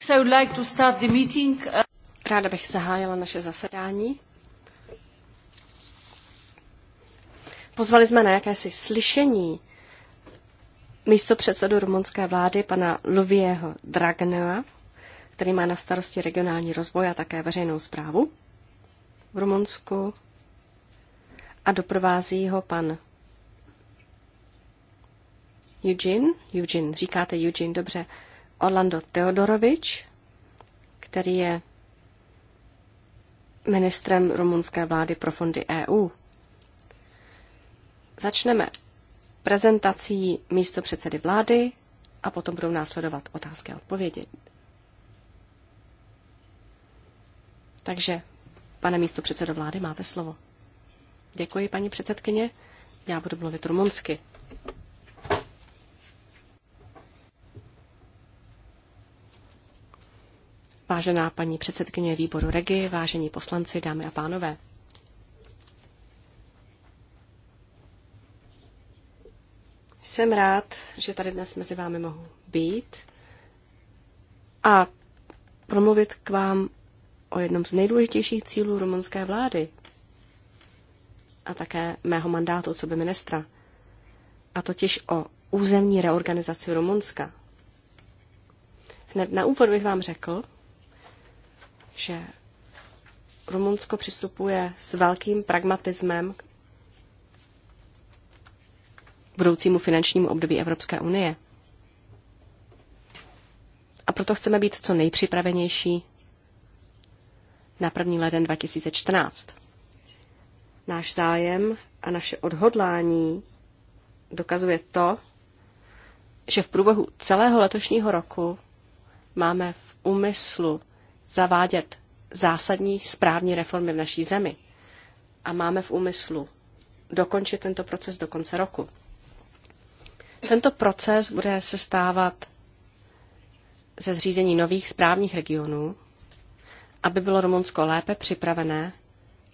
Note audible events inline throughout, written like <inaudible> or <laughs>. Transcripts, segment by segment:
So like to start the meeting. Uh, Ráda bych zahájila naše zasedání. Pozvali jsme na jakési slyšení místo předsedu rumunské vlády pana Luvieho Dragnea, který má na starosti regionální rozvoj a také veřejnou zprávu v Rumunsku a doprovází ho pan Eugene. Eugene, říkáte Eugene, dobře. Orlando Teodorovič, který je ministrem rumunské vlády pro fondy EU. Začneme prezentací místo předsedy vlády a potom budou následovat otázky a odpovědi. Takže, pane místo předsedo vlády, máte slovo. Děkuji, paní předsedkyně. Já budu mluvit rumunsky. Vážená paní předsedkyně výboru Regi, vážení poslanci, dámy a pánové. Jsem rád, že tady dnes mezi vámi mohu být a promluvit k vám o jednom z nejdůležitějších cílů rumunské vlády a také mého mandátu co by ministra, a totiž o územní reorganizaci Rumunska. Hned na úvod bych vám řekl, že Rumunsko přistupuje s velkým pragmatismem k budoucímu finančnímu období Evropské unie. A proto chceme být co nejpřipravenější na 1. leden 2014. Náš zájem a naše odhodlání dokazuje to, že v průběhu celého letošního roku máme v úmyslu zavádět zásadní správní reformy v naší zemi. A máme v úmyslu dokončit tento proces do konce roku. Tento proces bude se stávat ze zřízení nových správních regionů, aby bylo Rumunsko lépe připravené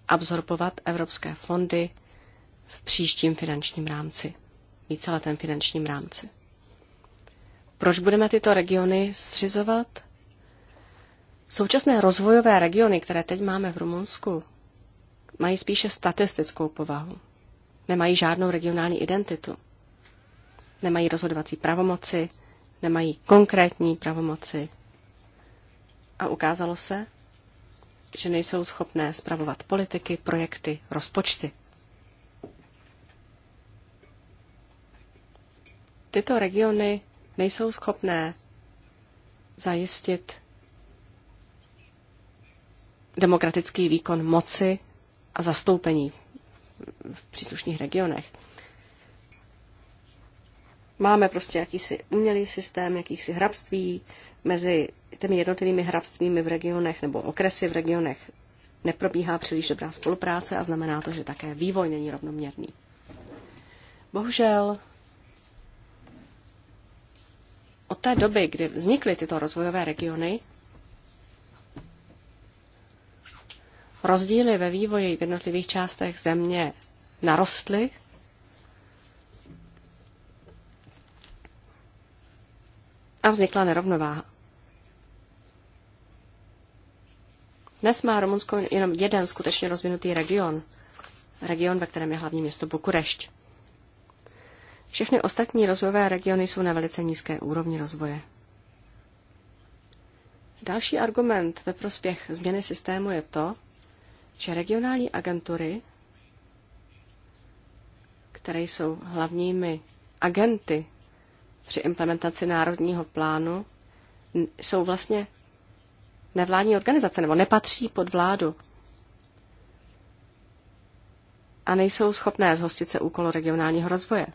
absorbovat evropské fondy v příštím finančním rámci, víceletém finančním rámci. Proč budeme tyto regiony zřizovat? Současné rozvojové regiony, které teď máme v Rumunsku, mají spíše statistickou povahu. Nemají žádnou regionální identitu. Nemají rozhodovací pravomoci, nemají konkrétní pravomoci. A ukázalo se, že nejsou schopné spravovat politiky, projekty, rozpočty. Tyto regiony nejsou schopné zajistit demokratický výkon moci a zastoupení v příslušných regionech. Máme prostě jakýsi umělý systém, jakýchsi hrabství mezi těmi jednotlivými hrabstvími v regionech nebo okresy v regionech neprobíhá příliš dobrá spolupráce a znamená to, že také vývoj není rovnoměrný. Bohužel od té doby, kdy vznikly tyto rozvojové regiony, rozdíly ve vývoji v jednotlivých částech země narostly. A vznikla nerovnováha. Dnes má Rumunsko jenom jeden skutečně rozvinutý region. Region, ve kterém je hlavní město Bukurešť. Všechny ostatní rozvojové regiony jsou na velice nízké úrovni rozvoje. Další argument ve prospěch změny systému je to, že regionální agentury, které jsou hlavními agenty při implementaci národního plánu, jsou vlastně nevládní organizace nebo nepatří pod vládu a nejsou schopné zhostit se úkolu regionálního rozvoje.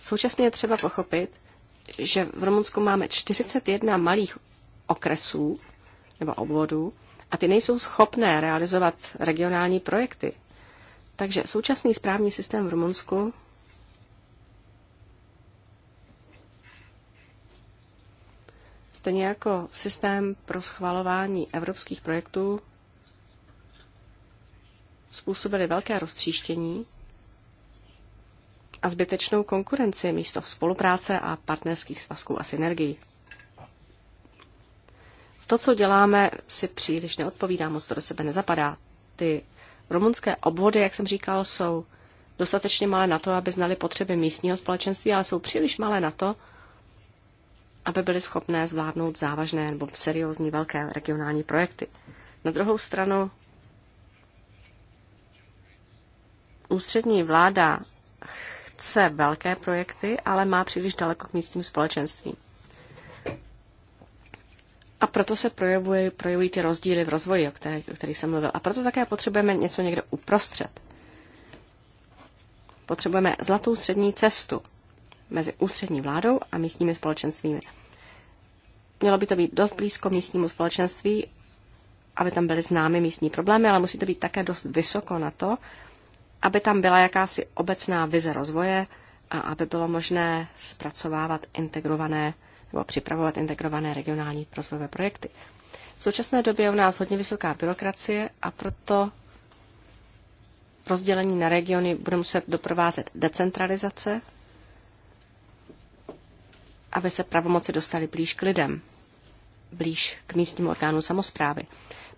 Současně je třeba pochopit, že v Rumunsku máme 41 malých okresů nebo obvodů a ty nejsou schopné realizovat regionální projekty. Takže současný správní systém v Rumunsku stejně jako systém pro schvalování evropských projektů způsobili velké roztříštění a zbytečnou konkurenci místo spolupráce a partnerských svazků a synergií to, co děláme, si příliš neodpovídá, moc to do sebe nezapadá. Ty rumunské obvody, jak jsem říkal, jsou dostatečně malé na to, aby znali potřeby místního společenství, ale jsou příliš malé na to, aby byly schopné zvládnout závažné nebo seriózní velké regionální projekty. Na druhou stranu, ústřední vláda chce velké projekty, ale má příliš daleko k místním společenstvím. A proto se projevuje, projevují ty rozdíly v rozvoji, o kterých, o kterých jsem mluvil. A proto také potřebujeme něco někde uprostřed. Potřebujeme zlatou střední cestu mezi ústřední vládou a místními společenstvími. Mělo by to být dost blízko místnímu společenství, aby tam byly známy místní problémy, ale musí to být také dost vysoko na to, aby tam byla jakási obecná vize rozvoje a aby bylo možné zpracovávat integrované nebo připravovat integrované regionální rozvojové projekty. V současné době je u nás hodně vysoká byrokracie a proto rozdělení na regiony bude muset doprovázet decentralizace, aby se pravomoci dostaly blíž k lidem, blíž k místním orgánům samozprávy.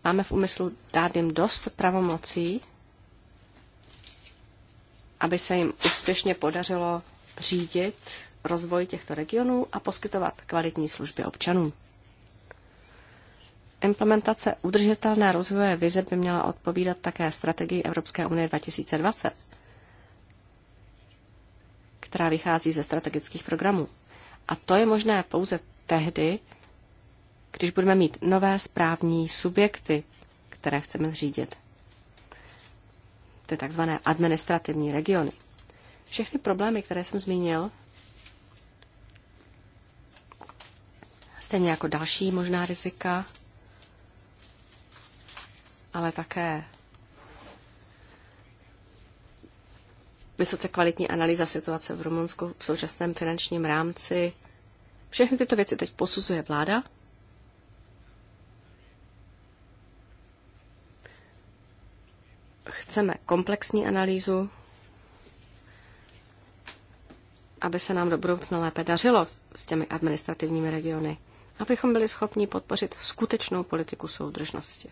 Máme v úmyslu dát jim dost pravomocí, aby se jim úspěšně podařilo řídit rozvoj těchto regionů a poskytovat kvalitní služby občanům. Implementace udržitelné rozvoje vize by měla odpovídat také strategii Evropské unie 2020, která vychází ze strategických programů. A to je možné pouze tehdy, když budeme mít nové správní subjekty, které chceme zřídit. Ty takzvané administrativní regiony. Všechny problémy, které jsem zmínil, stejně jako další možná rizika, ale také vysoce kvalitní analýza situace v Rumunsku v současném finančním rámci. Všechny tyto věci teď posuzuje vláda. Chceme komplexní analýzu, aby se nám do budoucna lépe dařilo s těmi administrativními regiony abychom byli schopni podpořit skutečnou politiku soudržnosti.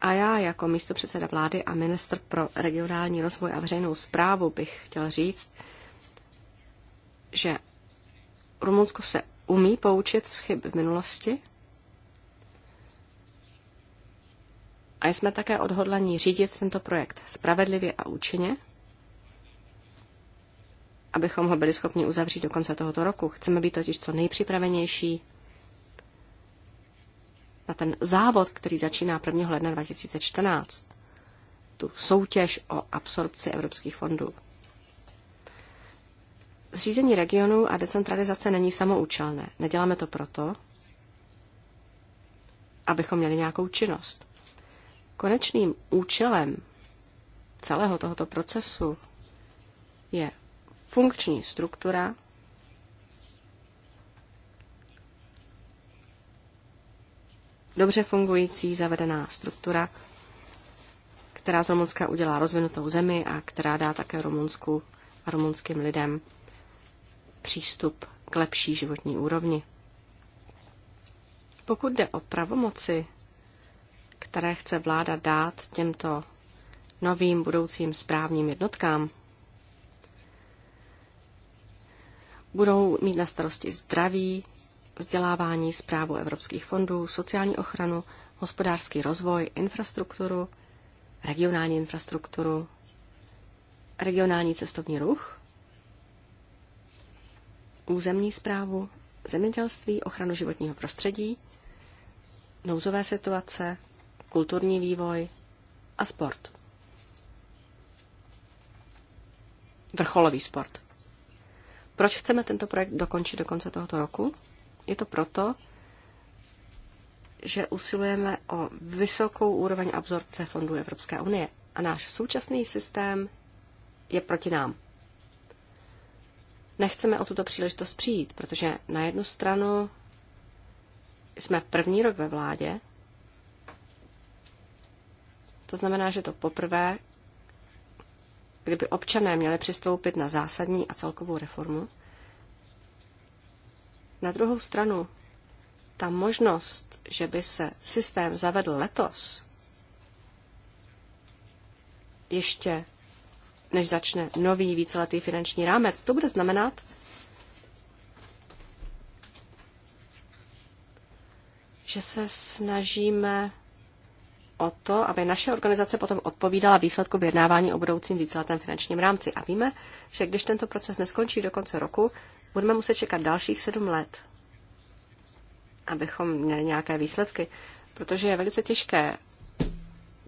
A já jako místo předseda vlády a ministr pro regionální rozvoj a veřejnou zprávu bych chtěl říct, že Rumunsko se umí poučit z chyb v minulosti a jsme také odhodlaní řídit tento projekt spravedlivě a účinně – abychom ho byli schopni uzavřít do konce tohoto roku. Chceme být totiž co nejpřipravenější na ten závod, který začíná 1. ledna 2014, tu soutěž o absorpci evropských fondů. Zřízení regionů a decentralizace není samoučelné. Neděláme to proto, abychom měli nějakou činnost. Konečným účelem celého tohoto procesu je funkční struktura dobře fungující zavedená struktura, která z Rumunska udělá rozvinutou zemi a která dá také Rumunsku a rumunským lidem přístup k lepší životní úrovni. Pokud jde o pravomoci, které chce vláda dát těmto novým budoucím správním jednotkám, budou mít na starosti zdraví, vzdělávání, zprávu evropských fondů, sociální ochranu, hospodářský rozvoj, infrastrukturu, regionální infrastrukturu, regionální cestovní ruch, územní zprávu, zemědělství, ochranu životního prostředí, nouzové situace, kulturní vývoj a sport. Vrcholový sport. Proč chceme tento projekt dokončit do konce tohoto roku? Je to proto, že usilujeme o vysokou úroveň absorpce fondů Evropské unie a náš současný systém je proti nám. Nechceme o tuto příležitost přijít, protože na jednu stranu jsme první rok ve vládě, to znamená, že to poprvé, kdyby občané měli přistoupit na zásadní a celkovou reformu. Na druhou stranu, ta možnost, že by se systém zavedl letos, ještě než začne nový víceletý finanční rámec, to bude znamenat, že se snažíme o to, aby naše organizace potom odpovídala výsledku vyjednávání o budoucím víceletém finančním rámci. A víme, že když tento proces neskončí do konce roku, budeme muset čekat dalších sedm let, abychom měli nějaké výsledky, protože je velice těžké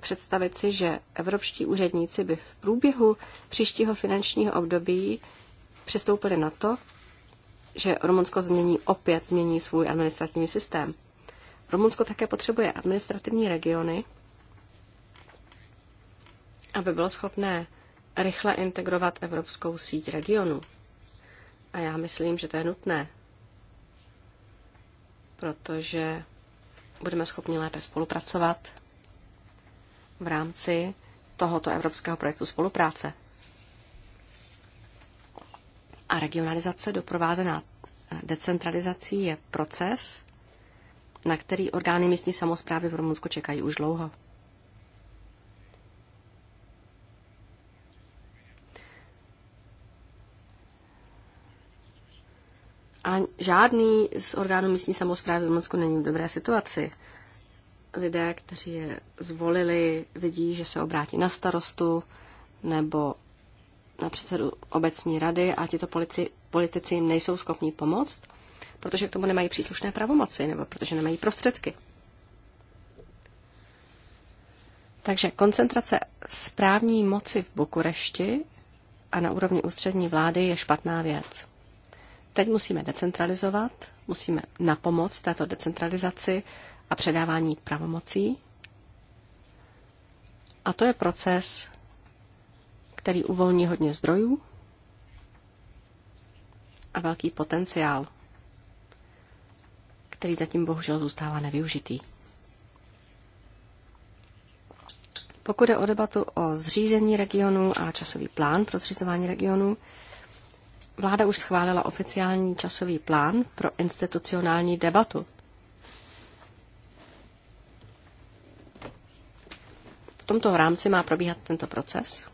představit si, že evropští úředníci by v průběhu příštího finančního období přistoupili na to, že Rumunsko změní opět změní svůj administrativní systém. Rumunsko také potřebuje administrativní regiony, aby bylo schopné rychle integrovat evropskou síť regionů. A já myslím, že to je nutné, protože budeme schopni lépe spolupracovat v rámci tohoto evropského projektu spolupráce. A regionalizace doprovázená decentralizací je proces, na který orgány místní samozprávy v Rumunsku čekají už dlouho. A žádný z orgánů místní samozprávy v Rumunsku není v dobré situaci. Lidé, kteří je zvolili, vidí, že se obrátí na starostu nebo na předsedu obecní rady a tito politici jim nejsou schopni pomoct – protože k tomu nemají příslušné pravomoci nebo protože nemají prostředky. Takže koncentrace správní moci v Bukurešti a na úrovni ústřední vlády je špatná věc. Teď musíme decentralizovat, musíme napomoc této decentralizaci a předávání pravomocí. A to je proces, který uvolní hodně zdrojů a velký potenciál který zatím bohužel zůstává nevyužitý. Pokud je o debatu o zřízení regionu a časový plán pro zřizování regionu, vláda už schválila oficiální časový plán pro institucionální debatu. V tomto rámci má probíhat tento proces.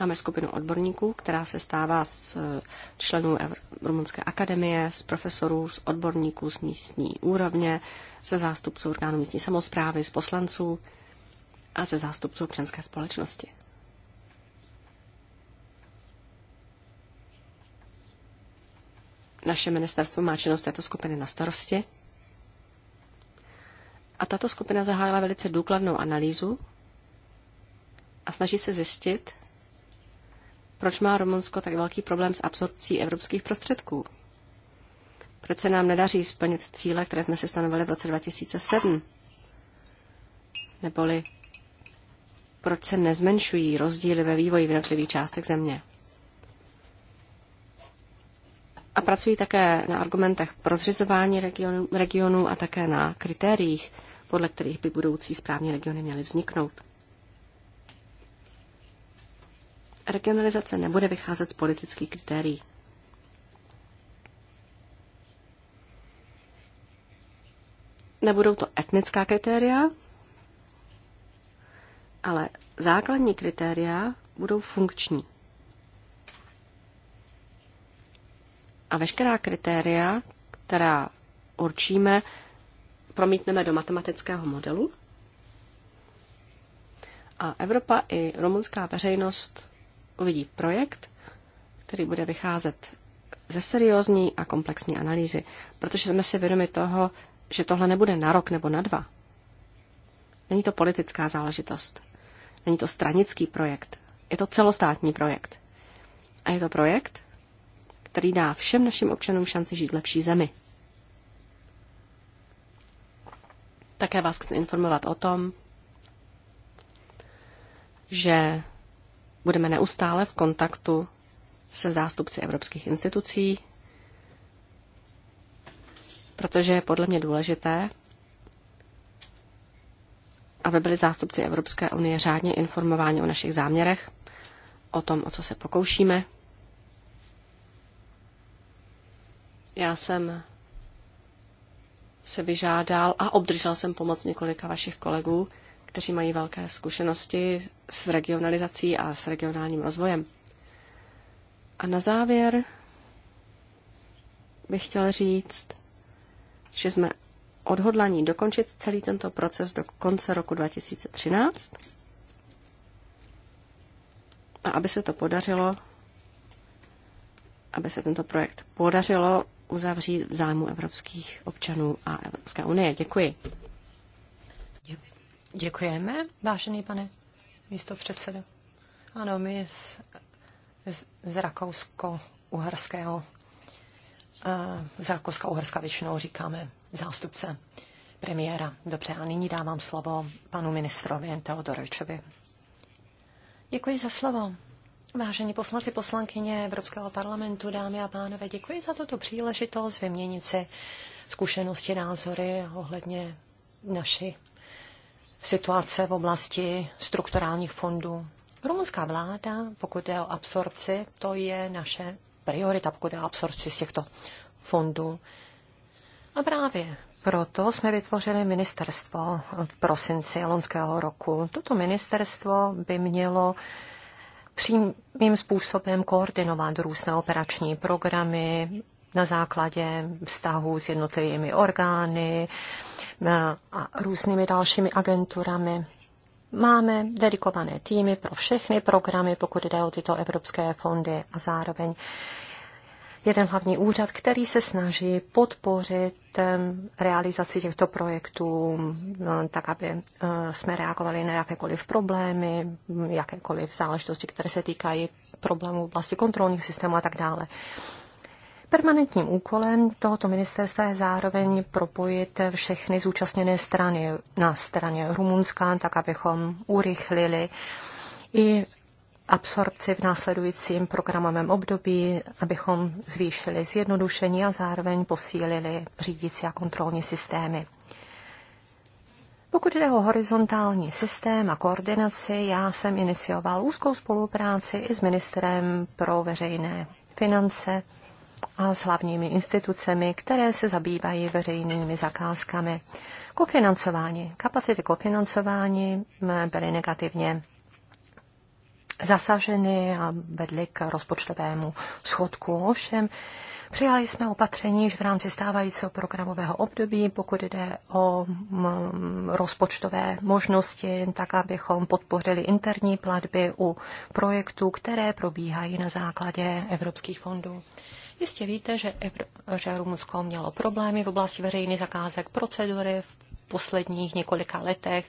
Máme skupinu odborníků, která se stává z eh, členů Rumunské akademie, z profesorů, z odborníků z místní úrovně, ze zástupců orgánů místní samozprávy, z poslanců a ze zástupců občanské společnosti. Naše ministerstvo má činnost této skupiny na starosti. A tato skupina zahájila velice důkladnou analýzu a snaží se zjistit, proč má Rumunsko tak velký problém s absorpcí evropských prostředků? Proč se nám nedaří splnit cíle, které jsme si stanovili v roce 2007? Neboli proč se nezmenšují rozdíly ve vývoji v jednotlivých částech země? A pracují také na argumentech pro zřizování regionů, regionů a také na kritériích, podle kterých by budoucí správní regiony měly vzniknout. regionalizace nebude vycházet z politických kritérií. Nebudou to etnická kritéria, ale základní kritéria budou funkční. A veškerá kritéria, která určíme, promítneme do matematického modelu. A Evropa i rumunská veřejnost uvidí projekt, který bude vycházet ze seriózní a komplexní analýzy, protože jsme si vědomi toho, že tohle nebude na rok nebo na dva. Není to politická záležitost. Není to stranický projekt. Je to celostátní projekt. A je to projekt, který dá všem našim občanům šanci žít lepší zemi. Také vás chci informovat o tom, že Budeme neustále v kontaktu se zástupci evropských institucí, protože je podle mě důležité, aby byli zástupci Evropské unie řádně informováni o našich záměrech, o tom, o co se pokoušíme. Já jsem se vyžádal a obdržel jsem pomoc několika vašich kolegů, kteří mají velké zkušenosti s regionalizací a s regionálním rozvojem. A na závěr bych chtěl říct, že jsme odhodlaní dokončit celý tento proces do konce roku 2013. A aby se to podařilo, aby se tento projekt podařilo uzavřít v zájmu evropských občanů a Evropské unie. Děkuji. Děkujeme, vážený pane místo předsedo. Ano, my z, z, z Rakousko-Uherského, eh, z Rakouska-Uherska většinou říkáme zástupce premiéra. Dobře, a nyní dávám slovo panu ministrovi Teodorovičovi. Děkuji za slovo. Vážení poslanci, poslankyně Evropského parlamentu, dámy a pánové, děkuji za tuto příležitost vyměnit si zkušenosti, názory ohledně naší situace v oblasti strukturálních fondů. Rumunská vláda, pokud jde o absorpci, to je naše priorita, pokud jde o absorpci z těchto fondů. A právě proto jsme vytvořili ministerstvo v prosinci lonského roku. Toto ministerstvo by mělo přímým způsobem koordinovat různé operační programy, na základě vztahu s jednotlivými orgány eh, a různými dalšími agenturami. Máme dedikované týmy pro všechny programy, pokud jde o tyto evropské fondy a zároveň jeden hlavní úřad, který se snaží podpořit eh, realizaci těchto projektů, eh, tak aby jsme reagovali na jakékoliv problémy, jakékoliv záležitosti, které se týkají problémů oblasti kontrolních systémů a tak dále. Permanentním úkolem tohoto ministerstva je zároveň propojit všechny zúčastněné strany na straně Rumunská, tak abychom urychlili i absorpci v následujícím programovém období, abychom zvýšili zjednodušení a zároveň posílili řídící a kontrolní systémy. Pokud jde o horizontální systém a koordinaci, já jsem inicioval úzkou spolupráci i s ministrem pro veřejné finance a s hlavními institucemi, které se zabývají veřejnými zakázkami. Kofinancování. Kapacity kofinancování mm, byly negativně zasaženy a vedly k rozpočtovému schodku. Ovšem, Přijali jsme opatření že v rámci stávajícího programového období, pokud jde o mm, rozpočtové možnosti, tak abychom podpořili interní platby u projektů, které probíhají na základě evropských fondů. Jistě víte, že, že Rumunsko mělo problémy v oblasti veřejných zakázek, procedury v posledních několika letech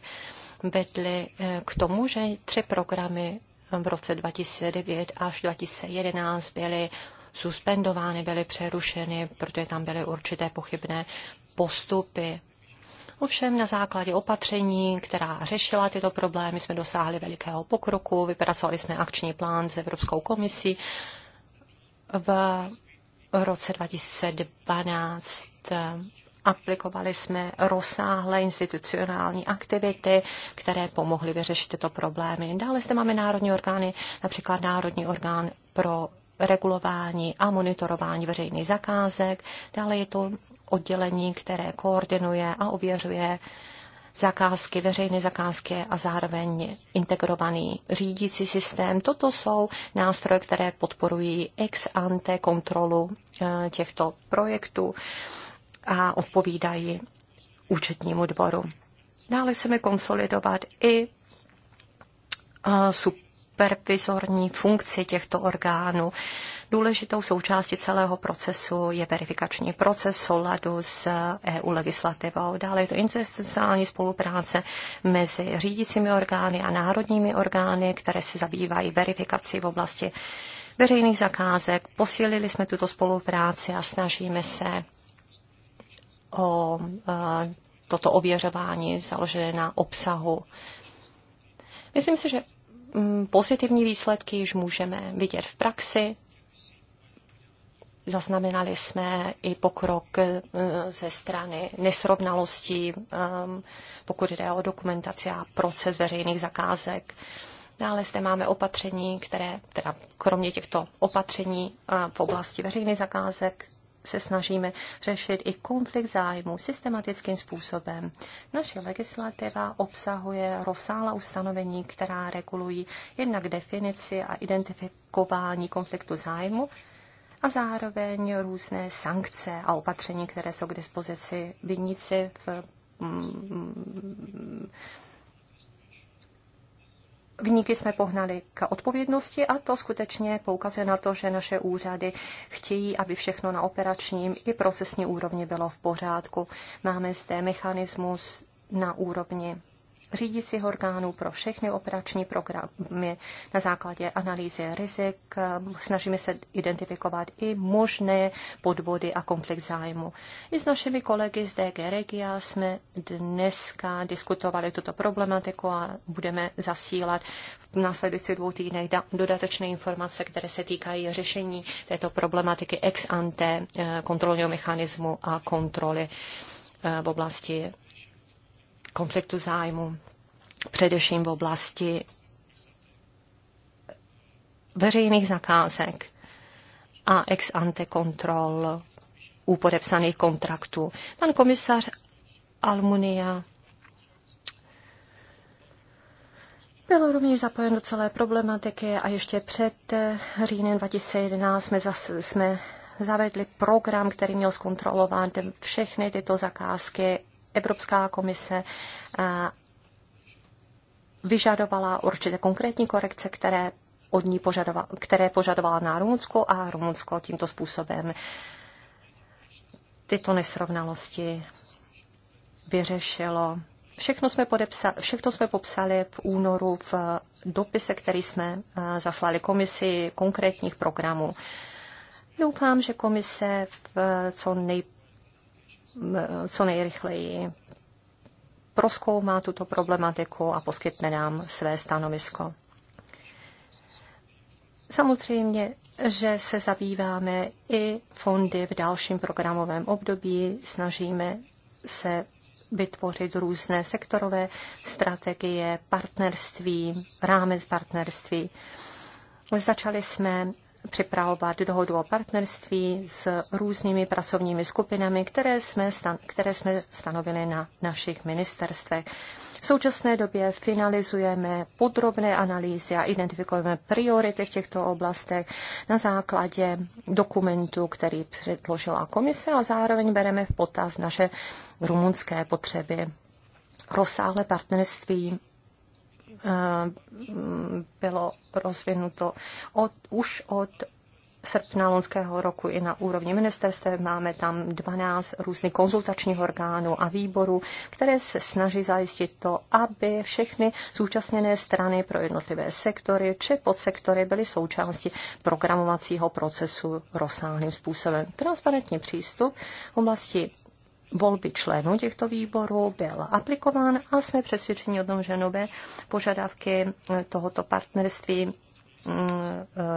vedly eh, k tomu, že tři programy v roce 2009 až 2011 byly suspendovány, byly přerušeny, protože tam byly určité pochybné postupy. Ovšem na základě opatření, která řešila tyto problémy, jsme dosáhli velikého pokroku, vypracovali jsme akční plán s Evropskou komisí v v roce 2012 eh, aplikovali jsme rozsáhlé institucionální aktivity, které pomohly vyřešit tyto problémy. Dále zde máme národní orgány, například Národní orgán pro regulování a monitorování veřejných zakázek. Dále je to oddělení, které koordinuje a ověřuje zakázky, veřejné zakázky a zároveň integrovaný řídící systém. Toto jsou nástroje, které podporují ex ante kontrolu eh, těchto projektů a odpovídají účetnímu dvoru. Dále chceme konsolidovat i eh, supervizorní funkci těchto orgánů. Důležitou součástí celého procesu je verifikační proces souladu s EU legislativou. Dále je to institucionální spolupráce mezi řídícími orgány a národními orgány, které se zabývají verifikací v oblasti veřejných zakázek. Posílili jsme tuto spolupráci a snažíme se o e, toto ověřování založené na obsahu. Myslím si, že Mm, pozitivní výsledky již můžeme vidět v praxi. Zaznamenali jsme i pokrok eh, ze strany nesrovnalostí, ehm, pokud jde o dokumentaci a proces veřejných zakázek. Dále zde máme opatření, které, teda kromě těchto opatření eh, v oblasti veřejných zakázek, se snažíme řešit i konflikt zájmů systematickým způsobem. Naše legislativa obsahuje rozsáhlá ustanovení, která regulují jednak definici a identifikování konfliktu zájmu a zároveň různé sankce a opatření, které jsou k dispozici vinníci v mm, Vníky jsme pohnali k odpovědnosti a to skutečně poukazuje na to, že naše úřady chtějí, aby všechno na operačním i procesní úrovni bylo v pořádku. Máme zde mechanismus na úrovni řídících orgánů pro všechny operační programy na základě analýzy rizik. Snažíme se identifikovat i možné podvody a konflikt zájmu. I s našimi kolegy z DG Regia jsme dneska diskutovali tuto problematiku a budeme zasílat v následujících dvou týdnech dodatečné informace, které se týkají řešení této problematiky ex ante eh, kontrolního mechanismu a kontroly eh, v oblasti konfliktu zájmu, především v oblasti veřejných zakázek a ex ante kontrol u podepsaných kontraktů. Pan komisař Almunia Bylo rovněž zapojeno do celé problematiky a ještě před říjnem 2011 jsme, zase jsme zavedli program, který měl zkontrolovat všechny tyto zakázky Evropská komise eh, vyžadovala určité konkrétní korekce, které od ní požadovala, které požadovala na Rumunsko a Rumunsko tímto způsobem tyto nesrovnalosti vyřešilo. Všechno jsme, podepsa- všechno jsme popsali v únoru v dopise, který jsme eh, zaslali komisi konkrétních programů. Doufám, že komise v co nejprve co nejrychleji proskoumá tuto problematiku a poskytne nám své stanovisko. Samozřejmě, že se zabýváme i fondy v dalším programovém období, snažíme se vytvořit různé sektorové strategie, partnerství, rámec partnerství. Začali jsme připravovat dohodu o partnerství s různými pracovními skupinami, které jsme, stan- které jsme stanovili na našich ministerstvech. V současné době finalizujeme podrobné analýzy a identifikujeme priority v těchto oblastech na základě dokumentu, který předložila komise a zároveň bereme v potaz naše rumunské potřeby. Rozsáhlé partnerství Eh, bylo rozvinuto od, už od srpna loňského roku i na úrovni ministerstva Máme tam 12 různých konzultačních orgánů a výborů, které se snaží zajistit to, aby všechny zúčastněné strany pro jednotlivé sektory či podsektory byly součástí programovacího procesu rozsáhlým způsobem. Transparentní přístup v oblasti volby členů těchto výborů byl aplikován a jsme přesvědčeni o tom, že nové požadavky eh, tohoto partnerství mm,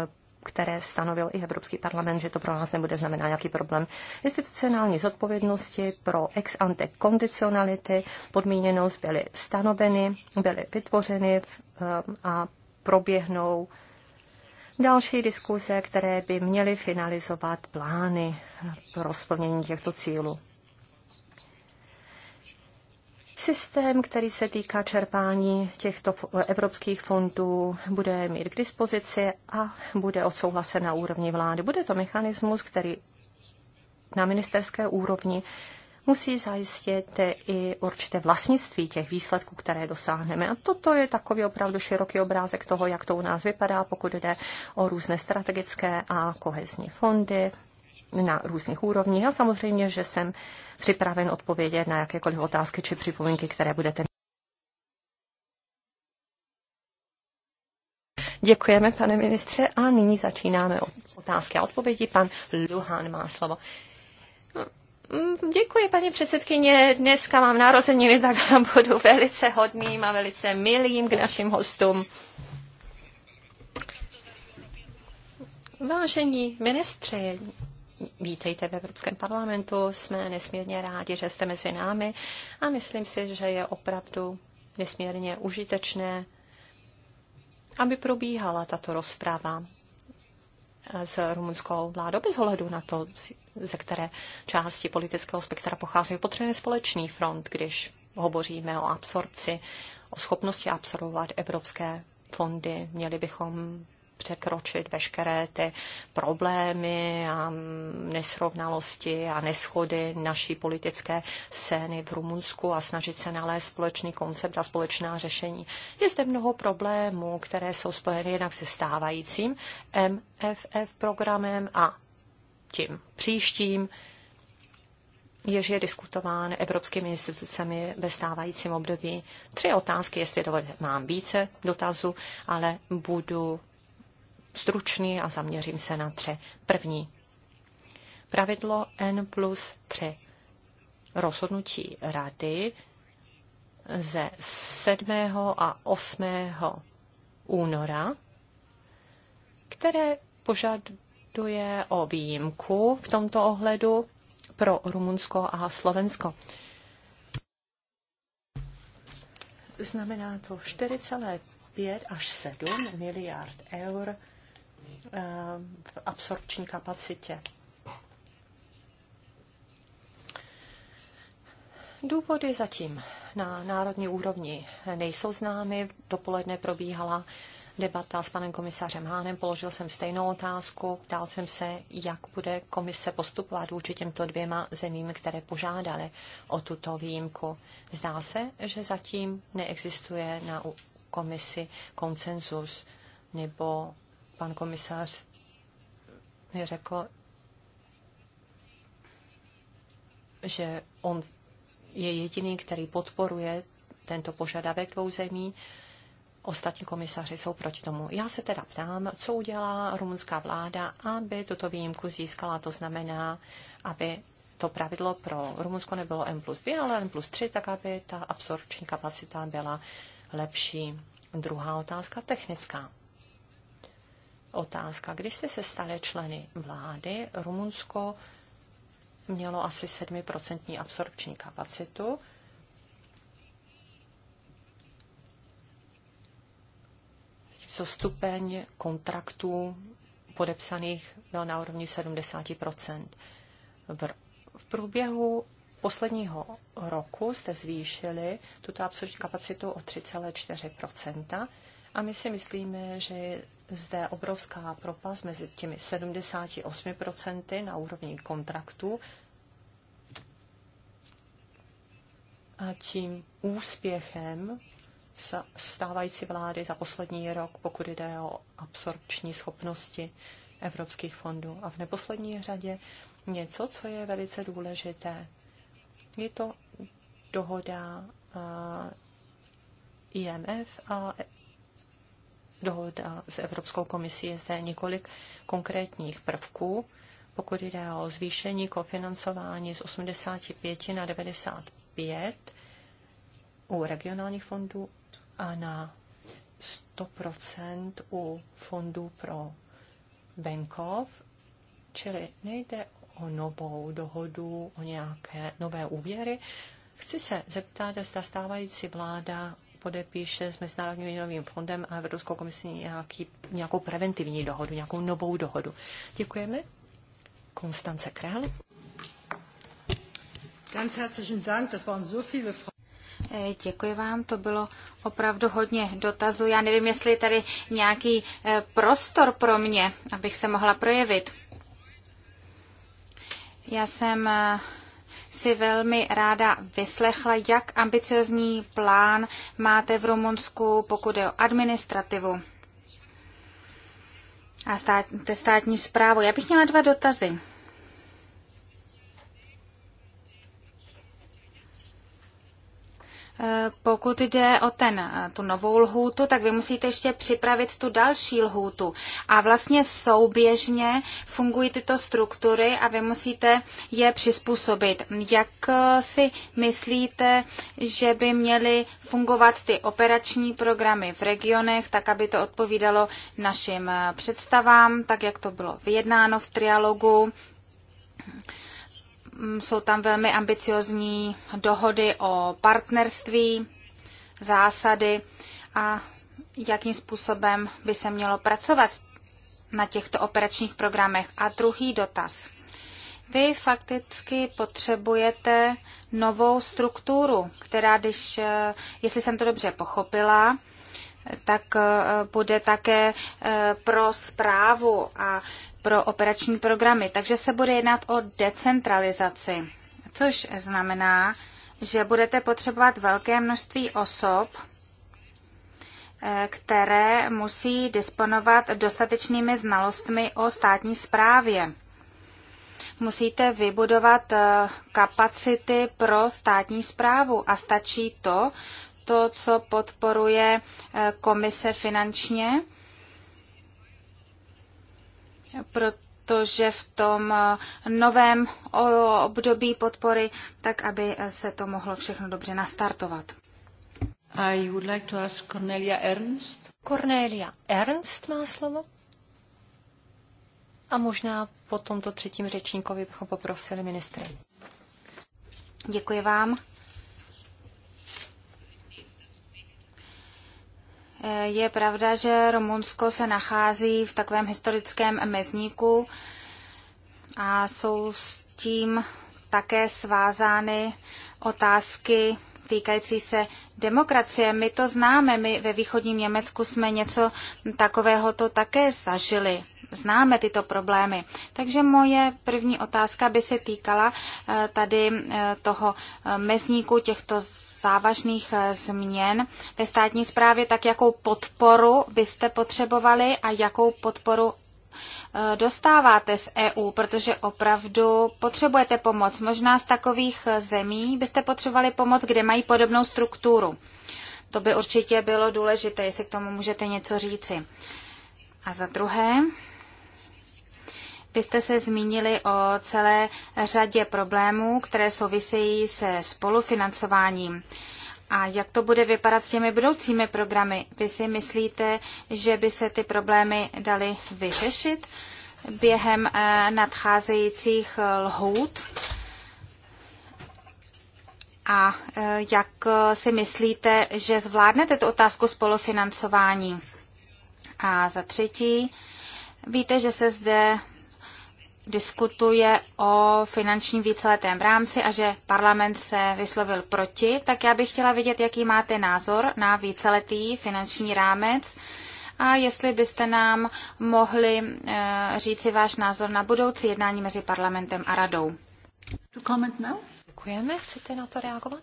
eh, které stanovil i Evropský parlament, že to pro nás nebude znamenat nějaký problém institucionální zodpovědnosti pro ex ante kondicionality, podmíněnost byly stanoveny, byly vytvořeny eh, a proběhnou další diskuze, které by měly finalizovat plány pro splnění těchto cílů. Systém, který se týká čerpání těchto evropských fondů, bude mít k dispozici a bude odsouhlasen na úrovni vlády. Bude to mechanismus, který na ministerské úrovni musí zajistit i určité vlastnictví těch výsledků, které dosáhneme. A toto je takový opravdu široký obrázek toho, jak to u nás vypadá, pokud jde o různé strategické a kohezní fondy na různých úrovních. A samozřejmě, že jsem připraven odpovědět na jakékoliv otázky či připomínky, které budete Děkujeme, pane ministře, a nyní začínáme otázky a odpovědi. Pan Luhan má slovo. Děkuji, paní předsedkyně. Dneska mám narozeniny, tak budu velice hodným a velice milým k našim hostům. Vážení ministře, vítejte v Evropském parlamentu. Jsme nesmírně rádi, že jste mezi námi a myslím si, že je opravdu nesmírně užitečné, aby probíhala tato rozprava s rumunskou vládou bez ohledu na to, ze které části politického spektra pochází. Potřebujeme společný front, když hovoříme o absorpci, o schopnosti absorbovat evropské fondy. Měli bychom překročit veškeré ty problémy a nesrovnalosti a neschody naší politické scény v Rumunsku a snažit se nalézt společný koncept a společná řešení. Je zde mnoho problémů, které jsou spojeny jednak se stávajícím MFF programem a tím příštím jež je diskutován evropskými institucemi ve stávajícím období. Tři otázky, jestli dovolte, mám více dotazů, ale budu stručný a zaměřím se na tři. První. Pravidlo N plus 3. Rozhodnutí rady ze 7. a 8. února, které požaduje o výjimku v tomto ohledu pro Rumunsko a Slovensko. Znamená to 4,5 až 7 miliard eur v absorpční kapacitě. Důvody zatím na národní úrovni nejsou známy. Dopoledne probíhala debata s panem komisařem Hánem, položil jsem stejnou otázku, ptal jsem se, jak bude komise postupovat vůči těmto dvěma zemím, které požádaly o tuto výjimku. Zdá se, že zatím neexistuje na komisi konsenzus nebo pan komisář mi řekl, že on je jediný, který podporuje tento požadavek dvou zemí. Ostatní komisaři jsou proti tomu. Já se teda ptám, co udělá rumunská vláda, aby tuto výjimku získala. To znamená, aby to pravidlo pro Rumunsko nebylo M plus 2, ale M plus 3, tak aby ta absorpční kapacita byla lepší. Druhá otázka technická otázka. Když jste se stali členy vlády, Rumunsko mělo asi 7% absorpční kapacitu. Co stupeň kontraktů podepsaných byl na úrovni 70%. V průběhu posledního roku jste zvýšili tuto absolutní kapacitu o 3,4 a my si myslíme, že zde obrovská propast mezi těmi 78% na úrovni kontraktu a tím úspěchem stávající vlády za poslední rok, pokud jde o absorpční schopnosti evropských fondů. A v neposlední řadě něco, co je velice důležité, je to dohoda IMF a Dohoda s Evropskou komisí je zde několik konkrétních prvků, pokud jde o zvýšení kofinancování z 85 na 95 u regionálních fondů a na 100% u fondů pro venkov, čili nejde o novou dohodu, o nějaké nové úvěry. Chci se zeptat, zda stávající vláda podepíše s Mezinárodním měnovým fondem a Evropskou komisí nějaký, nějakou preventivní dohodu, nějakou novou dohodu. Děkujeme. Konstance Král. Ganz herzlichen Dank, das waren so viele Fragen. Eh, děkuji vám, to bylo opravdu hodně dotazů. Já nevím, jestli je tady nějaký eh, prostor pro mě, abych se mohla projevit. Já jsem eh, si velmi ráda vyslechla, jak ambiciozní plán máte v Rumunsku, pokud je o administrativu a stát, státní zprávu. Já bych měla dva dotazy. Pokud jde o ten, tu novou lhůtu, tak vy musíte ještě připravit tu další lhůtu. A vlastně souběžně fungují tyto struktury a vy musíte je přizpůsobit. Jak eh, si myslíte, že by měly fungovat ty operační programy v regionech, tak aby to odpovídalo našim eh, představám, tak jak to bylo vyjednáno v trialogu? Mm, jsou tam velmi ambiciozní dohody o partnerství, zásady a jakým způsobem by se mělo pracovat na těchto operačních programech. A druhý dotaz. Vy fakticky potřebujete novou strukturu, která, když, eh, jestli jsem to dobře pochopila, tak eh, bude také eh, pro zprávu a pro operační programy, takže se bude jednat o decentralizaci, což znamená, že budete potřebovat velké množství osob, eh, které musí disponovat dostatečnými znalostmi o státní správě. Musíte vybudovat eh, kapacity pro státní zprávu a stačí to, to, co podporuje eh, komise finančně, protože v tom eh, novém období podpory, tak aby eh, se to mohlo všechno dobře nastartovat. I would like to ask Cornelia Ernst. Cornelia Ernst má slovo? A možná po tomto třetím řečníkovi bychom poprosili ministry. Děkuji vám. Je pravda, že Rumunsko se nachází v takovém historickém mezníku a jsou s tím také svázány otázky týkající se demokracie. My to známe, my ve východním Německu jsme něco takového to také zažili. Známe tyto problémy. Takže moje první otázka by se týkala eh, tady eh, toho eh, mezníku těchto závažných eh, změn ve státní správě, tak jakou podporu byste potřebovali a jakou podporu eh, dostáváte z EU, protože opravdu potřebujete pomoc. Možná z takových eh, zemí byste potřebovali pomoc, kde mají podobnou strukturu. To by určitě bylo důležité, jestli k tomu můžete něco říci. A za druhé, vy jste se zmínili o celé řadě problémů, které souvisejí se spolufinancováním. A jak to bude vypadat s těmi budoucími programy? Vy si myslíte, že by se ty problémy daly vyřešit během eh, nadcházejících eh, lhůt? A eh, jak si myslíte, že zvládnete tu otázku spolufinancování? A za třetí, víte, že se zde diskutuje o finančním víceletém rámci a že parlament se vyslovil proti, tak já bych chtěla vidět, jaký máte názor na víceletý finanční rámec a jestli byste nám mohli eh, říci váš názor na budoucí jednání mezi parlamentem a radou. Děkujeme. Chcete na to reagovat?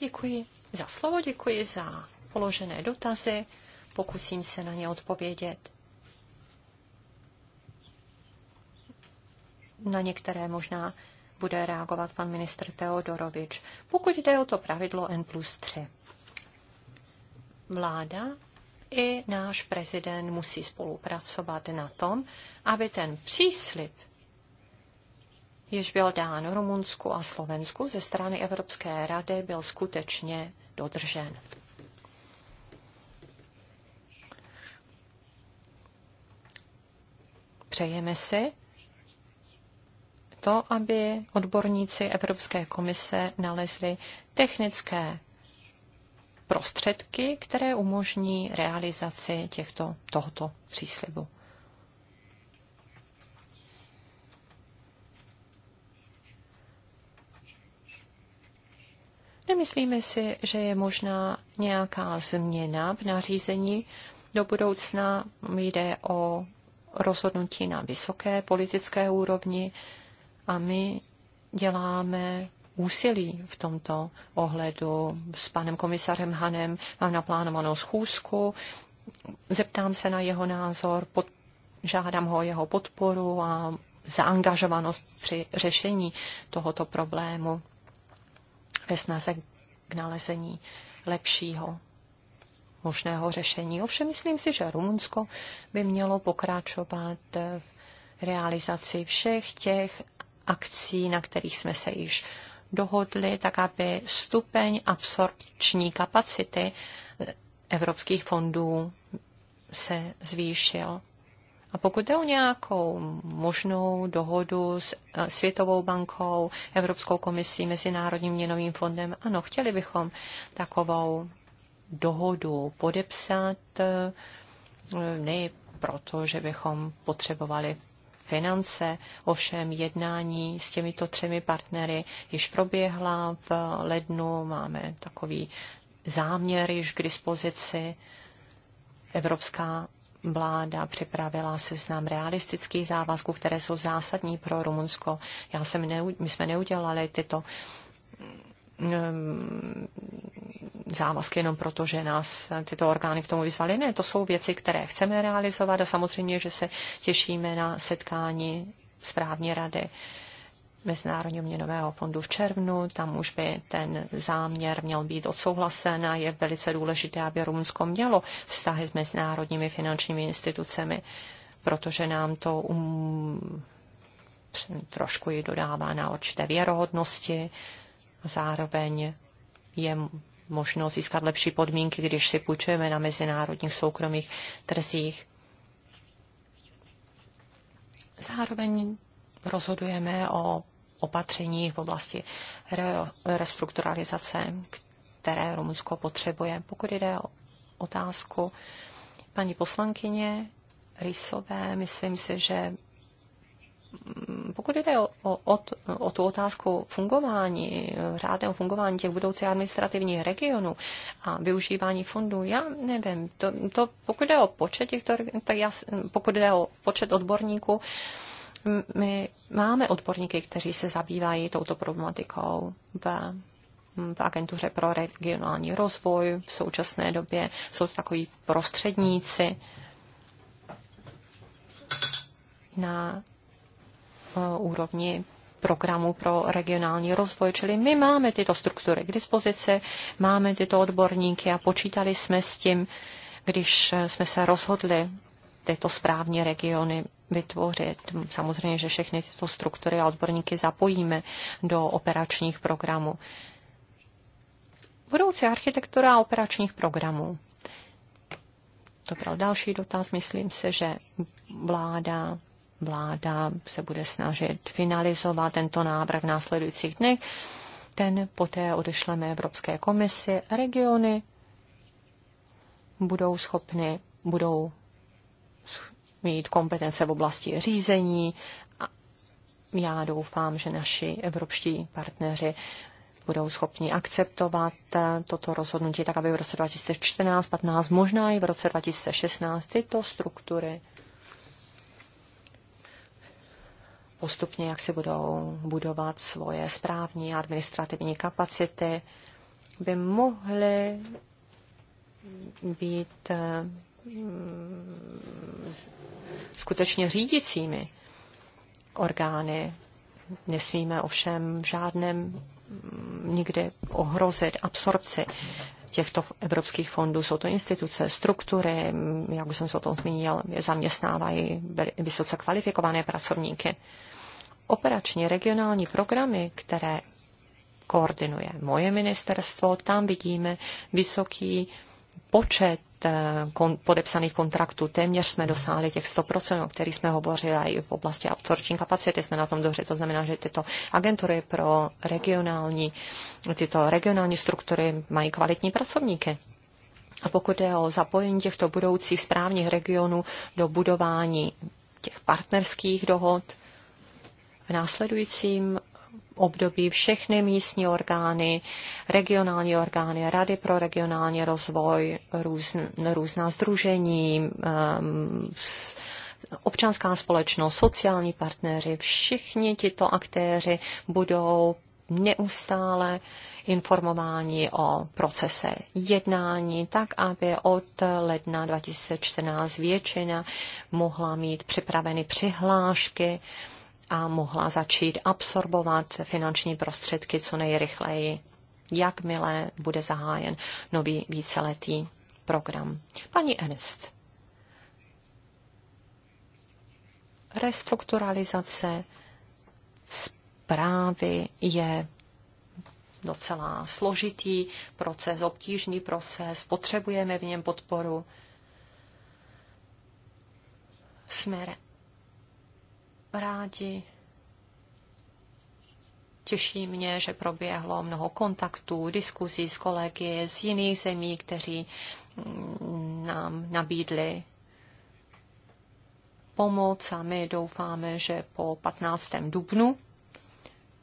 Děkuji za slovo, děkuji za položené dotazy, pokusím se na ně odpovědět. Na některé možná bude reagovat pan ministr Teodorovič, pokud jde o to pravidlo N plus 3. Vláda i náš prezident musí spolupracovat na tom, aby ten příslip již byl dán Rumunsku a Slovensku ze strany Evropské rady, byl skutečně dodržen. Přejeme si to, aby odborníci Evropské komise nalezli technické prostředky, které umožní realizaci těchto, tohoto příslibu. Nemyslíme si, že je možná nějaká změna v nařízení do budoucna. Jde o rozhodnutí na vysoké politické úrovni a my děláme úsilí v tomto ohledu s panem komisařem Hanem. Mám naplánovanou schůzku, zeptám se na jeho názor, pod, žádám ho o jeho podporu a zaangažovanost při řešení tohoto problému ve snaze k nalezení lepšího možného řešení. Ovšem myslím si, že Rumunsko by mělo pokračovat v realizaci všech těch akcí, na kterých jsme se již dohodli, tak aby stupeň absorpční kapacity evropských fondů se zvýšil. A pokud jde o nějakou možnou dohodu s eh, Světovou bankou, Evropskou komisí, Mezinárodním měnovým fondem, ano, chtěli bychom takovou dohodu podepsat, eh, ne proto, že bychom potřebovali finance. Ovšem jednání s těmito třemi partnery již proběhla v lednu. Máme takový záměr již k dispozici. Evropská vláda připravila seznam realistických závazků, které jsou zásadní pro Rumunsko. Já jsem ne, my jsme neudělali tyto mm, závazky jenom proto, že nás tyto orgány k tomu vyzvaly. Ne, to jsou věci, které chceme realizovat a samozřejmě, že se těšíme na setkání správní rady Mezinárodního měnového fondu v červnu. Tam už by ten záměr měl být odsouhlasen a je velice důležité, aby Rumunsko mělo vztahy s mezinárodními finančními institucemi, protože nám to um, trošku ji dodává na určité věrohodnosti a zároveň je možno získat lepší podmínky, když si půjčujeme na mezinárodních soukromých trzích. Zároveň rozhodujeme o opatření v oblasti restrukturalizace, které Rumunsko potřebuje. Pokud jde o otázku paní poslankyně Rysové, myslím si, že mm, pokud jde o, o, o tu otázku fungování, řádného fungování těch budoucích administrativních regionů a využívání fondů, já nevím, to, to pokud jde o počet těchto, tak já, pokud jde o počet odborníků, my máme odborníky, kteří se zabývají touto problematikou v v agentuře pro regionální rozvoj. V současné době jsou to takoví prostředníci na e, úrovni programu pro regionální rozvoj. Čili my máme tyto struktury k dispozici, máme tyto odborníky a počítali jsme s tím, když jsme se rozhodli tyto správní regiony vytvořit. Samozřejmě, že všechny tyto struktury a odborníky zapojíme do operačních programů. Budoucí architektura operačních programů. To byl další dotaz. Myslím se, že vláda vláda se bude snažit finalizovat tento návrh v následujících dnech. Ten poté odešleme Evropské komisi. Regiony budou schopny, budou mít kompetence v oblasti řízení. A já doufám, že naši evropští partneři budou schopni akceptovat eh, toto rozhodnutí, tak aby v roce 2014, 15, možná i v roce 2016 tyto struktury postupně, jak si budou budovat svoje správní a administrativní kapacity, by mohly být eh, skutečně řídicími orgány. Nesmíme ovšem v žádném mm, nikdy ohrozit absorpci těchto evropských fondů. Jsou to instituce, struktury, jak už jsem se o tom zmínil, zaměstnávají vysoce kvalifikované pracovníky. Operační regionální programy, které koordinuje moje ministerstvo, tam vidíme vysoký počet Eh, kon, podepsaných kontraktů. Téměř jsme dosáhli těch 100%, o kterých jsme hovořili i v oblasti absorpční kapacity. Jsme na tom dobře. To znamená, že tyto agentury pro regionální, tyto regionální struktury mají kvalitní pracovníky. A pokud je o zapojení těchto budoucích správních regionů do budování těch partnerských dohod, v následujícím období všechny místní orgány, regionální orgány, rady pro regionální rozvoj, různ, různá združení, um, občanská společnost, sociální partneři, všichni tito aktéři budou neustále informování o procese jednání, tak aby od ledna 2014 většina mohla mít připraveny přihlášky a mohla začít absorbovat finanční prostředky co nejrychleji, jakmile bude zahájen nový víceletý program. Paní Ernst, restrukturalizace zprávy je docela složitý proces, obtížný proces, potřebujeme v něm podporu. Jsme rádi. Těší mě, že proběhlo mnoho kontaktů, diskuzí s kolegy z jiných zemí, kteří mm, nám nabídli pomoc a my doufáme, že po 15. dubnu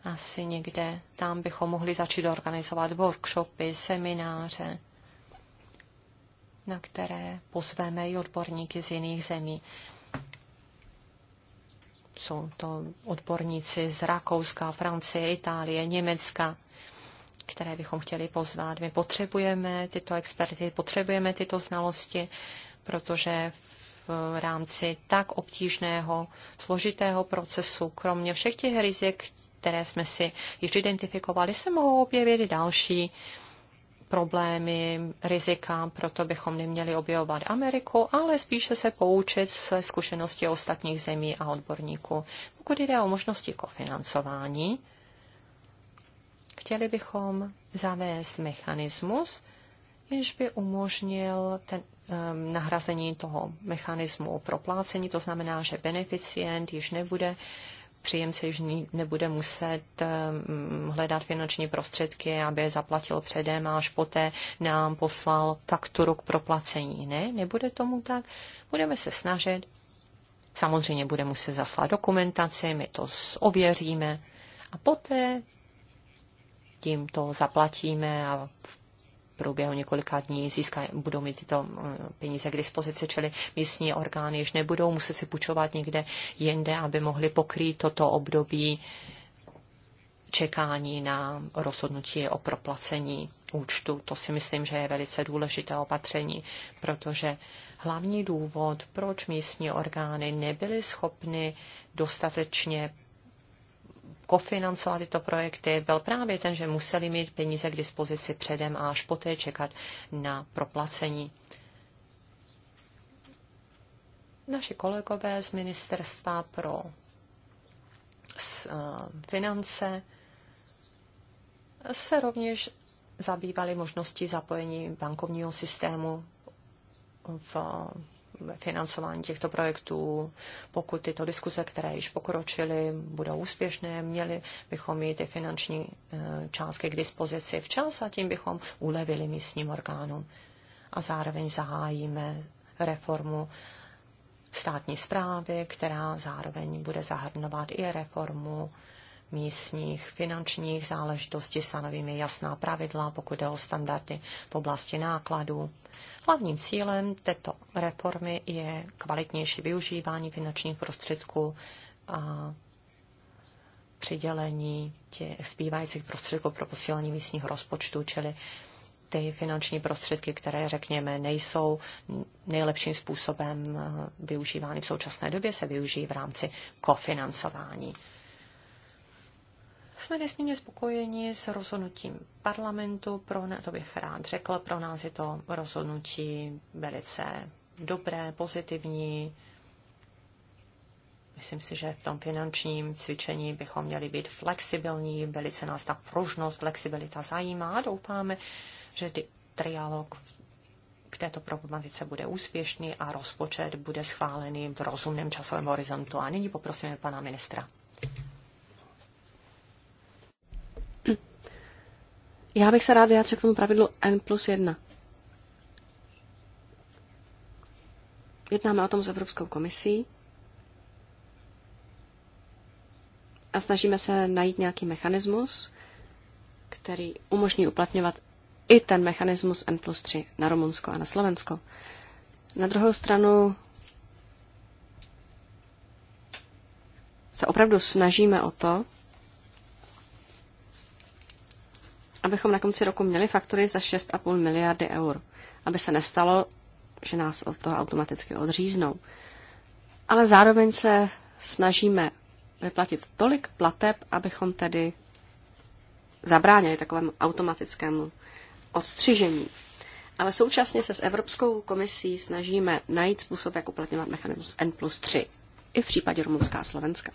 asi někde tam bychom mohli začít organizovat workshopy, semináře, na které pozveme i odborníky z jiných zemí. Jsou to odborníci z Rakouska, Francie, Itálie, Německa, které bychom chtěli pozvat. My potřebujeme tyto experty, potřebujeme tyto znalosti, protože v rámci tak obtížného, složitého procesu, kromě všech těch rizik, které jsme si již identifikovali, se mohou objevit další uh, problémy, rizika, proto bychom neměli objevovat Ameriku, ale spíše se poučit se zkušenosti ostatních zemí a odborníků. Pokud jde o možnosti kofinancování, chtěli bychom zavést mechanismus, jenž by umožnil ten, um, nahrazení toho mechanismu proplácení, to znamená, že beneficient již nebude uh, příjemce již nebude muset ehm, hledat finanční prostředky, aby je zaplatil předem a až poté nám poslal fakturu k proplacení. Ne, nebude tomu tak. Budeme se snažit. Samozřejmě bude muset zaslat dokumentaci, my to ověříme a poté tím to zaplatíme a v průběhu několika dní získají, budou mít tyto eh, peníze k dispozici, čili místní orgány již nebudou muset si půjčovat někde jinde, aby mohli pokrýt toto období čekání na rozhodnutí o proplacení účtu. To si myslím, že je velice důležité opatření, protože hlavní důvod, proč místní orgány nebyly schopny dostatečně kofinancovat tyto projekty, byl právě ten, že museli mít peníze k dispozici předem a až poté čekat na proplacení. Naši kolegové z Ministerstva pro eh, finance se rovněž zabývali možností zapojení bankovního systému v financování těchto projektů. Pokud tyto diskuze, které již pokročily, budou úspěšné, měli bychom mít ty finanční eh, částky k dispozici včas a tím bychom ulevili místním orgánům. A zároveň zahájíme reformu státní zprávy, která zároveň bude zahrnovat i reformu místních finančních záležitostí, stanovíme jasná pravidla, pokud jde o standardy v oblasti nákladů. Hlavním cílem této reformy je kvalitnější využívání finančních prostředků a přidělení těch zbývajících prostředků pro posílení místních rozpočtů, čili ty finanční prostředky, které, řekněme, nejsou nejlepším způsobem eh, využívány v současné době, se využijí v rámci kofinancování. Jsme nesmírně spokojeni s rozhodnutím parlamentu, pro, ne, to bych rád řekl, pro nás je to rozhodnutí velice dobré, pozitivní. Myslím si, že v tom finančním cvičení bychom měli být flexibilní, velice nás ta pružnost, flexibilita zajímá a doufáme, že trialog k této problematice bude úspěšný a rozpočet bude schválený v rozumném časovém horizontu. A nyní poprosíme pana ministra. Já bych se rád vyjádřil k tomu pravidlu N plus 1. Jednáme o tom s Evropskou komisí a snažíme se najít nějaký mechanismus, který umožní uplatňovat i ten mechanismus N plus 3 na Rumunsko a na Slovensko. Na druhou stranu se opravdu snažíme o to, abychom na konci roku měli faktory za 6,5 miliardy eur, aby se nestalo, že nás od toho automaticky odříznou. Ale zároveň se snažíme vyplatit tolik plateb, abychom tedy zabránili takovému automatickému odstřižení. Ale současně se s Evropskou komisí snažíme najít způsob, jak uplatňovat mechanismus N plus 3 i v případě Rumunska a Slovenska.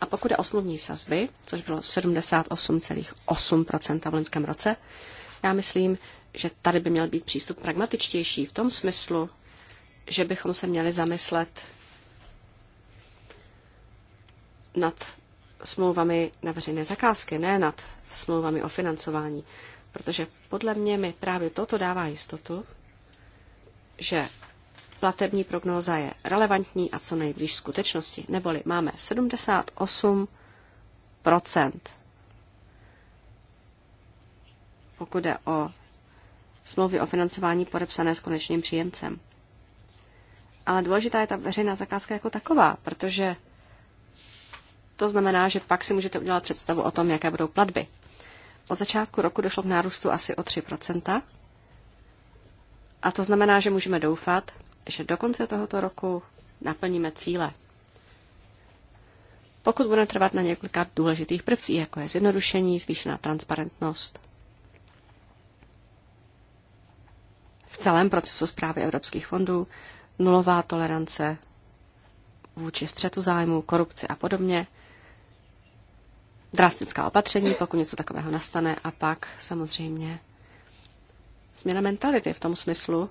A pokud je o smluvní sazby, což bylo 78,8% v loňském roce, já myslím, že tady by měl být přístup pragmatičtější v tom smyslu, že bychom se měli zamyslet nad smlouvami na veřejné zakázky, ne nad smlouvami o financování. Protože podle mě mi právě toto dává jistotu, že platební prognóza je relevantní a co nejblíž skutečnosti. Neboli máme 78 pokud jde o smlouvy o financování podepsané s konečným příjemcem. Ale důležitá je ta veřejná zakázka jako taková, protože to znamená, že pak si můžete udělat představu o tom, jaké budou platby. Od začátku roku došlo k nárůstu asi o 3 a to znamená, že můžeme doufat, že do konce tohoto roku naplníme cíle. Pokud bude trvat na několika důležitých prvcích, jako je zjednodušení, zvýšená transparentnost v celém procesu zprávy evropských fondů, nulová tolerance vůči střetu zájmu, korupci a podobně, drastická opatření, pokud něco takového nastane, a pak samozřejmě změna mentality v tom smyslu,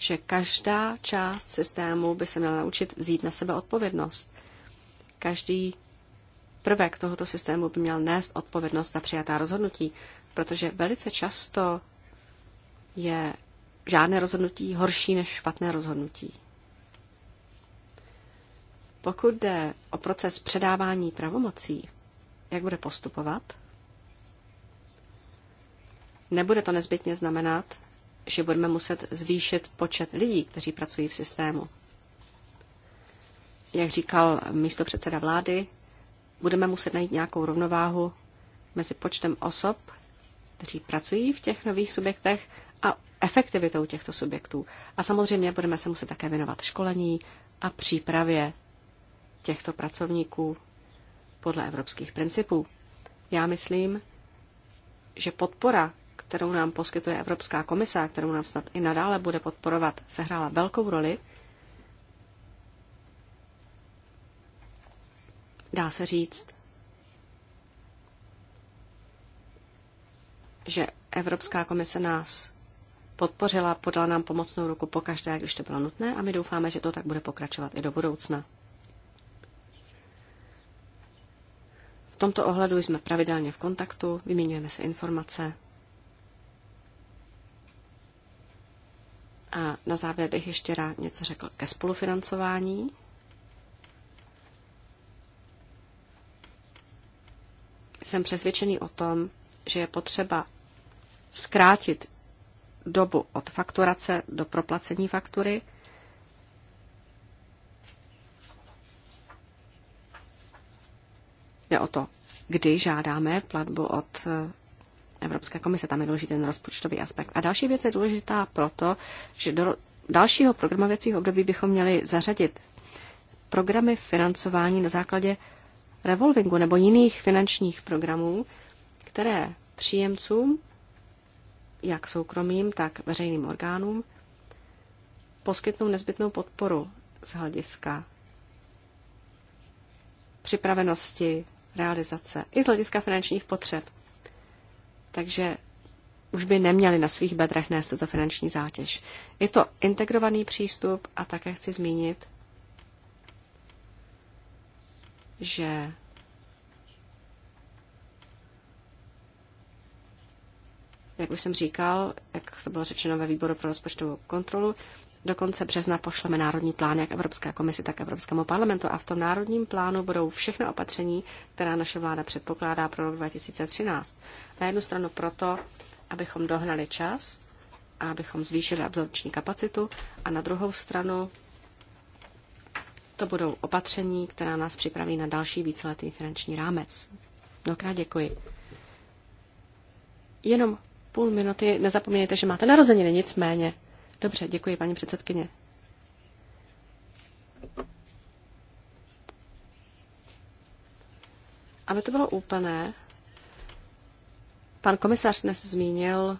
že každá část systému by se měla naučit vzít na sebe odpovědnost. Každý prvek tohoto systému by měl nést odpovědnost za přijatá rozhodnutí, protože velice často je žádné rozhodnutí horší než špatné rozhodnutí. Pokud jde o proces předávání pravomocí, jak bude postupovat? Nebude to nezbytně znamenat, že budeme muset zvýšit počet lidí, kteří pracují v systému. Jak říkal místo předseda vlády, budeme muset najít nějakou rovnováhu mezi počtem osob, kteří pracují v těch nových subjektech a efektivitou těchto subjektů. A samozřejmě budeme se muset také věnovat školení a přípravě těchto pracovníků podle evropských principů. Já myslím, že podpora, kterou nám poskytuje Evropská komise a kterou nám snad i nadále bude podporovat, sehrála velkou roli. Dá se říct, že Evropská komise nás podpořila, podala nám pomocnou ruku pokaždé, když to bylo nutné a my doufáme, že to tak bude pokračovat i do budoucna. V tomto ohledu jsme pravidelně v kontaktu, vyměňujeme se informace A na závěr bych ještě rád něco řekl ke spolufinancování. Jsem přesvědčený o tom, že je potřeba zkrátit dobu od fakturace do proplacení faktury. Jde o to, kdy žádáme platbu od Evropské komise. Tam je důležitý ten rozpočtový aspekt. A další věc je důležitá proto, že do dalšího programovacího období bychom měli zařadit programy financování na základě revolvingu nebo jiných finančních programů, které příjemcům, jak soukromým, tak veřejným orgánům, poskytnou nezbytnou podporu z hlediska připravenosti, realizace i z hlediska finančních potřeb takže už by neměli na svých bedrech nést tuto finanční zátěž. Je to integrovaný přístup a také chci zmínit, že jak už jsem říkal, jak to bylo řečeno ve výboru pro rozpočtovou kontrolu, do konce března pošleme národní plán jak Evropské komisi, tak Evropskému parlamentu a v tom národním plánu budou všechny opatření, která naše vláda předpokládá pro rok 2013. Na jednu stranu proto, abychom dohnali čas a abychom zvýšili absorpční kapacitu a na druhou stranu to budou opatření, která nás připraví na další víceletý finanční rámec. Mnohokrát děkuji. Jenom půl minuty, nezapomeňte, že máte narozeniny, nicméně. Dobře, děkuji, paní předsedkyně. Aby to bylo úplné, pan komisař dnes zmínil,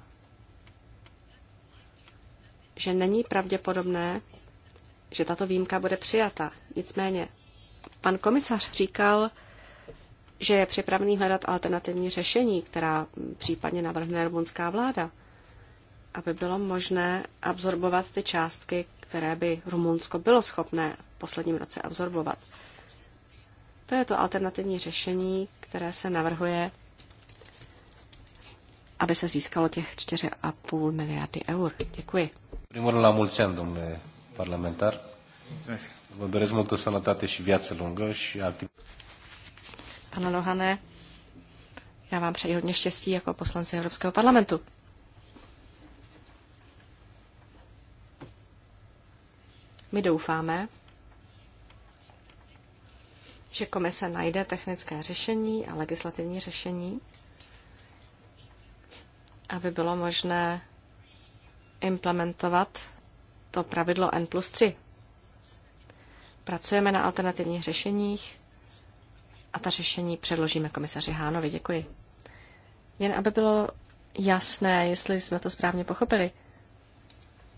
že není pravděpodobné, že tato výjimka bude přijata. Nicméně, pan komisař říkal, že je připravený hledat alternativní řešení, která případně navrhne rumunská vláda aby bylo možné absorbovat ty částky, které by Rumunsko bylo schopné v posledním roce absorbovat. To je to alternativní řešení, které se navrhuje, aby se získalo těch 4,5 miliardy eur. Děkuji. Primul la mulți ani, domnule parlamentar. Vă doresc multă sănătate și viață lungă și activ. Pane Lohane, já vám přeji hodně štěstí jako poslanci Evropského parlamentu. My doufáme, že komise najde technické řešení a legislativní řešení, aby bylo možné implementovat to pravidlo N plus 3. Pracujeme na alternativních řešeních a ta řešení předložíme komisaři Hánovi. Děkuji. Jen aby bylo jasné, jestli jsme to správně pochopili,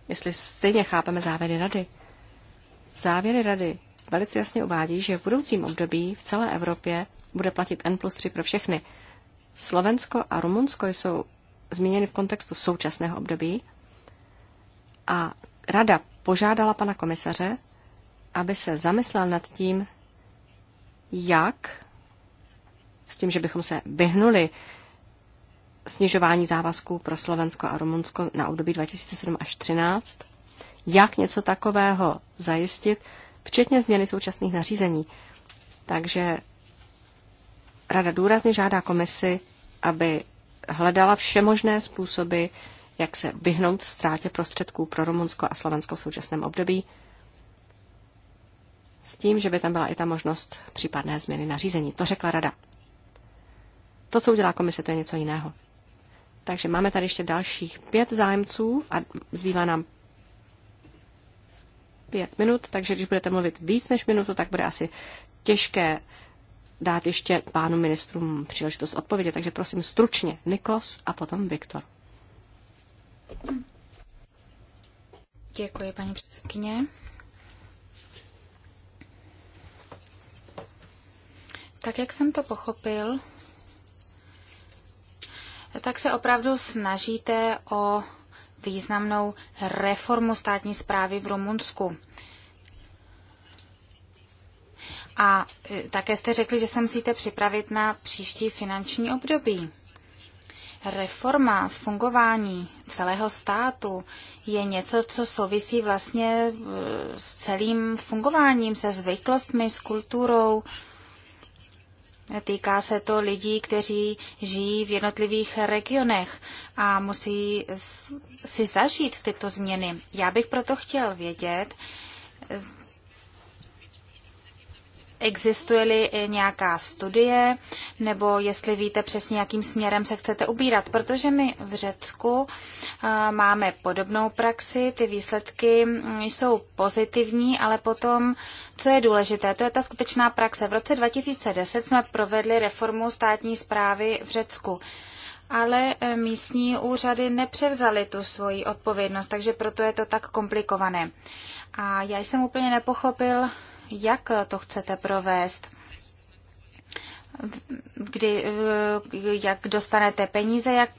jestli stejně chápeme závěry rady. Závěry rady velice jasně uvádí, že v budoucím období v celé Evropě bude platit N plus 3 pro všechny. Slovensko a Rumunsko jsou zmíněny v kontextu současného období a rada požádala pana komisaře, aby se zamyslel nad tím, jak s tím, že bychom se vyhnuli snižování závazků pro Slovensko a Rumunsko na období 2007 až 2013, jak něco takového zajistit, včetně změny současných nařízení. Takže Rada důrazně žádá komisi, aby hledala všemožné způsoby, jak se vyhnout ztrátě prostředků pro Rumunsko a Slovensko v současném období, s tím, že by tam byla i ta možnost případné změny nařízení. To řekla rada. To, co udělá komise, to je něco jiného. Takže máme tady ještě dalších pět zájemců a zbývá nám pět minut, takže když budete mluvit víc než minutu, tak bude asi těžké dát ještě pánu ministrům příležitost odpovědět. Takže prosím stručně Nikos a potom Viktor. Děkuji, paní předsedkyně. Tak jak jsem to pochopil, tak se opravdu snažíte o významnou reformu státní zprávy v Rumunsku. A e, také jste řekli, že se musíte připravit na příští finanční období. Reforma fungování celého státu je něco, co souvisí vlastně e, s celým fungováním, se zvyklostmi, s kulturou, Týká se to lidí, kteří žijí v jednotlivých regionech a musí si zažít tyto změny. Já bych proto chtěl vědět, existuje-li nějaká studie, nebo jestli víte přesně, jakým směrem se chcete ubírat, protože my v Řecku eh, máme podobnou praxi, ty výsledky mm, jsou pozitivní, ale potom, co je důležité, to je ta skutečná praxe. V roce 2010 jsme provedli reformu státní zprávy v Řecku ale eh, místní úřady nepřevzaly tu svoji odpovědnost, takže proto je to tak komplikované. A já jsem úplně nepochopil, jak to chcete provést kdy, jak dostanete peníze, jak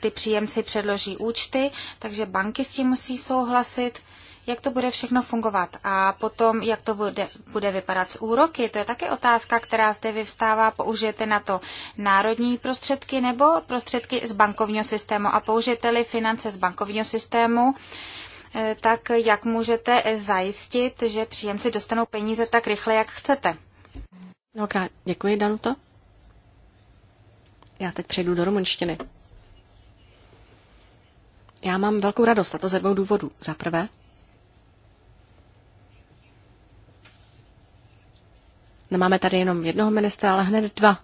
ty příjemci předloží účty, takže banky s tím musí souhlasit, jak to bude všechno fungovat. A potom, jak to bude, bude vypadat s úroky, to je také otázka, která zde vyvstává. Použijete na to národní prostředky nebo prostředky z bankovního systému a použijete-li finance z bankovního systému, Eh, tak jak můžete eh, zajistit, že příjemci dostanou peníze tak rychle, jak chcete? krát, děkuji, Danuto. Já teď přejdu do rumunštiny. Já mám velkou radost, a to ze dvou důvodů. Za prvé, nemáme tady jenom jednoho ministra, ale hned dva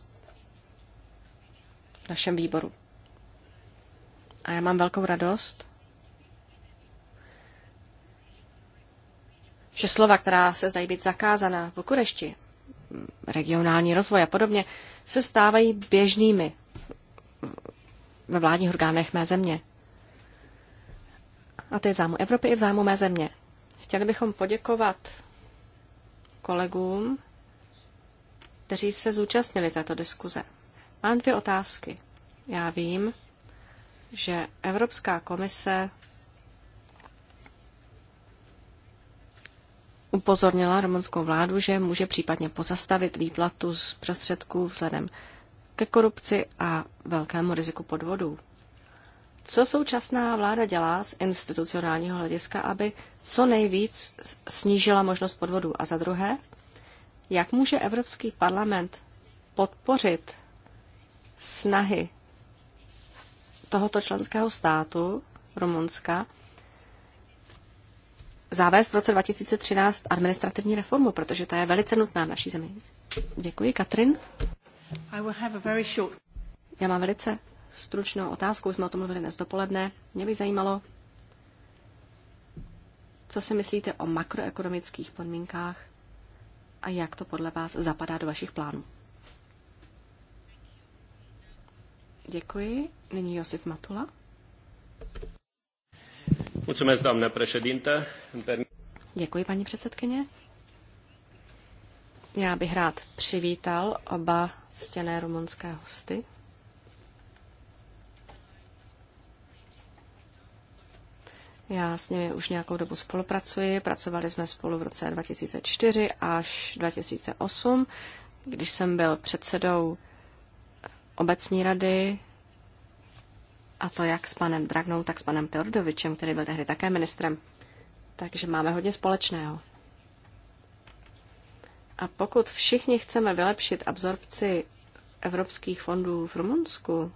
v našem výboru. A já mám velkou radost, že slova, která se zdají být zakázaná v Bukurešti, regionální rozvoj a podobně, se stávají běžnými ve vládních orgánech mé země. A to je v zájmu Evropy i v zájmu mé země. Chtěli bychom poděkovat kolegům, kteří se zúčastnili této diskuze. Mám dvě otázky. Já vím, že Evropská komise upozornila rumunskou vládu, že může případně pozastavit výplatu z prostředků vzhledem ke korupci a velkému riziku podvodů. Co současná vláda dělá z institucionálního hlediska, aby co nejvíc snížila možnost podvodů? A za druhé, jak může Evropský parlament podpořit snahy tohoto členského státu, Rumunska, zavést v roce 2013 administrativní reformu, protože ta je velice nutná v naší zemi. Děkuji, Katrin. Short... Já mám velice stručnou otázku, jsme o tom mluvili dnes dopoledne. Mě by zajímalo, co si myslíte o makroekonomických podmínkách a jak to podle vás zapadá do vašich plánů? Děkuji. Nyní Josef Matula. Děkuji, paní předsedkyně. Já bych rád přivítal oba ctěné rumunské hosty. Já s nimi už nějakou dobu spolupracuji. Pracovali jsme spolu v roce 2004 až 2008, když jsem byl předsedou obecní rady a to jak s panem Dragnou, tak s panem Teodovičem, který byl tehdy také ministrem. Takže máme hodně společného. A pokud všichni chceme vylepšit absorpci evropských fondů v Rumunsku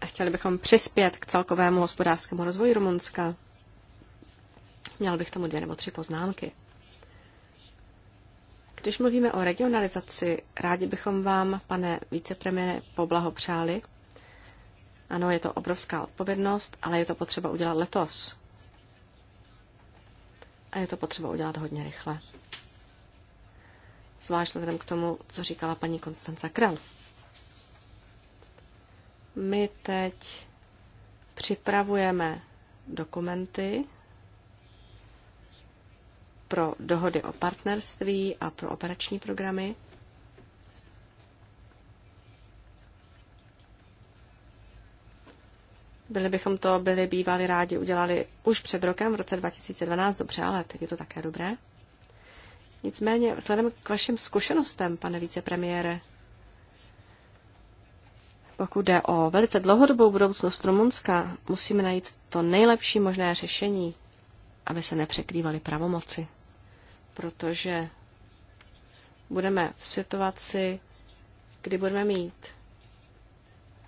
a chtěli bychom přispět k celkovému hospodářskému rozvoji Rumunska, měl bych tomu dvě nebo tři poznámky. Když mluvíme o regionalizaci, rádi bychom vám, pane vicepremiére, poblahopřáli. Ano, je to obrovská odpovědnost, ale je to potřeba udělat letos. A je to potřeba udělat hodně rychle. Zvlášť vzhledem k tomu, co říkala paní Konstanca Kral. My teď připravujeme dokumenty pro dohody o partnerství a pro operační programy. Byli bychom to byli bývali rádi udělali už před rokem, v roce 2012, dobře, ale teď je to také dobré. Nicméně, vzhledem k vašim zkušenostem, pane vicepremiére, pokud jde o velice dlouhodobou budoucnost Rumunska, musíme najít to nejlepší možné řešení, aby se nepřekrývaly pravomoci protože budeme v situaci, kdy budeme mít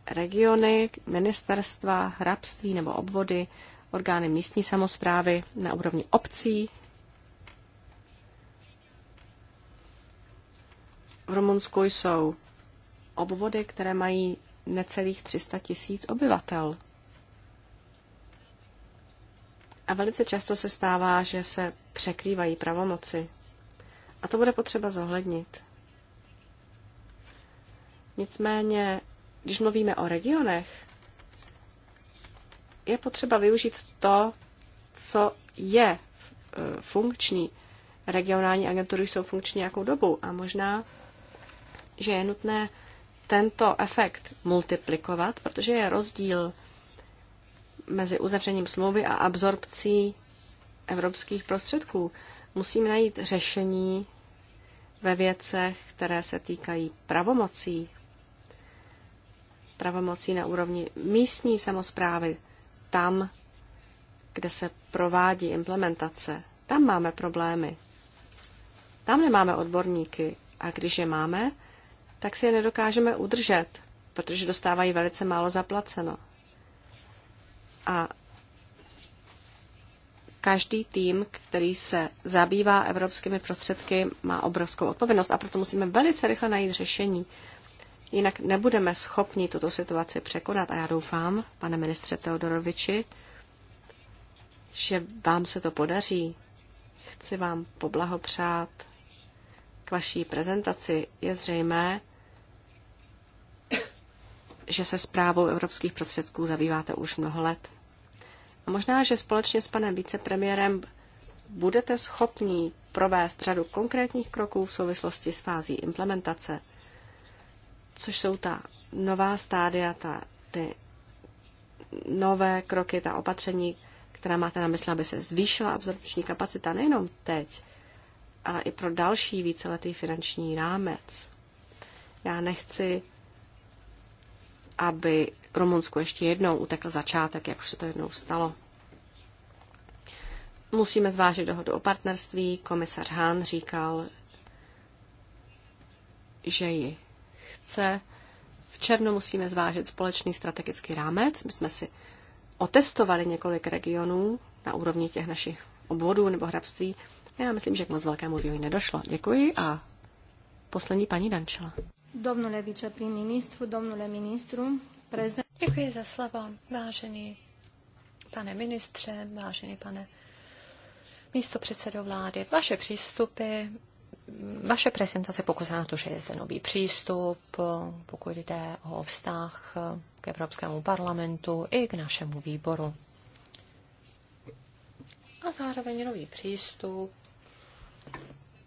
regiony, ministerstva, hrabství nebo obvody, orgány místní samozprávy na úrovni obcí. V Rumunsku jsou obvody, které mají necelých 300 tisíc obyvatel. A velice často se stává, že se překrývají pravomoci. A to bude potřeba zohlednit. Nicméně, když mluvíme o regionech, je potřeba využít to, co je e, funkční. Regionální agentury jsou funkční nějakou dobu a možná, že je nutné tento efekt multiplikovat, protože je rozdíl mezi uzavřením smlouvy a absorpcí evropských prostředků. Musíme najít řešení ve věcech, které se týkají pravomocí, pravomocí na úrovni místní samozprávy, tam, kde se provádí implementace. Tam máme problémy. Tam nemáme odborníky a když je máme, tak si je nedokážeme udržet, protože dostávají velice málo zaplaceno. A každý tým, který se zabývá evropskými prostředky, má obrovskou odpovědnost a proto musíme velice rychle najít řešení. Jinak nebudeme schopni tuto situaci překonat a já doufám, pane ministře Teodoroviči, že vám se to podaří. Chci vám poblahopřát k vaší prezentaci. Je zřejmé, že se zprávou evropských prostředků zabýváte už mnoho let. A možná, že společně s panem vicepremiérem budete schopni provést řadu konkrétních kroků v souvislosti s fází implementace, což jsou ta nová stádia, ta, ty nové kroky, ta opatření, která máte na mysli, aby se zvýšila absorpční kapacita nejenom teď, ale i pro další víceletý finanční rámec. Já nechci, aby Rumunsku ještě jednou utekl začátek, jak už se to jednou stalo. Musíme zvážit dohodu o partnerství. Komisař Hahn říkal, že ji chce. V červnu musíme zvážit společný strategický rámec. My jsme si otestovali několik regionů na úrovni těch našich obvodů nebo hrabství. Já myslím, že k moc velkému vývoji nedošlo. Děkuji a poslední paní Dančela. Domnule viceprimiministru, domnule ministru, prezent. Děkuji za slovo, vážený pane ministře, vážený pane místo předsedo vlády. Vaše přístupy, vaše prezentace pokusila na to, že je zde nový přístup, pokud jde o vztah k Evropskému parlamentu i k našemu výboru. A zároveň nový přístup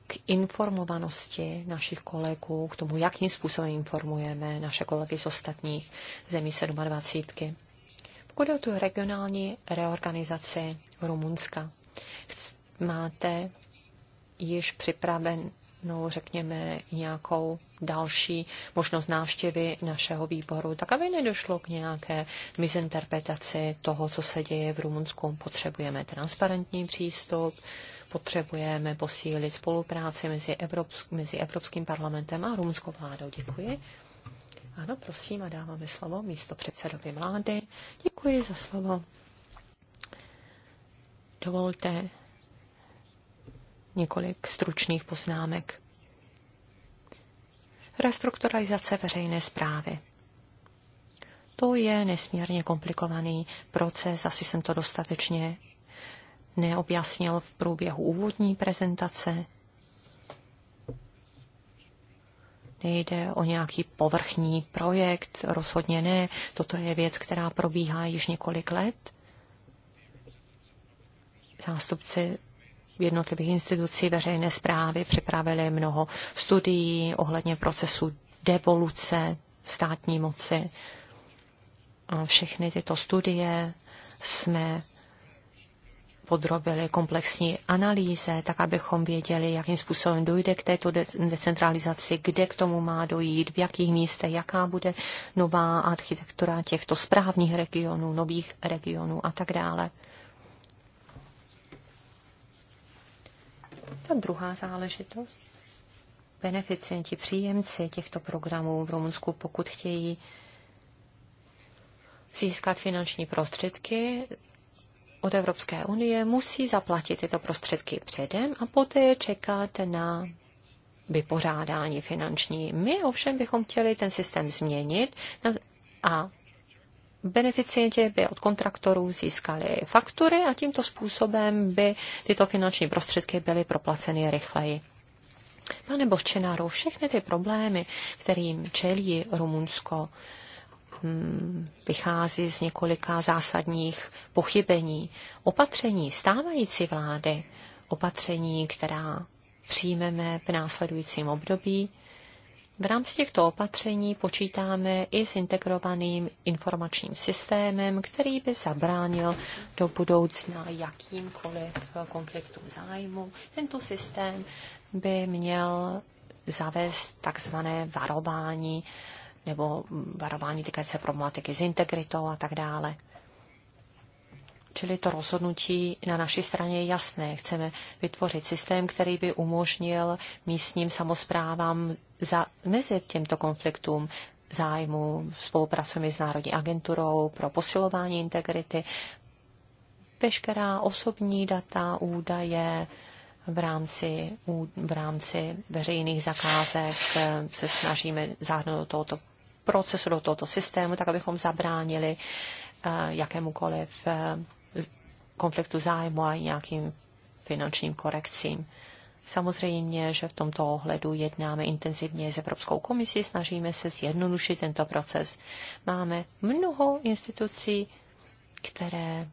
k informovanosti našich kolegů, k tomu, jakým způsobem informujeme naše kolegy z ostatních zemí 27. Pokud je o tu regionální reorganizaci Rumunska, máte již připravenou, řekněme, nějakou další možnost návštěvy našeho výboru, tak aby nedošlo k nějaké misinterpretaci toho, co se děje v Rumunsku. Potřebujeme transparentní přístup, potřebujeme posílit spolupráci mezi, Evropsk- mezi Evropským parlamentem a rumunskou vládou. Děkuji. Ano, prosím a dáváme slovo místo předsedovi vlády. Děkuji za slovo. Dovolte několik stručných poznámek. Restrukturalizace veřejné zprávy. To je nesmírně komplikovaný proces, asi jsem to dostatečně neobjasnil v průběhu úvodní prezentace. Nejde o nějaký povrchní projekt, rozhodně ne. Toto je věc, která probíhá již několik let. Zástupci jednotlivých institucí veřejné zprávy připravili mnoho studií ohledně procesu devoluce státní moci. A všechny tyto studie jsme podrobili komplexní analýze, tak abychom věděli, jakým způsobem dojde k této decentralizaci, kde k tomu má dojít, v jakých místech, jaká bude nová architektura těchto správních regionů, nových regionů a tak dále. Ta druhá záležitost. Beneficienti, příjemci těchto programů v Rumunsku, pokud chtějí získat finanční prostředky od Evropské unie musí zaplatit tyto prostředky předem a poté čekat na vypořádání finanční. My ovšem bychom chtěli ten systém změnit a beneficienti by od kontraktorů získali faktury a tímto způsobem by tyto finanční prostředky byly proplaceny rychleji. Pane Boščenáru, všechny ty problémy, kterým čelí Rumunsko, Hmm, vychází z několika zásadních pochybení. Opatření stávající vlády, opatření, která přijmeme v následujícím období, v rámci těchto opatření počítáme i s integrovaným informačním systémem, který by zabránil do budoucna jakýmkoliv konfliktům zájmu. Tento systém by měl zavést takzvané varování nebo varování týkající se problematiky s integritou a tak dále. Čili to rozhodnutí na naší straně je jasné. Chceme vytvořit systém, který by umožnil místním samozprávám zamezit těmto konfliktům zájmu. Spolupracujeme s Národní agenturou pro posilování integrity. Veškerá osobní data, údaje, v rámci, v rámci veřejných zakázek eh, se snažíme zahrnout do tohoto procesu, do tohoto systému, tak abychom zabránili eh, jakémukoliv eh, konfliktu zájmu a nějakým finančním korekcím. Samozřejmě, že v tomto ohledu jednáme intenzivně s Evropskou komisí, snažíme se zjednodušit tento proces. Máme mnoho institucí, které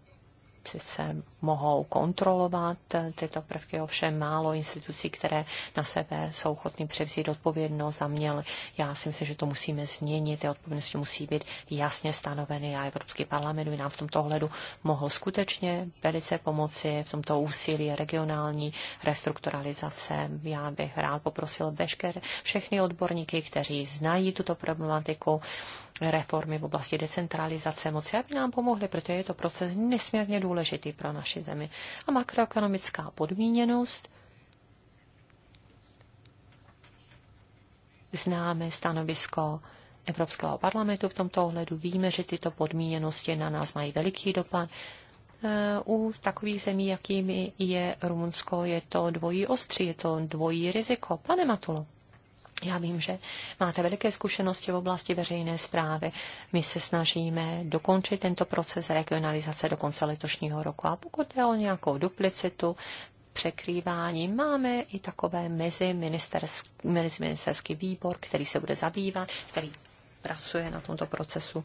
se mohou kontrolovat tyto prvky, ovšem málo institucí, které na sebe jsou ochotny převzít odpovědnost a měl. Já si myslím, že to musíme změnit, ty odpovědnosti musí být jasně stanoveny a Evropský parlament by nám v tomto ohledu mohl skutečně velice pomoci v tomto úsilí regionální restrukturalizace. Já bych rád poprosil veškeré všechny odborníky, kteří znají tuto problematiku, reformy v oblasti decentralizace moci, aby nám pomohly, protože je to proces nesmírně důležitý pro naši zemi. A makroekonomická podmíněnost známe stanovisko Evropského parlamentu v tomto ohledu. Víme, že tyto podmíněnosti na nás mají veliký dopad. Eh, u takových zemí, jakými je Rumunsko, je to dvojí ostří, je to dvojí riziko. Pane Matulo. Já vím, že máte veliké zkušenosti v oblasti veřejné zprávy. My se snažíme dokončit tento proces regionalizace do konce letošního roku. A pokud je o nějakou duplicitu, překrývání. Máme i takové meziministerský, meziministerský výbor, který se bude zabývat, který pracuje na tomto procesu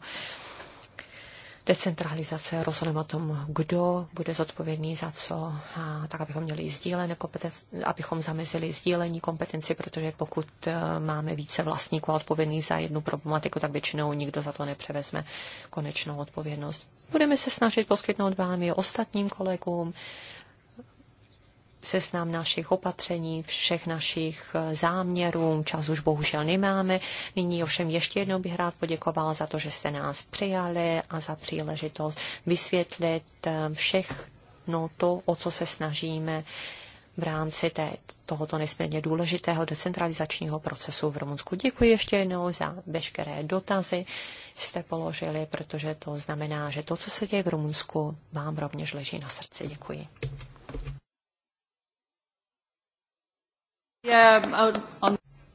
decentralizace, rozhodneme o tom, kdo bude zodpovědný za co, a tak abychom měli sdílené kompetence, abychom zamezili sdílení kompetenci, protože pokud eh, máme více vlastníků a odpovědných za jednu problematiku, tak většinou nikdo za to nepřevezme konečnou odpovědnost. Budeme se snažit poskytnout vám i ostatním kolegům seznam našich opatření, všech našich eh, záměrů. Čas už bohužel nemáme. Nyní ovšem ještě jednou bych rád poděkovala za to, že jste nás přijali a za příležitost vysvětlit eh, všechno to, o co se snažíme v rámci té, tohoto nesmírně důležitého decentralizačního procesu v Rumunsku. Děkuji ještě jednou za veškeré dotazy, jste položili, protože to znamená, že to, co se děje v Rumunsku, vám rovněž leží na srdci. Děkuji.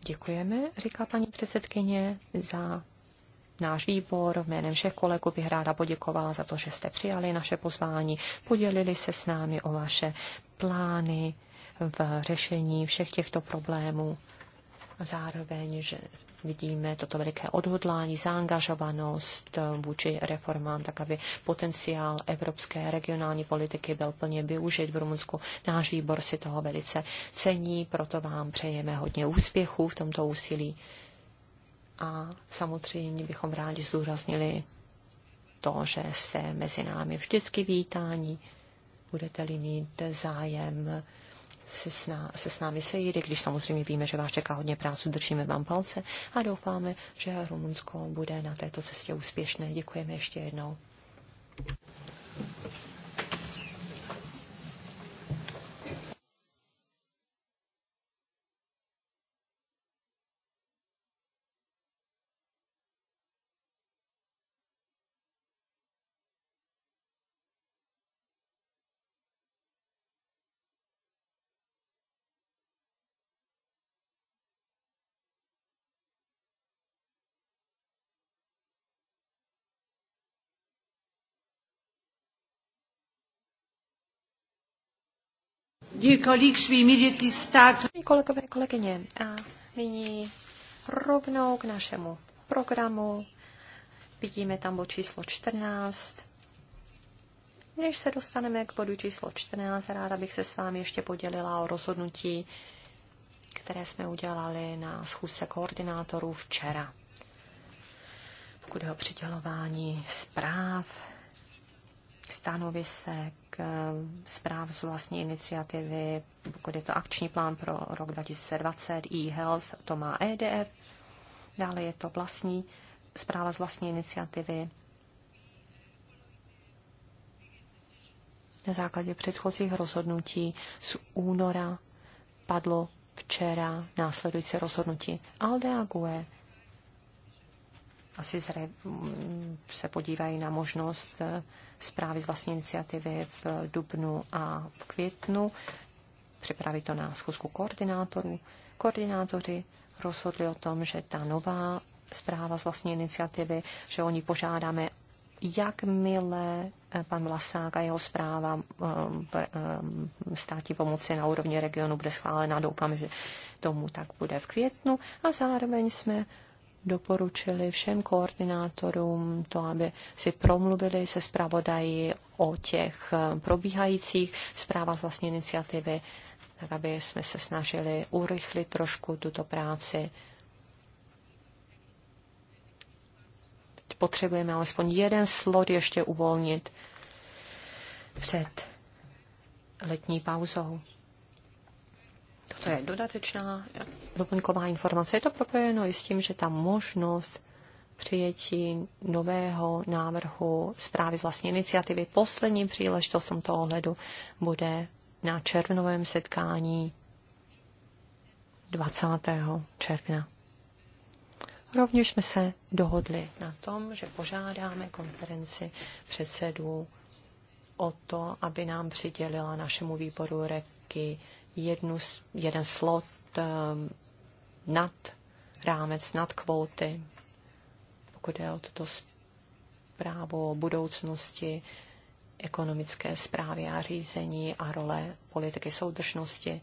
Děkujeme, říká paní předsedkyně, za náš výbor. Jménem všech kolegů bych ráda poděkovala za to, že jste přijali naše pozvání, podělili se s námi o vaše plány v řešení všech těchto problémů. Zároveň, že vidíme toto veliké odhodlání, zaangažovanost eh, vůči reformám, tak aby potenciál evropské regionální politiky byl plně využit v Rumunsku. Náš výbor si toho velice cení, proto vám přejeme hodně úspěchů v tomto úsilí. A samozřejmě bychom rádi zdůraznili to, že jste mezi námi vždycky vítání, budete-li mít zájem se s, ná, se s námi sejde, když samozřejmě víme, že vás čeká hodně práce, držíme vám palce a doufáme, že Rumunsko bude na této cestě úspěšné. Děkujeme ještě jednou. immediately start. Kolegové, kolegyně, a nyní rovnou k našemu programu. Vidíme tam bod číslo 14. Než se dostaneme k bodu číslo 14, ráda bych se s vámi ještě podělila o rozhodnutí, které jsme udělali na schůzce koordinátorů včera. Pokud je o přidělování zpráv, stanovisek, Eh, zpráv z vlastní iniciativy, pokud je to akční plán pro rok 2020, e-health, to má EDR, dále je to vlastní zpráva z vlastní iniciativy, na základě předchozích rozhodnutí z února padlo včera následující rozhodnutí. Aldea GUE asi zre, se podívají na možnost eh, zprávy z vlastní iniciativy v dubnu a v květnu. Připraví to na schůzku koordinátorů. Koordinátoři rozhodli o tom, že ta nová zpráva z vlastní iniciativy, že oni požádáme, požádáme jakmile eh, pan Vlasák a jeho zpráva eh, eh, státní pomoci na úrovni regionu bude schválena. Doufám, že tomu tak bude v květnu. A zároveň jsme doporučili všem koordinátorům to, aby si promluvili se zpravodají o těch eh, probíhajících zpráva z vlastní iniciativy, tak aby jsme se snažili urychlit trošku tuto práci. Potřebujeme alespoň jeden slot ještě uvolnit před letní pauzou. To je dodatečná doplňková informace. Je to propojeno i s tím, že ta možnost přijetí nového návrhu zprávy z vlastní iniciativy. Poslední příležitost v tomto ohledu bude na červnovém setkání 20. června. Rovněž jsme se dohodli na tom, že požádáme konferenci předsedů o to, aby nám přidělila našemu výboru reky jednu, jeden slot ehm, nad rámec, nad kvóty, pokud je o tuto zprávu o budoucnosti, ekonomické zprávy a řízení a role politiky soudržnosti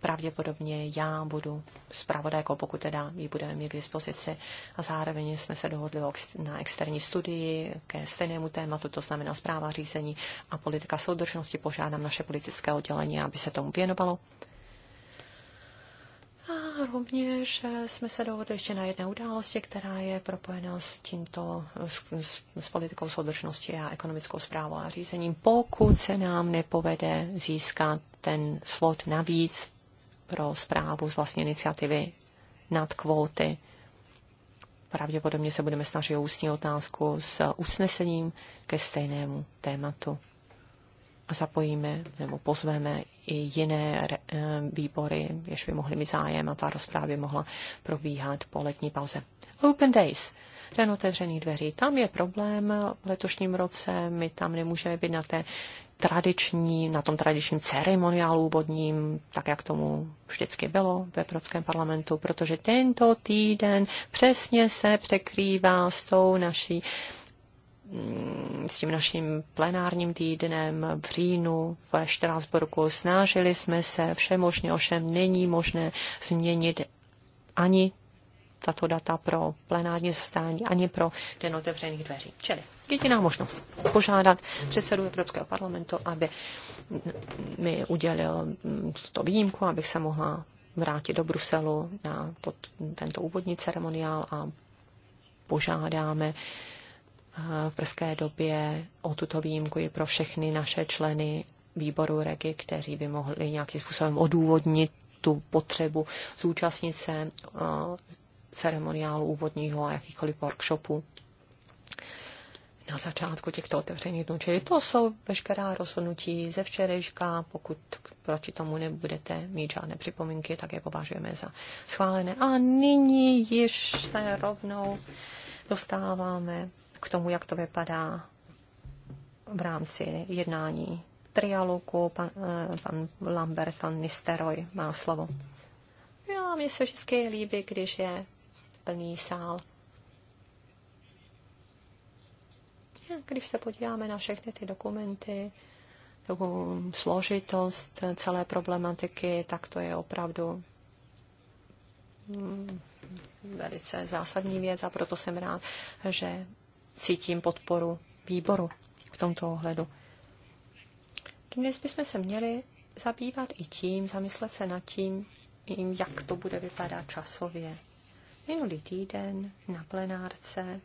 pravděpodobně já budu zpravodajkou, pokud teda ji budeme mít k dispozici. A zároveň jsme se dohodli na externí studii ke stejnému tématu, to znamená zpráva řízení a politika soudržnosti. Požádám naše politické oddělení, aby se tomu věnovalo. A rovněž jsme se dohodli ještě na jedné události, která je propojena s tímto, s, s politikou soudržnosti a ekonomickou zprávou a řízením. Pokud se nám nepovede získat ten slot navíc pro zprávu z vlastní iniciativy nad kvóty. Pravděpodobně se budeme snažit o ústní otázku s usnesením ke stejnému tématu. A zapojíme nebo pozveme i jiné eh, výbory, jež by mohly mít zájem a ta rozpráva by mohla probíhat po letní pauze. Open Days. Den otevřených dveří. Tam je problém v letošním roce, my tam nemůžeme být na té tradiční, na tom tradičním ceremoniálu úvodním, tak jak tomu vždycky bylo v Evropském parlamentu, protože tento týden přesně se překrývá s tou naší mm, s tím naším plenárním týdnem v říjnu ve Štrásburku. Snažili jsme se vše možně, ovšem není možné změnit ani tato data pro plenární zastání ani pro den otevřených dveří. Čili jediná možnost požádat předsedu Evropského parlamentu, aby mi udělil tuto výjimku, abych se mohla vrátit do Bruselu na to, tento úvodní ceremoniál a požádáme eh, v brzké době o tuto výjimku i pro všechny naše členy výboru REGI, kteří by mohli nějakým způsobem odůvodnit tu potřebu zúčastnit se eh, ceremoniálu úvodního a jakýchkoliv workshopů na začátku těchto otevřených dnů. Čili to jsou veškerá rozhodnutí ze včerejška. Pokud proti tomu nebudete mít žádné připomínky, tak je považujeme za schválené. A nyní již se rovnou dostáváme k tomu, jak to vypadá v rámci jednání trialogu. Pan, eh, pan Lambert, pan Nisteroj má slovo. Já, mi se vždycky líbí, když je plný sál. Když se podíváme na všechny ty dokumenty, složitost celé problematiky, tak to je opravdu mm, velice zásadní věc a proto jsem rád, že cítím podporu výboru v tomto ohledu. Dnes bychom se měli zabývat i tím, zamyslet se nad tím, jak to bude vypadat časově. Minulý týden na plenárce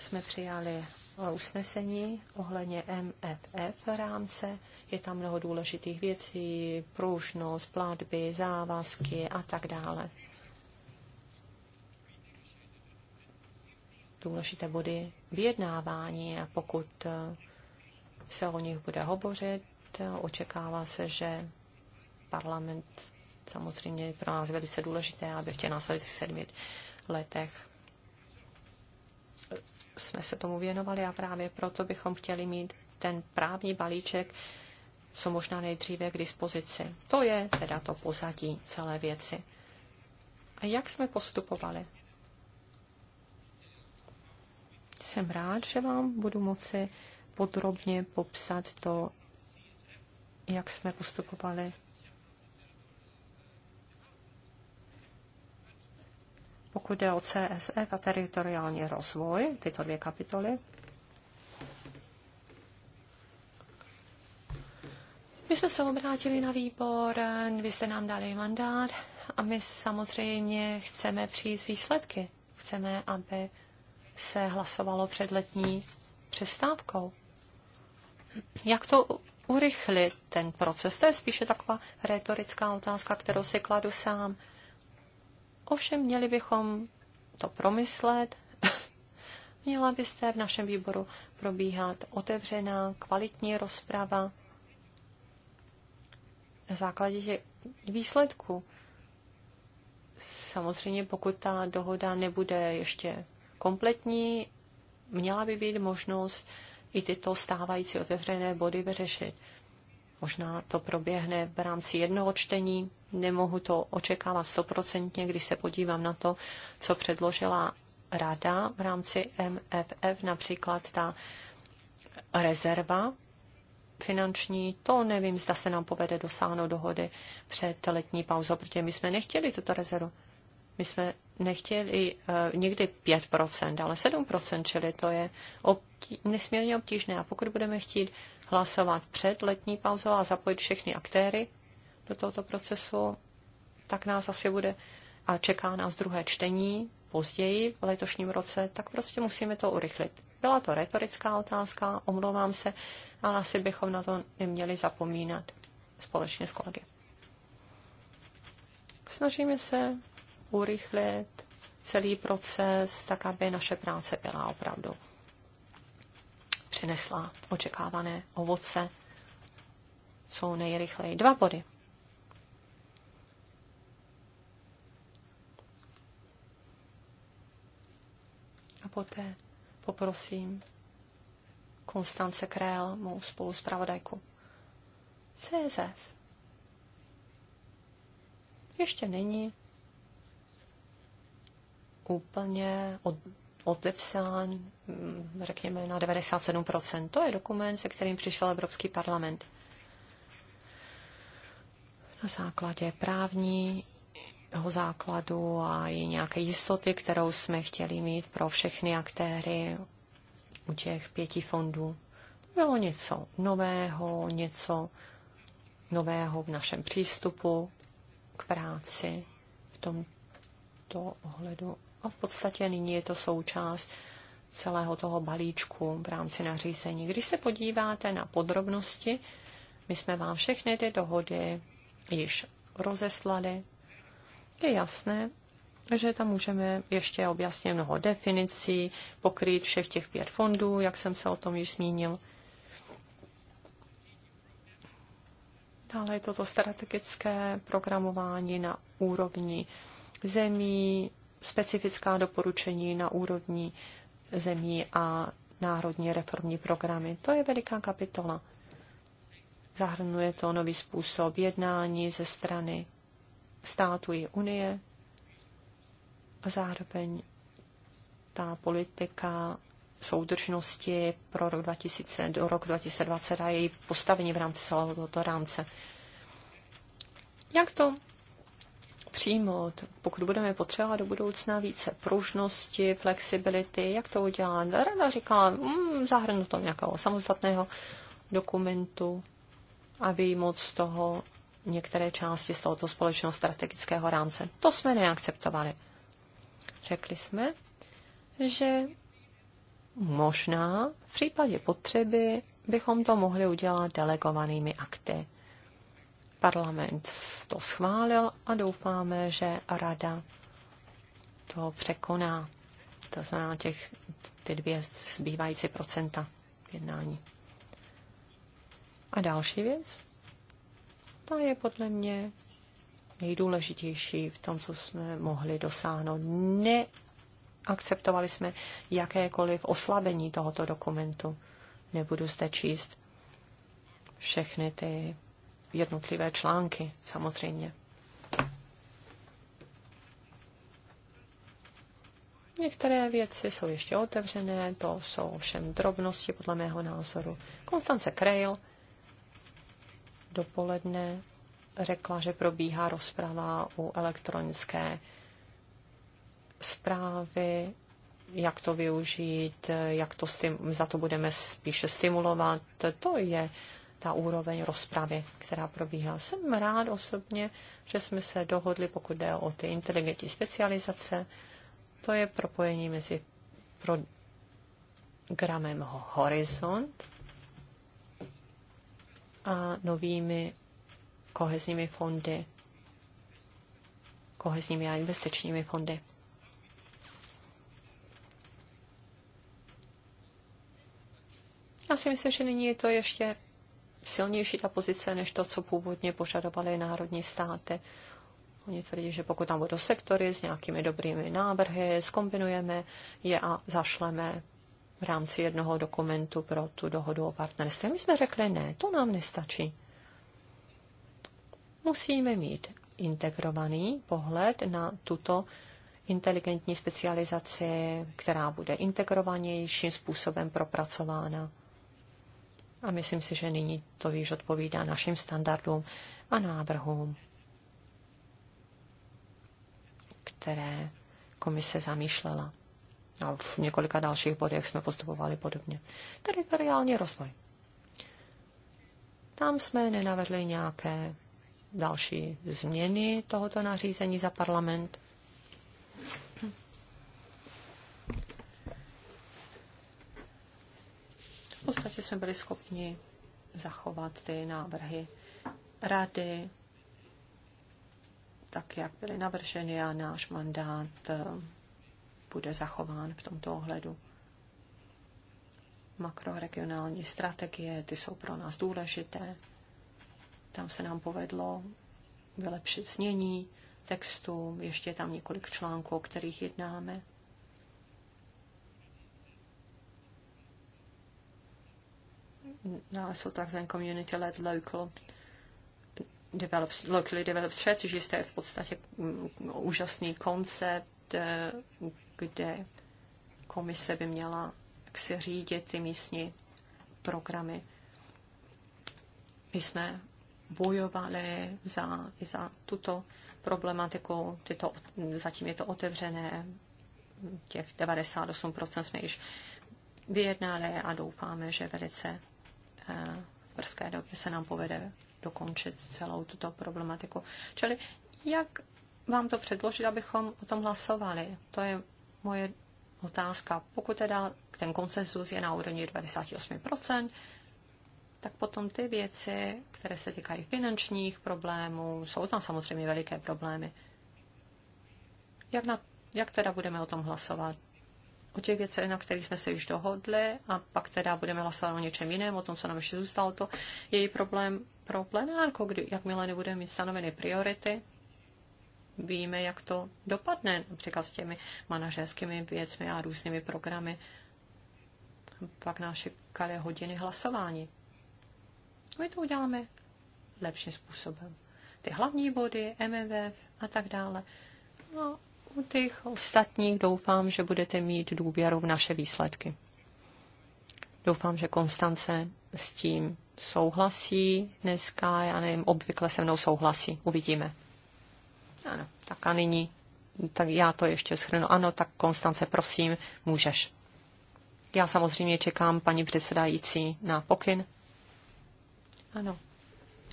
jsme přijali usnesení ohledně MFF rámce. Je tam mnoho důležitých věcí, průžnost, platby, závazky a tak dále. Důležité body vyjednávání a pokud se o nich bude hovořit, očekává se, že parlament Samozřejmě pro nás velice důležité, aby v těch následujících sedmi letech jsme se tomu věnovali a právě proto bychom chtěli mít ten právní balíček co možná nejdříve k dispozici. To je teda to pozadí celé věci. A jak jsme postupovali? Jsem rád, že vám budu moci podrobně popsat to, jak jsme postupovali pokud jde o CSF e, a teritoriální rozvoj, tyto dvě kapitoly, My jsme se obrátili na výbor, vy jste nám dali mandát a my samozřejmě chceme přijít výsledky. Chceme, aby se hlasovalo před letní přestávkou. Jak to urychlit ten proces? To je spíše taková retorická otázka, kterou si kladu sám. Ovšem měli bychom to promyslet. <laughs> Měla byste v našem výboru probíhat otevřená, kvalitní rozprava na základě výsledku, Samozřejmě, pokud ta dohoda nebude ještě kompletní, měla by být možnost i tyto stávající otevřené body vyřešit. Možná to proběhne v rámci jednoho čtení, nemohu to očekávat stoprocentně, když se podívám na to, co předložila rada v rámci MFF, například ta rezerva finanční, to nevím, zda se nám povede dosáhnout dohody před letní pauzou, protože my jsme nechtěli tuto rezervu. My jsme nechtěli uh, někdy 5%, ale 7%, čili to je obtí- nesmírně obtížné. A pokud budeme chtít hlasovat před letní pauzou a zapojit všechny aktéry do tohoto procesu, tak nás asi bude a čeká nás druhé čtení později v letošním roce, tak prostě musíme to urychlit. Byla to retorická otázka, omlouvám se, ale asi bychom na to neměli zapomínat společně s kolegy. Snažíme se urychlit celý proces, tak aby naše práce byla opravdu přinesla očekávané ovoce co nejrychleji. Dva body. A poté poprosím Konstance Krél, mou spoluzpravodajku. CSF ještě není úplně od, podepsán, mm, řekněme, na 97%. To je dokument, se kterým přišel Evropský parlament. Na základě právní jeho základu a i nějaké jistoty, kterou jsme chtěli mít pro všechny aktéry u těch pěti fondů. To bylo něco nového, něco nového v našem přístupu k práci v tomto ohledu. A v podstatě nyní je to součást celého toho balíčku v rámci nařízení. Když se podíváte na podrobnosti, my jsme vám všechny ty dohody již rozeslali. Je jasné, že tam můžeme ještě objasnit mnoho definicí, pokrýt všech těch pět fondů, jak jsem se o tom již zmínil. Dále je toto strategické programování na úrovni zemí, specifická doporučení na úrovni zemí a národní reformní programy. To je veliká kapitola. Zahrnuje to nový způsob jednání ze strany státu i Unie a zároveň ta politika soudržnosti pro rok 2000, do roku 2020 a její postavení v rámci celého tohoto rámce. Jak to přijmout, pokud budeme potřebovat do budoucna více pružnosti, flexibility, jak to udělat. Rada říkala, mm, zahrnu to nějakého samostatného dokumentu a výjimout z toho některé části z tohoto společného strategického rámce. To jsme neakceptovali. Řekli jsme, že možná v případě potřeby bychom to mohli udělat delegovanými akty. Parlament to schválil a doufáme, že rada to překoná. To znamená těch, ty dvě zbývající procenta jednání. A další věc, ta je podle mě nejdůležitější v tom, co jsme mohli dosáhnout. Neakceptovali jsme jakékoliv oslabení tohoto dokumentu. Nebudu zde číst všechny ty jednotlivé články, samozřejmě. Některé věci jsou ještě otevřené, to jsou všem drobnosti podle mého názoru. Konstance Krejl dopoledne řekla, že probíhá rozprava u elektronické zprávy, jak to využít, jak to za to budeme spíše stimulovat. To je ta úroveň rozpravy, která probíhá. Jsem rád osobně, že jsme se dohodli, pokud jde o ty inteligentní specializace, to je propojení mezi programem Horizont a novými kohezními fondy, kohezními a investičními fondy. Já si myslím, že nyní je to ještě silnější ta pozice, než to, co původně požadovaly národní státy. Oni tvrdí, že pokud tam budou sektory s nějakými dobrými návrhy, zkombinujeme je a zašleme v rámci jednoho dokumentu pro tu dohodu o partnerství. My jsme řekli, ne, to nám nestačí. Musíme mít integrovaný pohled na tuto inteligentní specializaci, která bude integrovanějším způsobem propracována. A myslím si, že nyní to již odpovídá našim standardům a návrhům, které komise zamýšlela. A v několika dalších bodech jsme postupovali podobně. Teritoriální rozvoj. Tam jsme nenavedli nějaké další změny tohoto nařízení za parlament. podstatě jsme byli schopni zachovat ty návrhy rady, tak jak byly navrženy a náš mandát eh, bude zachován v tomto ohledu. Makroregionální strategie, ty jsou pro nás důležité. Tam se nám povedlo vylepšit znění textu, ještě je tam několik článků, o kterých jednáme. nalezu no, takzvaný community-led local develops locally developed strategies, to je v podstatě mm, mm, úžasný koncept, eh, kde komise by měla si řídit ty místní programy. My jsme bojovali za, i za tuto problematiku, tyto, zatím je to otevřené, těch 98% jsme již vyjednali a doufáme, že velice v eh, brzké době se nám povede dokončit celou tuto problematiku. Čili jak vám to předložit, abychom o tom hlasovali? To je moje otázka. Pokud teda ten konsenzus je na úrovni 28 tak potom ty věci, které se týkají finančních problémů, jsou tam samozřejmě veliké problémy. Jak, na, jak teda budeme o tom hlasovat? o těch věcech, na kterých jsme se již dohodli a pak teda budeme hlasovat o něčem jiném, o tom, co nám ještě zůstalo, to je její problém pro plenárku, kdy, jakmile nebudeme mít stanoveny priority, víme, jak to dopadne, například s těmi manažerskými věcmi a různými programy. Pak nás čekaly hodiny hlasování. My to uděláme lepším způsobem. Ty hlavní body, MMF a tak dále. No u těch ostatních doufám, že budete mít důvěru v naše výsledky. Doufám, že Konstance s tím souhlasí dneska, já nevím, obvykle se mnou souhlasí, uvidíme. Ano, tak a nyní, tak já to ještě schrnu. Ano, tak Konstance, prosím, můžeš. Já samozřejmě čekám, paní předsedající, na pokyn. Ano,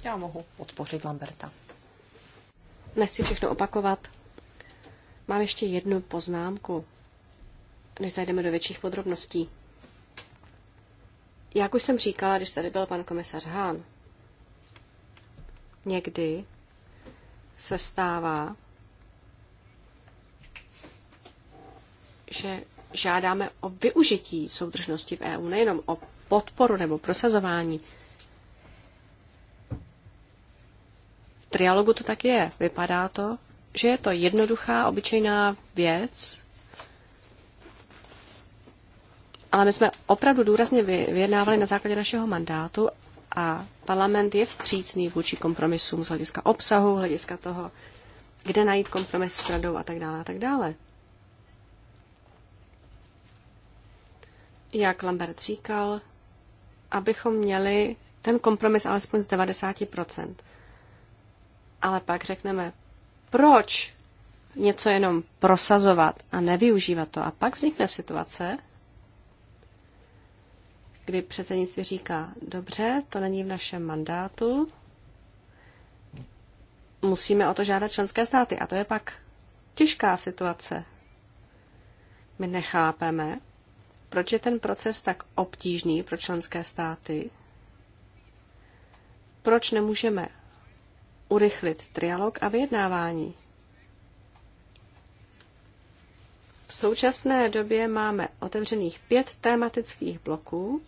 já mohu podpořit Lamberta. Nechci všechno opakovat. Mám ještě jednu poznámku, než zajdeme do větších podrobností. Jak už jsem říkala, když tady byl pan komisař Hán, někdy se stává, že žádáme o využití soudržnosti v EU, nejenom o podporu nebo prosazování. V trialogu to tak je. Vypadá to, že je to jednoduchá, obyčejná věc, ale my jsme opravdu důrazně vyjednávali na základě našeho mandátu a parlament je vstřícný vůči kompromisům z hlediska obsahu, hlediska toho, kde najít kompromis s radou a tak dále a tak dále. Jak Lambert říkal, abychom měli ten kompromis alespoň z 90%. Ale pak řekneme, proč něco jenom prosazovat a nevyužívat to? A pak vznikne situace, kdy předsednictví říká, dobře, to není v našem mandátu, musíme o to žádat členské státy. A to je pak těžká situace. My nechápeme, proč je ten proces tak obtížný pro členské státy, proč nemůžeme urychlit trialog a vyjednávání. V současné době máme otevřených pět tematických bloků.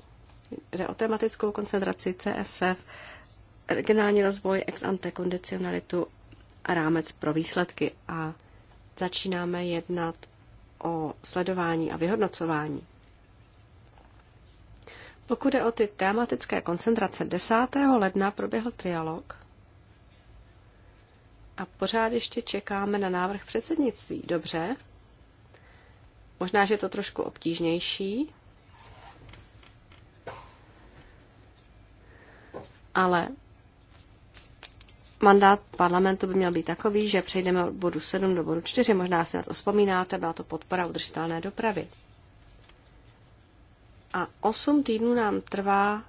Jde o tematickou koncentraci CSF, regionální rozvoj, ex ante kondicionalitu a rámec pro výsledky. A začínáme jednat o sledování a vyhodnocování. Pokud je o ty tématické koncentrace, 10. ledna proběhl trialog a pořád ještě čekáme na návrh předsednictví. Dobře. Možná, že je to trošku obtížnější, ale mandát parlamentu by měl být takový, že přejdeme od bodu 7 do bodu 4, možná si na to vzpomínáte, byla to podpora udržitelné dopravy. A 8 týdnů nám trvá,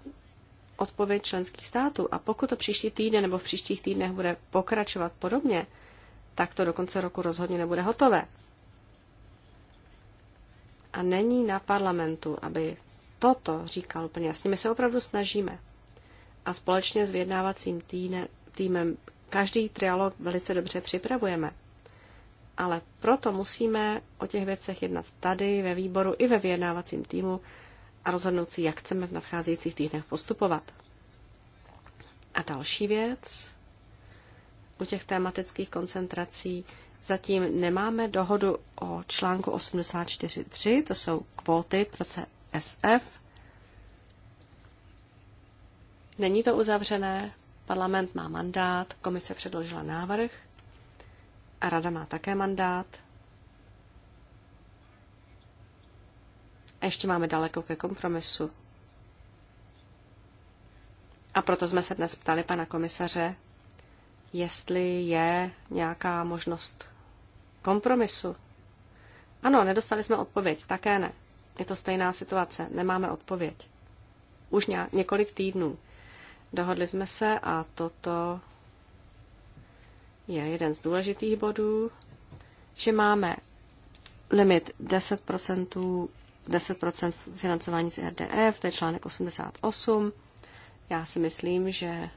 odpověď členských států. A pokud to příští týden nebo v příštích týdnech bude pokračovat podobně, tak to do konce roku rozhodně nebude hotové. A není na parlamentu, aby toto říkal úplně jasně. My se opravdu snažíme. A společně s vyjednávacím týne, týmem každý trialog velice dobře připravujeme. Ale proto musíme o těch věcech jednat tady, ve výboru i ve vyjednávacím týmu, a rozhodnout si, jak chceme v nadcházejících týdnech postupovat. A další věc, u těch tématických koncentrací zatím nemáme dohodu o článku 84.3, to jsou kvóty pro CSF. Není to uzavřené, parlament má mandát, komise předložila návrh a rada má také mandát. A ještě máme daleko ke kompromisu. A proto jsme se dnes ptali pana komisaře, jestli je nějaká možnost kompromisu. Ano, nedostali jsme odpověď, také ne. Je to stejná situace, nemáme odpověď. Už ně, několik týdnů. Dohodli jsme se a toto je jeden z důležitých bodů, že máme limit 10% 10 financování z RDF, to je článek 88. Já si myslím, že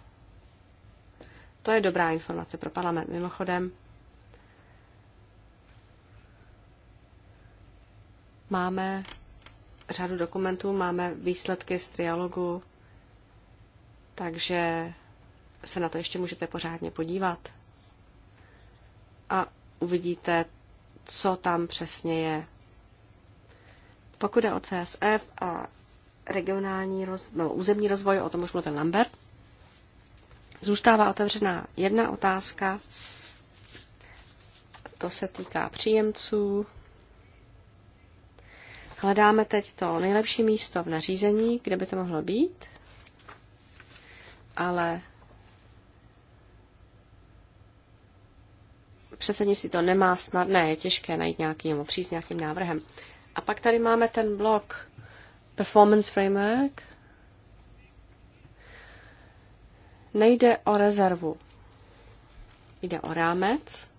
to je dobrá informace pro parlament. Mimochodem, máme řadu dokumentů, máme výsledky z trialogu, takže se na to ještě můžete pořádně podívat. A uvidíte, co tam přesně je. Pokud je o CSF a regionální roz, no, územní rozvoj, o tom už mluvil Lambert, zůstává otevřená jedna otázka. To se týká příjemců. Hledáme teď to nejlepší místo v nařízení, kde by to mohlo být, ale si to nemá snadné, je těžké najít nějaký nebo přijít s nějakým návrhem. A pak tady máme ten blok Performance Framework. Nejde o rezervu. Jde o rámec.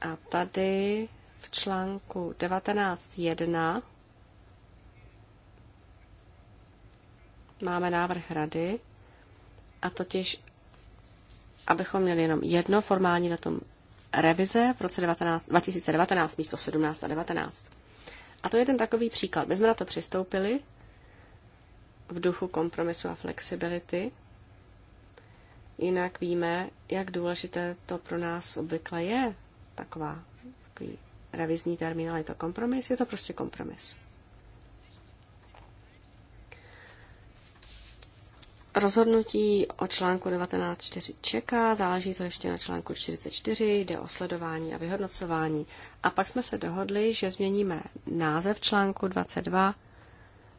A tady v článku 19.1 máme návrh rady, a totiž, abychom měli jenom jedno formální datum revize v roce 19, 2019 místo 17 a 19. A to je ten takový příklad. My jsme na to přistoupili v duchu kompromisu a flexibility. Jinak víme, jak důležité to pro nás obvykle je, taková takový revizní termín, ale je to kompromis, je to prostě kompromis. Rozhodnutí o článku 19.4 čeká, záleží to ještě na článku 44, jde o sledování a vyhodnocování. A pak jsme se dohodli, že změníme název článku 22,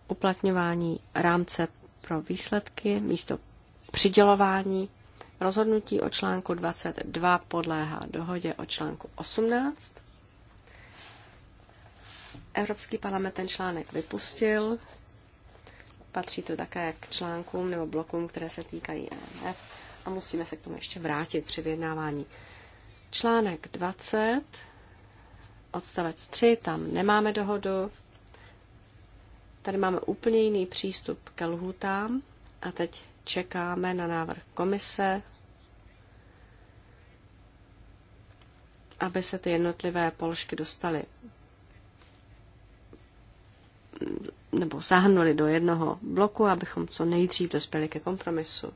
uplatňování rámce pro výsledky, místo přidělování. Rozhodnutí o článku 22 podléhá dohodě o článku 18. Evropský parlament ten článek vypustil, Patří to také k článkům nebo blokům, které se týkají EMF a musíme se k tomu ještě vrátit při vyjednávání. Článek 20, odstavec 3, tam nemáme dohodu. Tady máme úplně jiný přístup ke lhutám a teď čekáme na návrh komise, aby se ty jednotlivé položky dostaly nebo zahrnuli do jednoho bloku, abychom co nejdřív dospěli ke kompromisu.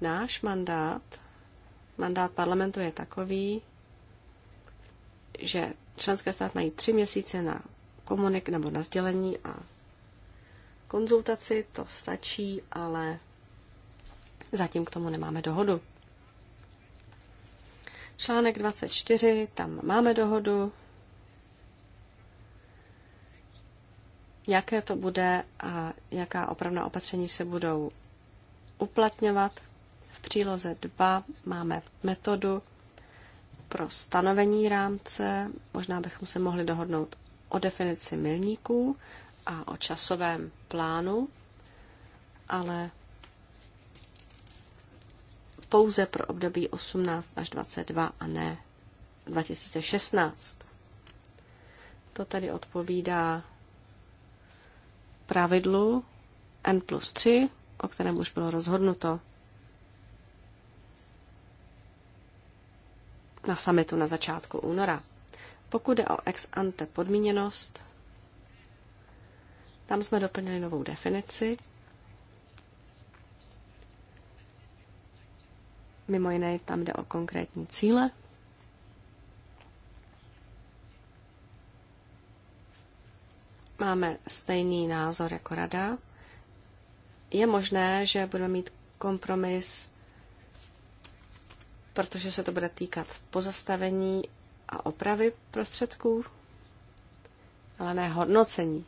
Náš mandát, mandát parlamentu je takový, že členské stát mají tři měsíce na komunik nebo na sdělení a konzultaci, to stačí, ale zatím k tomu nemáme dohodu. Článek 24, tam máme dohodu, jaké to bude a jaká opravná opatření se budou uplatňovat. V příloze 2 máme metodu pro stanovení rámce. Možná bychom se mohli dohodnout o definici milníků a o časovém plánu, ale pouze pro období 18 až 22 a ne 2016. To tedy odpovídá pravidlu N plus 3, o kterém už bylo rozhodnuto na samitu na začátku února. Pokud jde o ex ante podmíněnost, tam jsme doplnili novou definici. Mimo jiné tam jde o konkrétní cíle máme stejný názor jako rada. Je možné, že budeme mít kompromis, protože se to bude týkat pozastavení a opravy prostředků, ale ne hodnocení.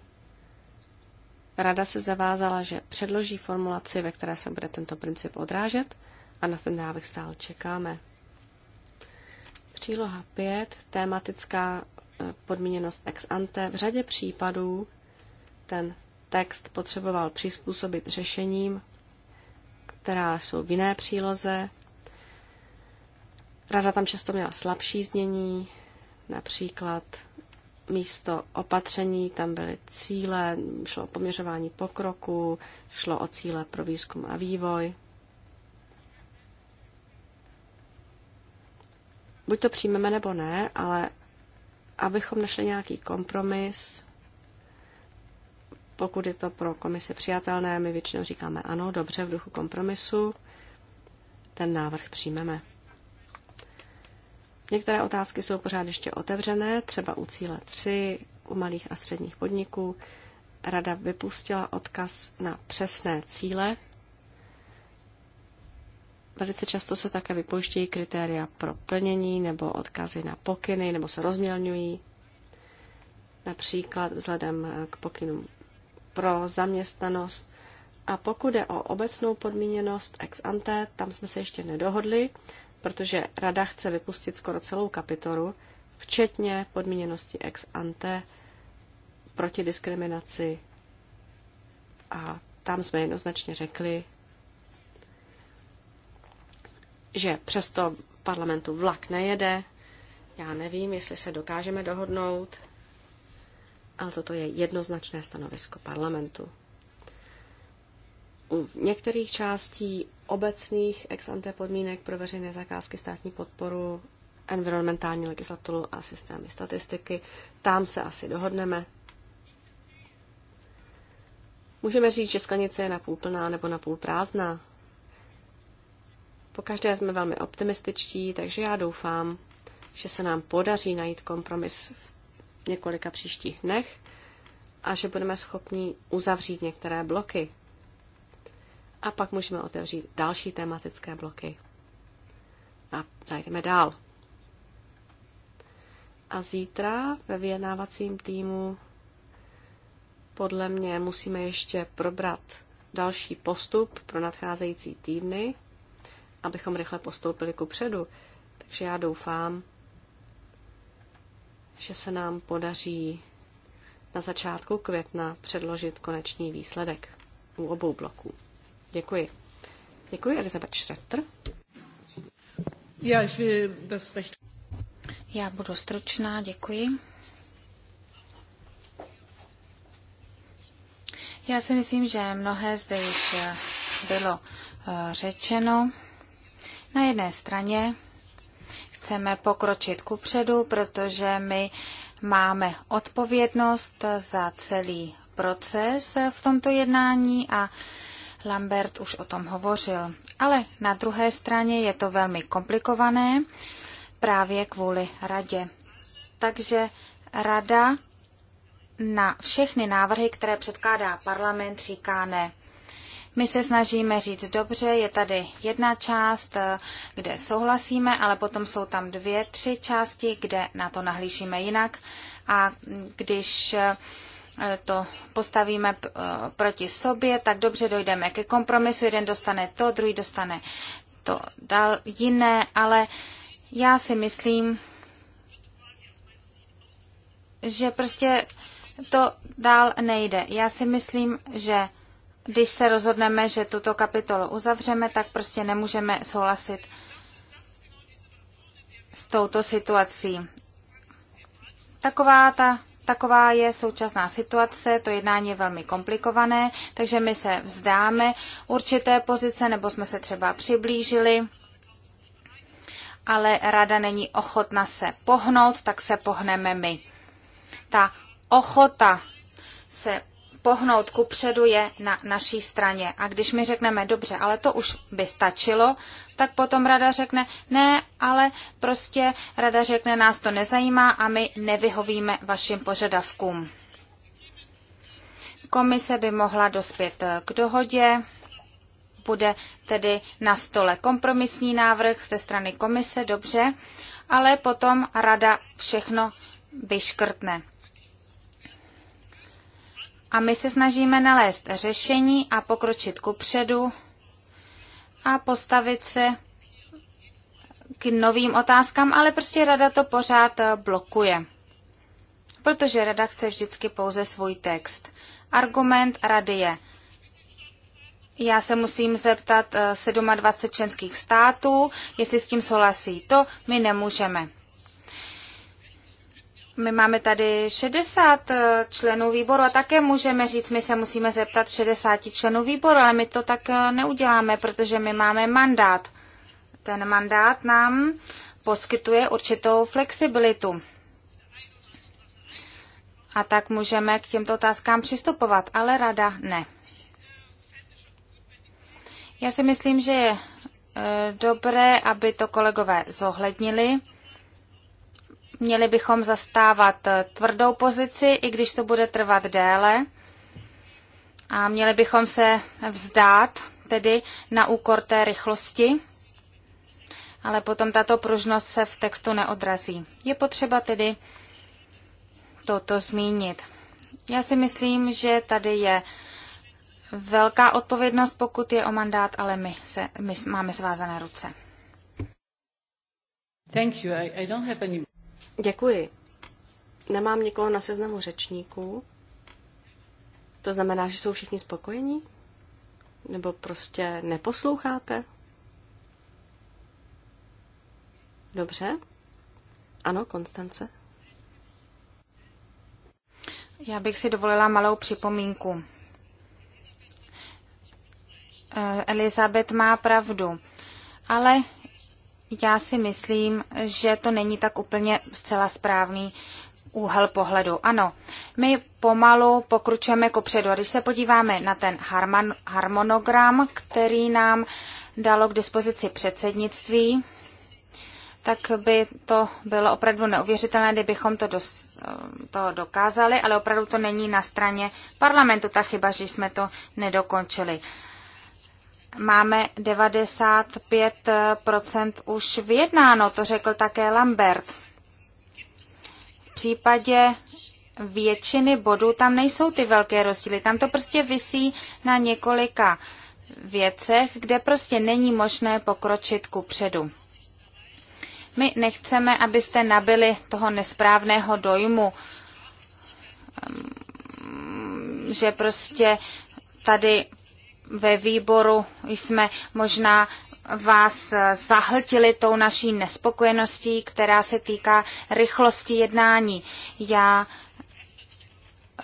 Rada se zavázala, že předloží formulaci, ve které se bude tento princip odrážet a na ten návrh stále čekáme. Příloha 5, tématická podmíněnost ex ante. V řadě případů ten text potřeboval přizpůsobit řešením, která jsou v jiné příloze. Rada tam často měla slabší znění, například místo opatření tam byly cíle, šlo o poměřování pokroku, šlo o cíle pro výzkum a vývoj. Buď to přijmeme nebo ne, ale abychom našli nějaký kompromis. Pokud je to pro komise přijatelné, my většinou říkáme ano, dobře, v duchu kompromisu, ten návrh přijmeme. Některé otázky jsou pořád ještě otevřené, třeba u cíle 3, u malých a středních podniků. Rada vypustila odkaz na přesné cíle Velice často se také vypouštějí kritéria pro plnění nebo odkazy na pokyny, nebo se rozmělňují. Například vzhledem k pokynům pro zaměstnanost. A pokud je o obecnou podmíněnost ex ante, tam jsme se ještě nedohodli, protože rada chce vypustit skoro celou kapitolu, včetně podmíněnosti ex ante proti diskriminaci. A tam jsme jednoznačně řekli, že přesto parlamentu vlak nejede. Já nevím, jestli se dokážeme dohodnout, ale toto je jednoznačné stanovisko parlamentu. U některých částí obecných ex ante podmínek pro veřejné zakázky státní podporu, environmentální legislaturu a systémy statistiky, tam se asi dohodneme. Můžeme říct, že sklenice je napůl plná nebo napůl prázdná. Pokaždé jsme velmi optimističtí, takže já doufám, že se nám podaří najít kompromis v několika příštích dnech a že budeme schopni uzavřít některé bloky. A pak můžeme otevřít další tematické bloky. A zajdeme dál. A zítra ve vyjednávacím týmu podle mě musíme ještě probrat další postup pro nadcházející týdny abychom rychle postoupili ku předu. Takže já doufám, že se nám podaří na začátku května předložit konečný výsledek u obou bloků. Děkuji. Děkuji, Elizabeth Schretter. Já, Já budu stručná, děkuji. Já si myslím, že mnohé zde již bylo eh, řečeno. Na jedné straně chceme pokročit kupředu, protože my máme odpovědnost za celý proces v tomto jednání a Lambert už o tom hovořil. Ale na druhé straně je to velmi komplikované právě kvůli radě. Takže rada na všechny návrhy, které předkládá parlament, říká ne. My se snažíme říct, dobře, je tady jedna část, eh, kde souhlasíme, ale potom jsou tam dvě, tři části, kde na to nahlížíme jinak. A když eh, to postavíme eh, proti sobě, tak dobře dojdeme ke kompromisu. Jeden dostane to, druhý dostane to dal jiné, ale já si myslím, že prostě to dál nejde. Já si myslím, že když se rozhodneme, že tuto kapitolu uzavřeme, tak prostě nemůžeme souhlasit s touto situací. Taková ta Taková je současná situace, to jednání je velmi komplikované, takže my se vzdáme určité pozice, nebo jsme se třeba přiblížili, ale rada není ochotna se pohnout, tak se pohneme my. Ta ochota se pohnout ku předu je na naší straně. A když my řekneme, dobře, ale to už by stačilo, tak potom rada řekne, ne, ale prostě rada řekne, nás to nezajímá a my nevyhovíme vašim požadavkům. Komise by mohla dospět k dohodě, bude tedy na stole kompromisní návrh ze strany komise, dobře, ale potom rada všechno vyškrtne. A my se snažíme nalézt řešení a pokročit ku předu a postavit se k novým otázkám, ale prostě rada to pořád eh, blokuje. Protože rada chce vždycky pouze svůj text. Argument rady je, já se musím zeptat eh, 27 členských států, jestli s tím souhlasí. To my nemůžeme. My máme tady 60 eh, členů výboru a také můžeme říct, my se musíme zeptat 60 členů výboru, ale my to tak eh, neuděláme, protože my máme mandát. Ten mandát nám poskytuje určitou flexibilitu. A tak můžeme k těmto otázkám přistupovat, ale rada ne. Já si myslím, že je eh, dobré, aby to kolegové zohlednili Měli bychom zastávat tvrdou pozici, i když to bude trvat déle. A měli bychom se vzdát, tedy na úkor té rychlosti, ale potom tato pružnost se v textu neodrazí. Je potřeba tedy toto zmínit. Já si myslím, že tady je velká odpovědnost, pokud je o mandát, ale my, se, my máme svázané ruce. Thank you. I, I don't have any... Děkuji. Nemám nikoho na seznamu řečníků. To znamená, že jsou všichni spokojení? Nebo prostě neposloucháte? Dobře. Ano, Konstance. Já bych si dovolila malou připomínku. Eh, Elizabeth má pravdu, ale já si myslím, že to není tak úplně zcela správný úhel pohledu. Ano, my pomalu pokručujeme kopředu. A když se podíváme na ten harman, harmonogram, který nám dalo k dispozici předsednictví, tak by to bylo opravdu neuvěřitelné, kdybychom to, dos, to dokázali, ale opravdu to není na straně parlamentu ta chyba, že jsme to nedokončili máme 95 už vyjednáno, to řekl také Lambert. V případě většiny bodů tam nejsou ty velké rozdíly. Tam to prostě visí na několika věcech, kde prostě není možné pokročit ku předu. My nechceme, abyste nabili toho nesprávného dojmu, ehm, že prostě tady ve výboru jsme možná vás zahltili tou naší nespokojeností, která se týká rychlosti jednání. Já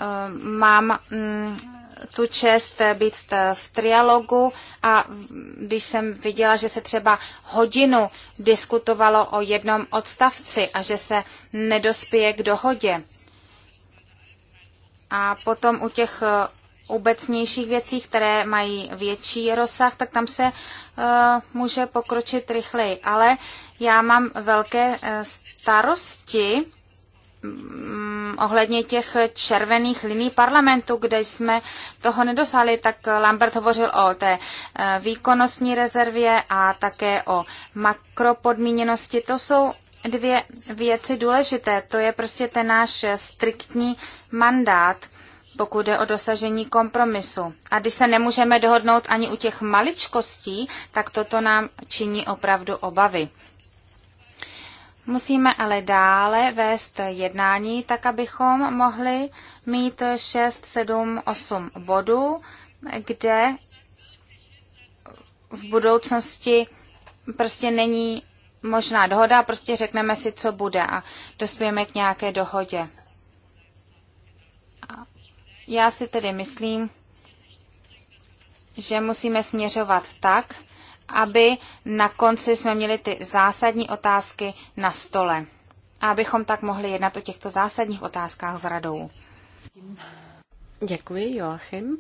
eh, mám mm, tu čest eh, být v trialogu a když jsem viděla, že se třeba hodinu diskutovalo o jednom odstavci a že se nedospěje k dohodě. A potom u těch eh, obecnějších věcí, které mají větší rozsah, tak tam se uh, může pokročit rychleji. Ale já mám velké uh, starosti um, ohledně těch červených liní parlamentu, kde jsme toho nedosáhli, tak Lambert hovořil o té uh, výkonnostní rezervě a také o makropodmíněnosti. To jsou dvě věci důležité. To je prostě ten náš striktní mandát – pokud jde o dosažení kompromisu. A když se nemůžeme dohodnout ani u těch maličkostí, tak toto nám činí opravdu obavy. Musíme ale dále vést jednání, tak abychom mohli mít 6, 7, 8 bodů, kde v budoucnosti prostě není možná dohoda, prostě řekneme si, co bude a dospějeme k nějaké dohodě. Já si tedy myslím, že musíme směřovat tak, aby na konci jsme měli ty zásadní otázky na stole. A abychom tak mohli jednat o těchto zásadních otázkách s radou. Děkuji, Joachim.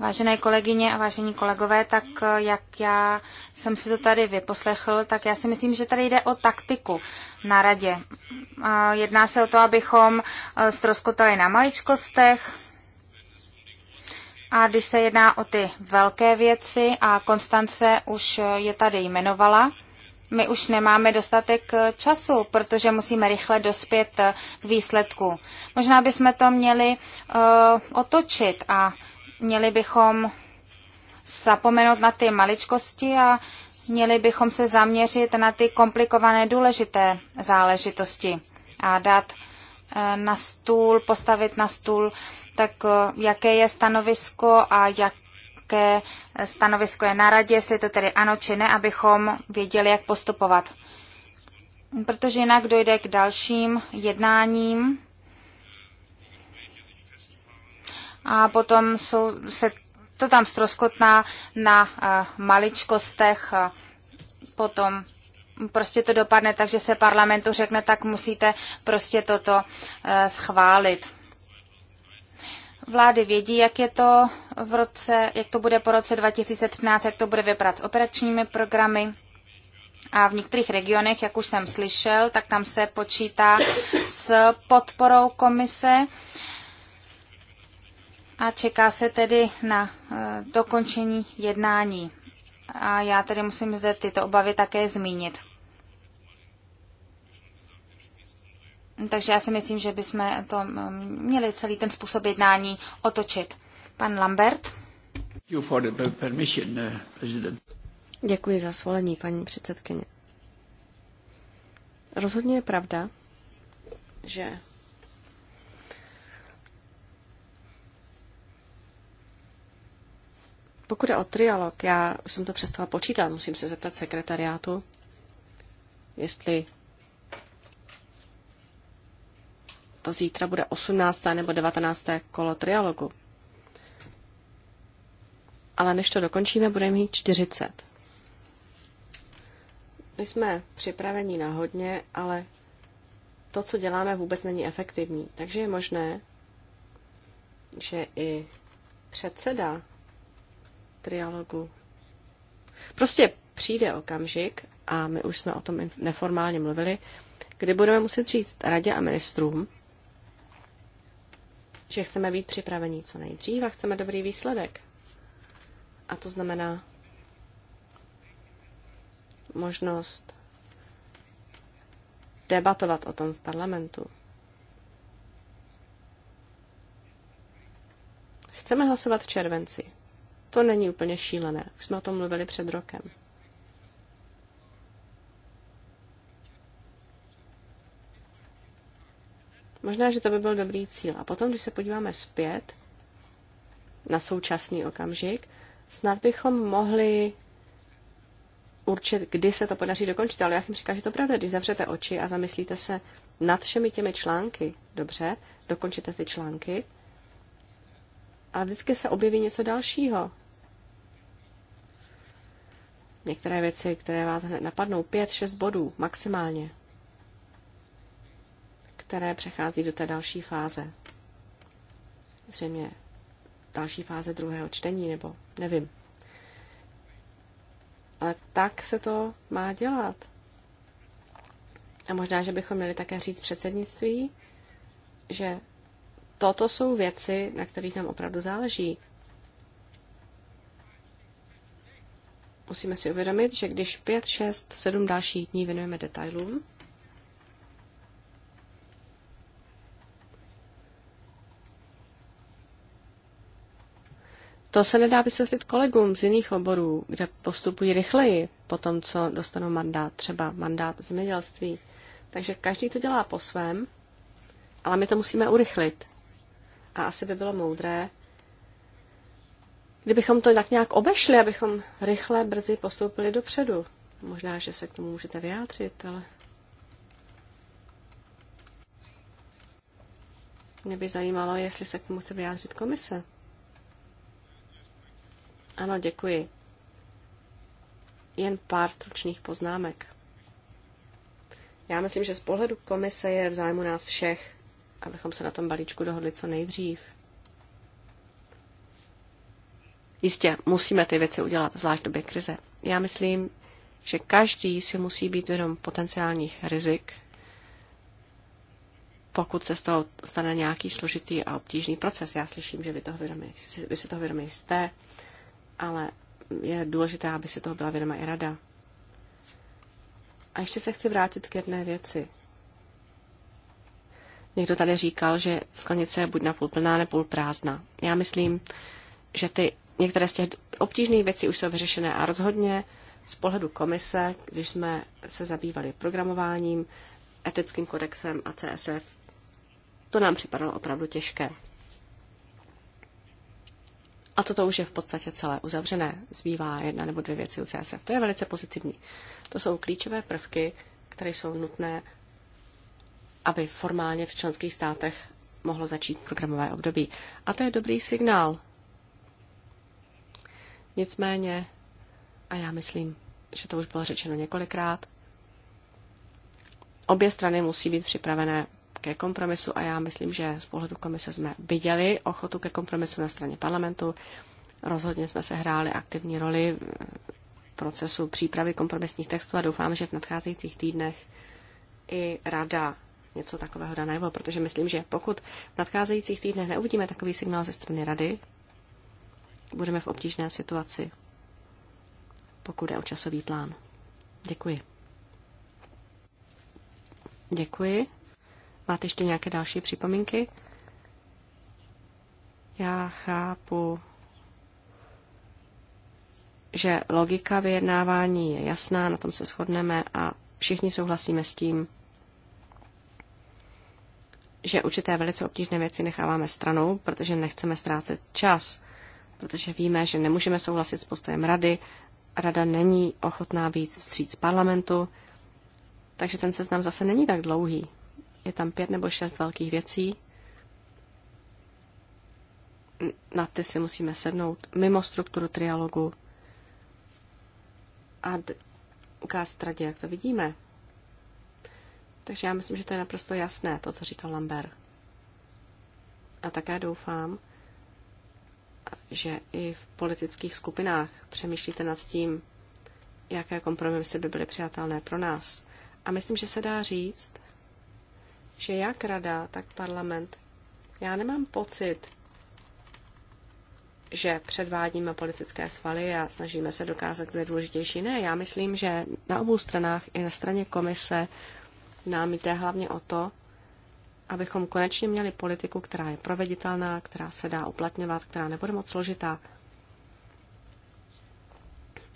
Vážené kolegyně a vážení kolegové, tak eh, jak já jsem si to tady vyposlechl, tak já si myslím, že tady jde o taktiku na radě. Jedná se o to, abychom eh, ztroskotali na maličkostech, a když se jedná o ty velké věci, a Konstance už eh, je tady jmenovala, my už nemáme dostatek času, protože musíme rychle dospět k výsledku. Možná bychom to měli uh, otočit a Měli bychom zapomenout na ty maličkosti a měli bychom se zaměřit na ty komplikované důležité záležitosti a dát eh, na stůl, postavit na stůl, tak eh, jaké je stanovisko a jaké stanovisko je na radě, jestli to tedy ano či ne, abychom věděli, jak postupovat. Protože jinak dojde k dalším jednáním a potom jsou, se to tam stroskotná na eh, maličkostech, eh, potom prostě to dopadne tak, že se parlamentu řekne, tak musíte prostě toto eh, schválit. Vlády vědí, jak je to v roce, jak to bude po roce 2013, jak to bude vypadat s operačními programy. A v některých regionech, jak už jsem slyšel, tak tam se počítá s podporou komise. Uh, a čeká se tedy na eh, dokončení jednání. A já tedy musím zde tyto obavy také zmínit. Takže já si myslím, že bychom to eh, měli celý ten způsob jednání otočit. Pan Lambert. Eh, Děkuji za svolení, paní předsedkyně. Rozhodně je pravda, že Pokud je o trialog, já už jsem to přestala počítat, musím se zeptat sekretariátu, jestli to zítra bude 18. nebo 19. kolo trialogu. Ale než to dokončíme, budeme mít 40. My jsme připraveni na hodně, ale to, co děláme, vůbec není efektivní. Takže je možné, že i předseda trialogu. Prostě přijde okamžik, a my už jsme o tom neformálně mluvili, kdy budeme muset říct radě a ministrům, že chceme být připravení co nejdřív a chceme dobrý výsledek. A to znamená možnost debatovat o tom v parlamentu. Chceme hlasovat v červenci. To není úplně šílené. Už jsme o tom mluvili před rokem. Možná, že to by byl dobrý cíl. A potom, když se podíváme zpět na současný okamžik, snad bychom mohli určit, kdy se to podaří dokončit. Ale já jim říkám, že to pravda, když zavřete oči a zamyslíte se nad všemi těmi články, dobře, dokončíte ty články a vždycky se objeví něco dalšího. Některé věci, které vás hned napadnou, pět, šest bodů maximálně, které přechází do té další fáze. Zřejmě další fáze druhého čtení, nebo nevím. Ale tak se to má dělat. A možná, že bychom měli také říct předsednictví, že toto jsou věci, na kterých nám opravdu záleží. Musíme si uvědomit, že když 5, 6, 7 dalších dní věnujeme detailům, To se nedá vysvětlit kolegům z jiných oborů, kde postupují rychleji po tom, co dostanou mandát, třeba mandát zemědělství. Takže každý to dělá po svém, ale my to musíme urychlit. A asi by bylo moudré, kdybychom to tak nějak obešli, abychom rychle, brzy postoupili dopředu. Možná, že se k tomu můžete vyjádřit, ale... Mě by zajímalo, jestli se k tomu chce vyjádřit komise. Ano, děkuji. Jen pár stručných poznámek. Já myslím, že z pohledu komise je v zájmu nás všech, abychom se na tom balíčku dohodli co nejdřív. Jistě, musíme ty věci udělat, zvlášť v době krize. Já myslím, že každý si musí být vědom potenciálních rizik, pokud se z toho stane nějaký složitý a obtížný proces. Já slyším, že vy, toho vědomi, vy si toho vědomi jste, ale je důležité, aby si toho byla vědoma i rada. A ještě se chci vrátit k jedné věci. Někdo tady říkal, že sklenice je buď na půl plná, nebo půl prázdná. Já myslím, že ty některé z těch obtížných věcí už jsou vyřešené a rozhodně z pohledu komise, když jsme se zabývali programováním, etickým kodexem a CSF, to nám připadalo opravdu těžké. A toto už je v podstatě celé uzavřené. Zbývá jedna nebo dvě věci u CSF. To je velice pozitivní. To jsou klíčové prvky, které jsou nutné aby formálně v členských státech mohlo začít programové období. A to je dobrý signál. Nicméně, a já myslím, že to už bylo řečeno několikrát, obě strany musí být připravené ke kompromisu a já myslím, že z pohledu komise jsme viděli ochotu ke kompromisu na straně parlamentu. Rozhodně jsme se hráli aktivní roli v procesu přípravy kompromisních textů a doufám, že v nadcházejících týdnech i rada něco takového dá najevo, protože myslím, že pokud v nadcházejících týdnech neuvidíme takový signál ze strany rady, budeme v obtížné situaci, pokud je o časový plán. Děkuji. Děkuji. Máte ještě nějaké další připomínky? Já chápu, že logika vyjednávání je jasná, na tom se shodneme a všichni souhlasíme s tím, že určité velice obtížné věci necháváme stranou, protože nechceme ztrácet čas, protože víme, že nemůžeme souhlasit s postojem rady, rada není ochotná být vstříc parlamentu, takže ten seznam zase není tak dlouhý. Je tam pět nebo šest velkých věcí, na ty si musíme sednout mimo strukturu trialogu a ukázat radě, jak to vidíme. Takže já myslím, že to je naprosto jasné, to, co říkal Lambert. A také doufám, že i v politických skupinách přemýšlíte nad tím, jaké kompromisy by byly přijatelné pro nás. A myslím, že se dá říct, že jak rada, tak parlament, já nemám pocit, že předvádíme politické svaly a snažíme se dokázat, kdo je důležitější. Ne, já myslím, že na obou stranách, i na straně komise nám jde hlavně o to, abychom konečně měli politiku, která je proveditelná, která se dá uplatňovat, která nebude moc složitá.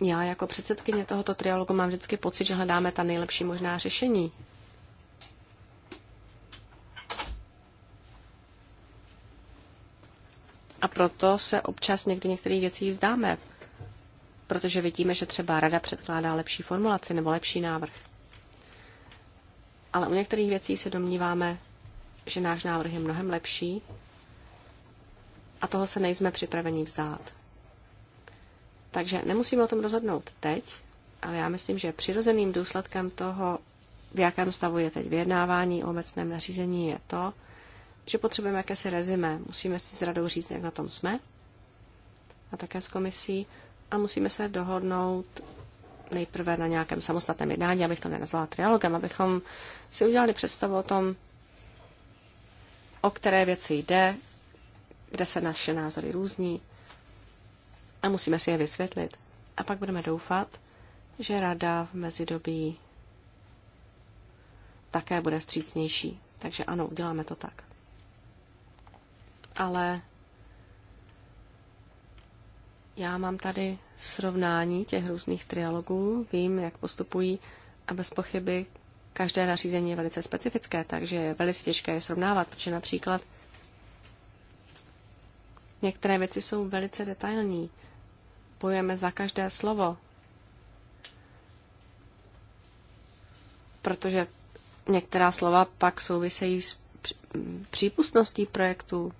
Já jako předsedkyně tohoto trialogu mám vždycky pocit, že hledáme ta nejlepší možná řešení. A proto se občas někdy některých věcí vzdáme, protože vidíme, že třeba rada předkládá lepší formulaci nebo lepší návrh ale u některých věcí se domníváme, že náš návrh je mnohem lepší a toho se nejsme připraveni vzdát. Takže nemusíme o tom rozhodnout teď, ale já myslím, že přirozeným důsledkem toho, v jakém stavu je teď vyjednávání o obecném nařízení, je to, že potřebujeme jakési rezime. Musíme si s radou říct, jak na tom jsme a také s komisí a musíme se dohodnout nejprve na nějakém samostatném jednání, abych to nenazvala trialogem, abychom si udělali představu o tom, o které věci jde, kde se naše názory různí a musíme si je vysvětlit. A pak budeme doufat, že rada v mezidobí také bude střícnější. Takže ano, uděláme to tak. Ale já mám tady srovnání těch různých trialogů, vím, jak postupují a bez pochyby každé nařízení je velice specifické, takže je velice těžké je srovnávat, protože například některé věci jsou velice detailní. Bojujeme za každé slovo, protože některá slova pak souvisejí s přípustností projektu.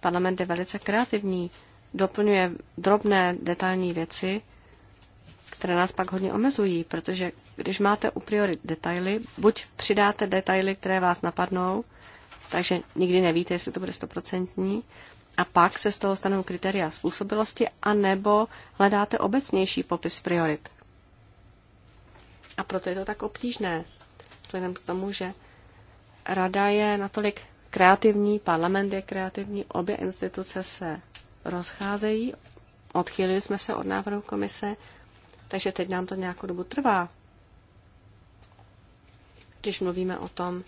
Parlament je velice kreativní doplňuje drobné detailní věci, které nás pak hodně omezují, protože když máte u priori detaily, buď přidáte detaily, které vás napadnou, takže nikdy nevíte, jestli to bude stoprocentní, a pak se z toho stanou kritéria způsobilosti, anebo hledáte obecnější popis priorit. A proto je to tak obtížné, vzhledem k tomu, že rada je natolik kreativní, parlament je kreativní, obě instituce se rozcházejí. Odchýlili jsme se od návrhu komise, takže teď nám to nějakou dobu trvá. Když mluvíme o tom,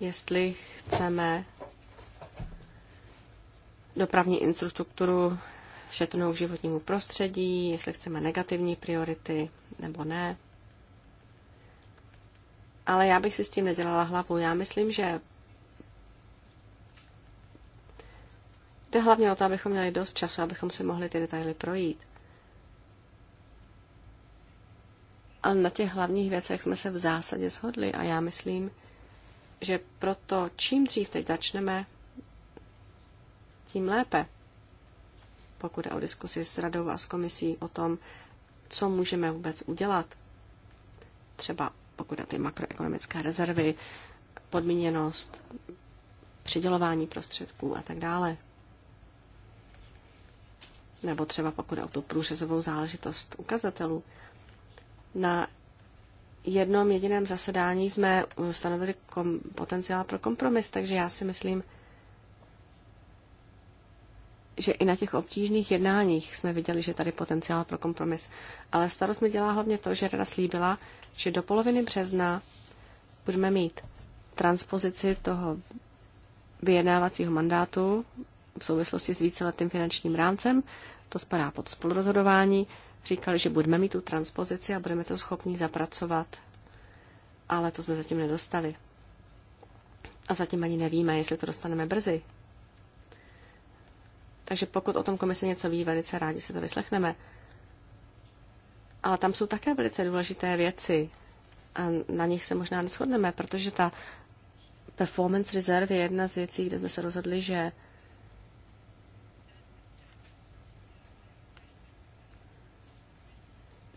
jestli chceme dopravní infrastrukturu šetrnou k životnímu prostředí, jestli chceme negativní priority nebo ne. Ale já bych si s tím nedělala hlavu. Já myslím, že Jde hlavně o to, abychom měli dost času, abychom si mohli ty detaily projít. Ale na těch hlavních věcech jsme se v zásadě shodli a já myslím, že proto čím dřív teď začneme, tím lépe. Pokud je o diskusi s radou a s komisí o tom, co můžeme vůbec udělat, třeba pokud je ty makroekonomické rezervy, podmíněnost, přidělování prostředků a tak dále nebo třeba pokud je o tu průřezovou záležitost ukazatelů. Na jednom jediném zasedání jsme stanovili kom- potenciál pro kompromis, takže já si myslím, že i na těch obtížných jednáních jsme viděli, že tady potenciál pro kompromis. Ale starost mi dělá hlavně to, že rada slíbila, že do poloviny března budeme mít transpozici toho vyjednávacího mandátu v souvislosti s víceletým finančním rámcem to spadá pod spolurozhodování, říkali, že budeme mít tu transpozici a budeme to schopni zapracovat, ale to jsme zatím nedostali. A zatím ani nevíme, jestli to dostaneme brzy. Takže pokud o tom komise něco ví, velice rádi se to vyslechneme. Ale tam jsou také velice důležité věci a na nich se možná neschodneme, protože ta performance reserve je jedna z věcí, kde jsme se rozhodli, že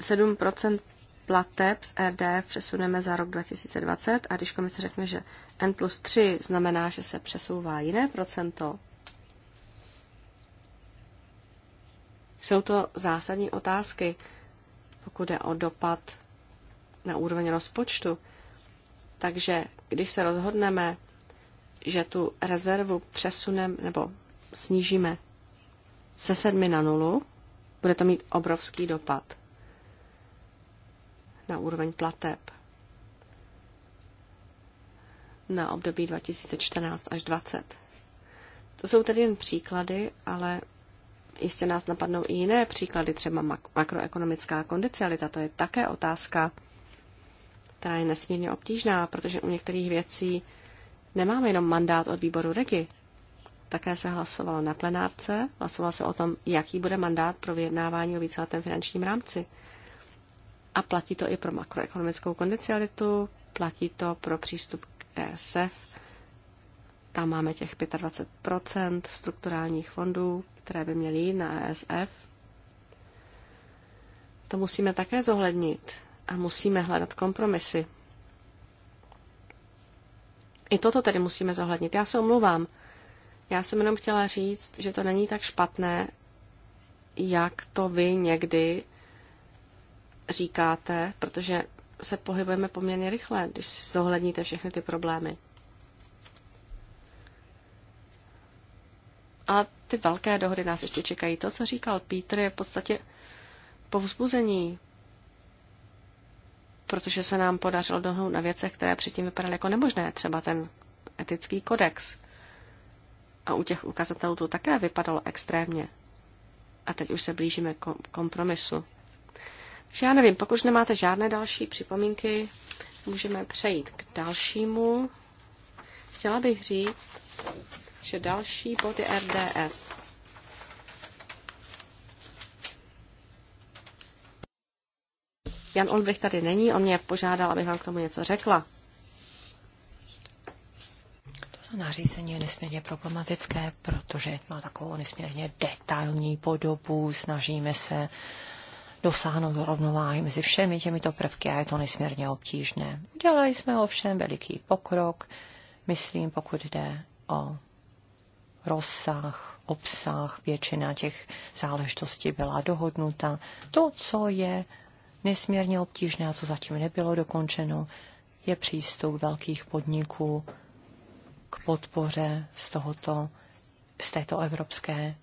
7 plateb z RDF e přesuneme za rok 2020 a když komise řekne, že N plus 3 znamená, že se přesouvá jiné procento, jsou to zásadní otázky, pokud je o dopad na úroveň rozpočtu. Takže když se rozhodneme, že tu rezervu přesuneme nebo snížíme se sedmi na nulu, bude to mít obrovský dopad na úroveň plateb na období 2014 až 2020. To jsou tedy jen příklady, ale jistě nás napadnou i jiné příklady, třeba makroekonomická kondicialita. To je také otázka, která je nesmírně obtížná, protože u některých věcí nemáme jenom mandát od výboru REGI. Také se hlasovalo na plenárce, hlasovalo se o tom, jaký bude mandát pro vyjednávání o víceletém finančním rámci. A platí to i pro makroekonomickou kondicionalitu, platí to pro přístup k ESF. Tam máme těch 25 strukturálních fondů, které by měly jít na ESF. To musíme také zohlednit a musíme hledat kompromisy. I toto tedy musíme zohlednit. Já se omluvám. Já jsem jenom chtěla říct, že to není tak špatné, jak to vy někdy říkáte, protože se pohybujeme poměrně rychle, když zohledníte všechny ty problémy. A ty velké dohody nás ještě čekají. To, co říkal Pítr, je v podstatě povzbuzení, protože se nám podařilo dohnout na věcech, které předtím vypadaly jako nemožné, třeba ten etický kodex. A u těch ukazatelů to také vypadalo extrémně. A teď už se blížíme kompromisu. Takže já nevím, pokud nemáte žádné další připomínky, můžeme přejít k dalšímu. Chtěla bych říct, že další bod je RDF. E. Jan Olbrich tady není, on mě požádal, abych vám k tomu něco řekla. Toto nařízení je nesmírně problematické, protože má takovou nesmírně detailní podobu. Snažíme se uh, dosáhnout rovnováhy mezi všemi těmito prvky a je to nesmírně obtížné. Udělali jsme ovšem veliký pokrok, myslím, pokud jde o rozsah, obsah, většina těch záležitostí byla dohodnuta. To, co je nesmírně obtížné a co zatím nebylo dokončeno, je přístup velkých podniků k podpoře z tohoto z této evropské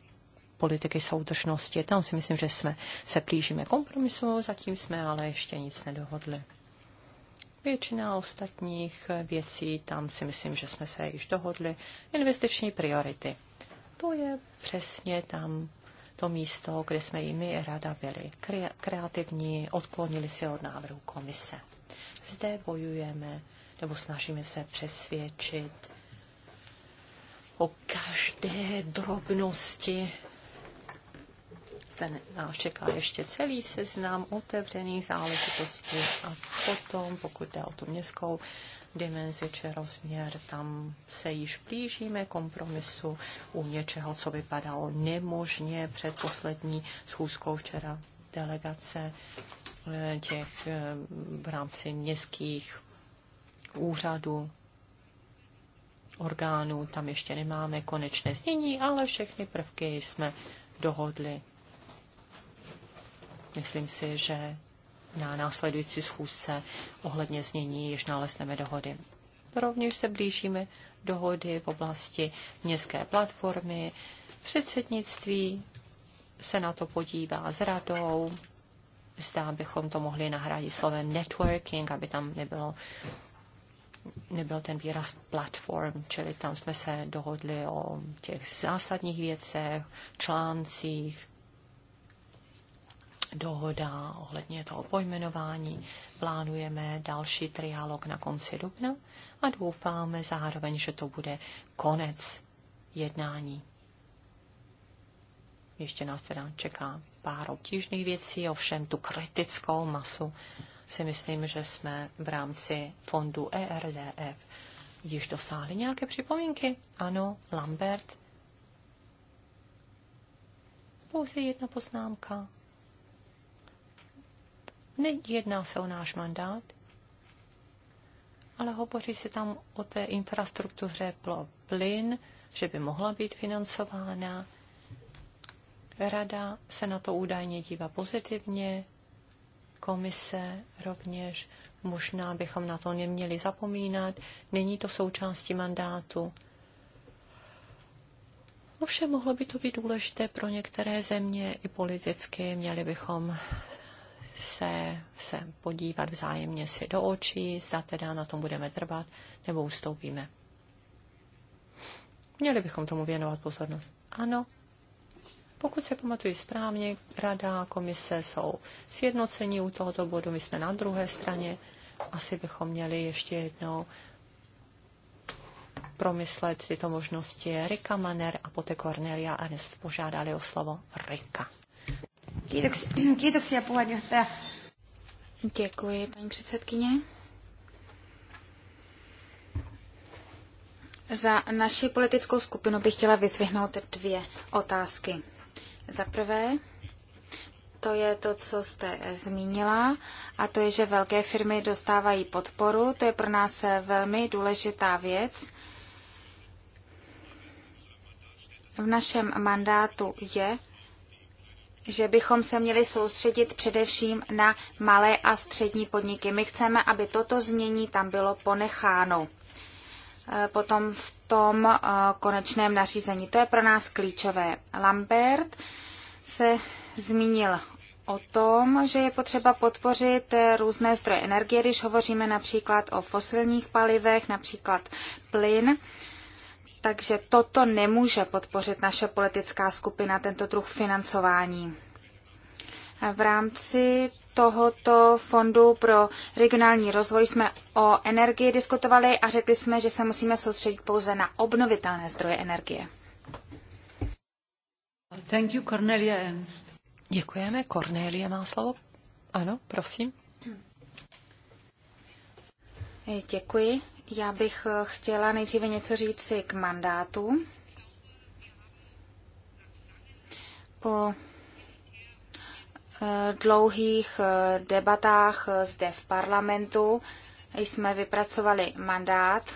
politiky soudržnosti. Tam si myslím, že jsme se plížíme kompromisu, zatím jsme ale ještě nic nedohodli. Většina ostatních věcí, tam si myslím, že jsme se již dohodli. Investiční priority. To je přesně tam to místo, kde jsme i my rada byli. Kreativní, odklonili se od návrhu komise. Zde bojujeme nebo snažíme se přesvědčit o každé drobnosti ten nás čeká ještě celý seznam otevřených záležitostí a potom, pokud jde o tu městskou dimenzi či rozměr, tam se již blížíme kompromisu u něčeho, co vypadalo nemožně před poslední schůzkou včera delegace eh, těch eh, v rámci městských úřadů orgánů. Tam ještě nemáme konečné znění, ale všechny prvky jsme dohodli Myslím si, že na následující schůzce ohledně znění již nalezneme dohody. Rovněž se blížíme dohody v oblasti městské platformy. Předsednictví se na to podívá s radou, Zdá bychom to mohli nahradit slovem networking, aby tam nebylo nebyl ten výraz platform, čili tam jsme se dohodli o těch zásadních věcech, článcích, dohoda ohledně toho pojmenování. Plánujeme další trialog na konci dubna a doufáme zároveň, že to bude konec jednání. Ještě nás teda čeká pár obtížných věcí, ovšem tu kritickou masu si myslím, že jsme v rámci fondu ERDF již dosáhli nějaké připomínky. Ano, Lambert. Pouze jedna poznámka. Nejedná se o náš mandát, ale hovoří se tam o té infrastruktuře pro plyn, že by mohla být financována. Rada se na to údajně dívá pozitivně, komise rovněž. Možná bychom na to neměli zapomínat, není to součástí mandátu. Ovšem mohlo by to být důležité pro některé země i politicky. Měli bychom se, se podívat vzájemně si do očí, zda teda na tom budeme trvat, nebo ustoupíme. Měli bychom tomu věnovat pozornost. Ano, pokud se pamatuju správně, rada a komise jsou sjednocení u tohoto bodu, my jsme na druhé straně. Asi bychom měli ještě jednou promyslet tyto možnosti. Rika Maner a poté Cornelia Ernst požádali o slovo Rika. Kiitoksia, kiitoksia puheenjohtaja. Děkuji, paní předsedkyně. Za naši politickou skupinu bych chtěla vyzvihnout dvě otázky. Za prvé, to je to, co jste zmínila, a to je, že velké firmy dostávají podporu. To je pro nás velmi důležitá věc. V našem mandátu je že bychom se měli soustředit především na malé a střední podniky. My chceme, aby toto změní tam bylo ponecháno e, potom v tom e, konečném nařízení. To je pro nás klíčové. Lambert se zmínil o tom, že je potřeba podpořit e, různé zdroje energie, když hovoříme například o fosilních palivech, například plyn. Takže toto nemůže podpořit naše politická skupina, tento druh financování. V rámci tohoto fondu pro regionální rozvoj jsme o energii diskutovali a řekli jsme, že se musíme soustředit pouze na obnovitelné zdroje energie. Thank you, Cornelia Ernst. Děkujeme. Cornelia má slovo. Ano, prosím. Děkuji. Já bych eh, chtěla nejdříve něco říci k mandátu. Po eh, dlouhých eh, debatách zde v parlamentu jsme vypracovali mandát,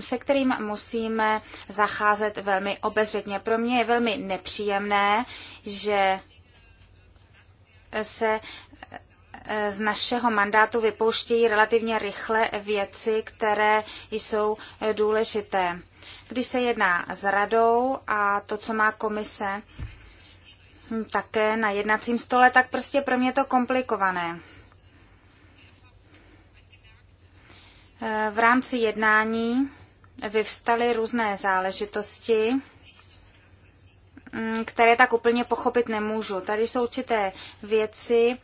se kterým musíme zacházet velmi obezřetně. Pro mě je velmi nepříjemné, že se z našeho mandátu vypouštějí relativně rychle věci, které jsou důležité. Když se jedná s radou a to, co má komise také na jednacím stole, tak prostě pro mě to komplikované. V rámci jednání vyvstaly různé záležitosti, mm, které tak úplně pochopit nemůžu. Tady jsou určité věci,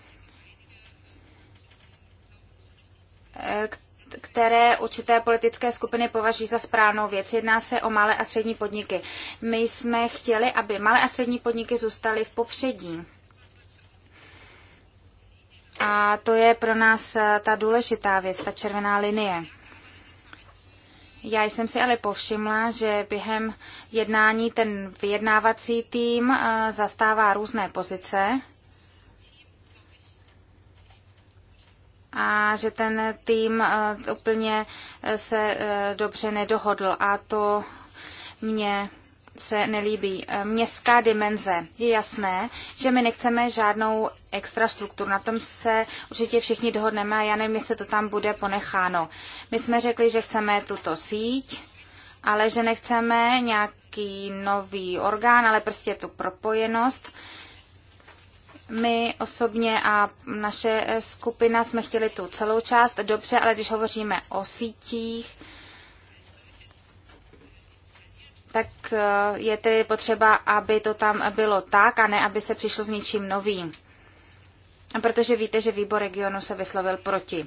které určité politické skupiny považují za správnou věc. Jedná se o malé a střední podniky. My jsme chtěli, aby malé a střední podniky zůstaly v popředí. A to je pro nás eh, ta důležitá věc, ta červená linie. Já jsem si ale povšimla, že během jednání ten vyjednávací tým eh, zastává různé pozice a že ten tým eh, úplně eh, se eh, dobře nedohodl a to mě se nelíbí. Městská dimenze. Je jasné, že my nechceme žádnou extra strukturu. Na tom se určitě všichni dohodneme a já nevím, jestli to tam bude ponecháno. My jsme řekli, že chceme tuto síť, ale že nechceme nějaký nový orgán, ale prostě tu propojenost. Uh, my osobně a naše skupina jsme chtěli tu celou část, dobře, ale když hovoříme o sítích, tak eh, je tedy potřeba, aby to tam bylo tak a ne, aby se přišlo s něčím novým. Protože víte, že výbor regionu se vyslovil proti.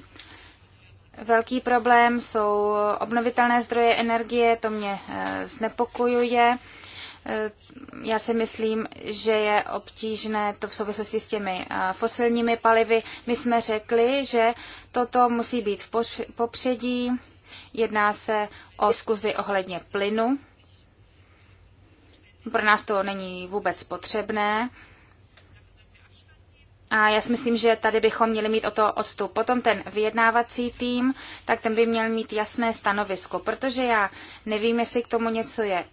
Velký problém jsou obnovitelné zdroje energie, to mě eh, znepokojuje. Já si myslím, že je obtížné to v souvislosti s těmi fosilními palivy. My jsme řekli, že toto musí být v popředí. Jedná se o diskuzi ohledně plynu. Pro nás to není vůbec potřebné. A já si myslím, že tady bychom měli mít o to odstup. Potom ten vyjednávací tým, tak ten by měl mít jasné stanovisko, protože já nevím, jestli k tomu něco je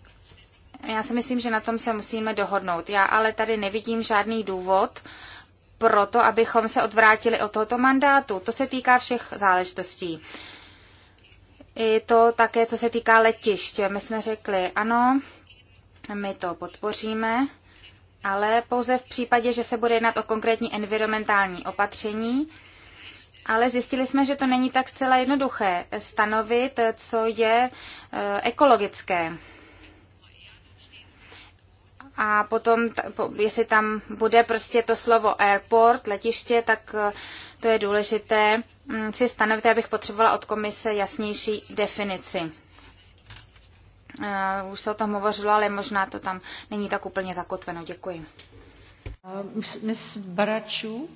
já si myslím, že na tom se musíme dohodnout. Já ale tady nevidím žádný důvod pro to, abychom se odvrátili od tohoto mandátu. To se týká všech záležitostí. I to také, co se týká letišť. My jsme řekli, ano, my to podpoříme, ale pouze v případě, že se bude jednat o konkrétní environmentální opatření, ale zjistili jsme, že to není tak zcela jednoduché stanovit, co je eh, ekologické a potom, jestli tam bude prostě to slovo airport, letiště, tak eh, to je důležité mm, si stanovit, abych potřebovala od komise jasnější definici. Eh, už se o tom hovořilo, ale možná to tam není tak úplně zakotveno. Děkuji. Eh, miss Baraču?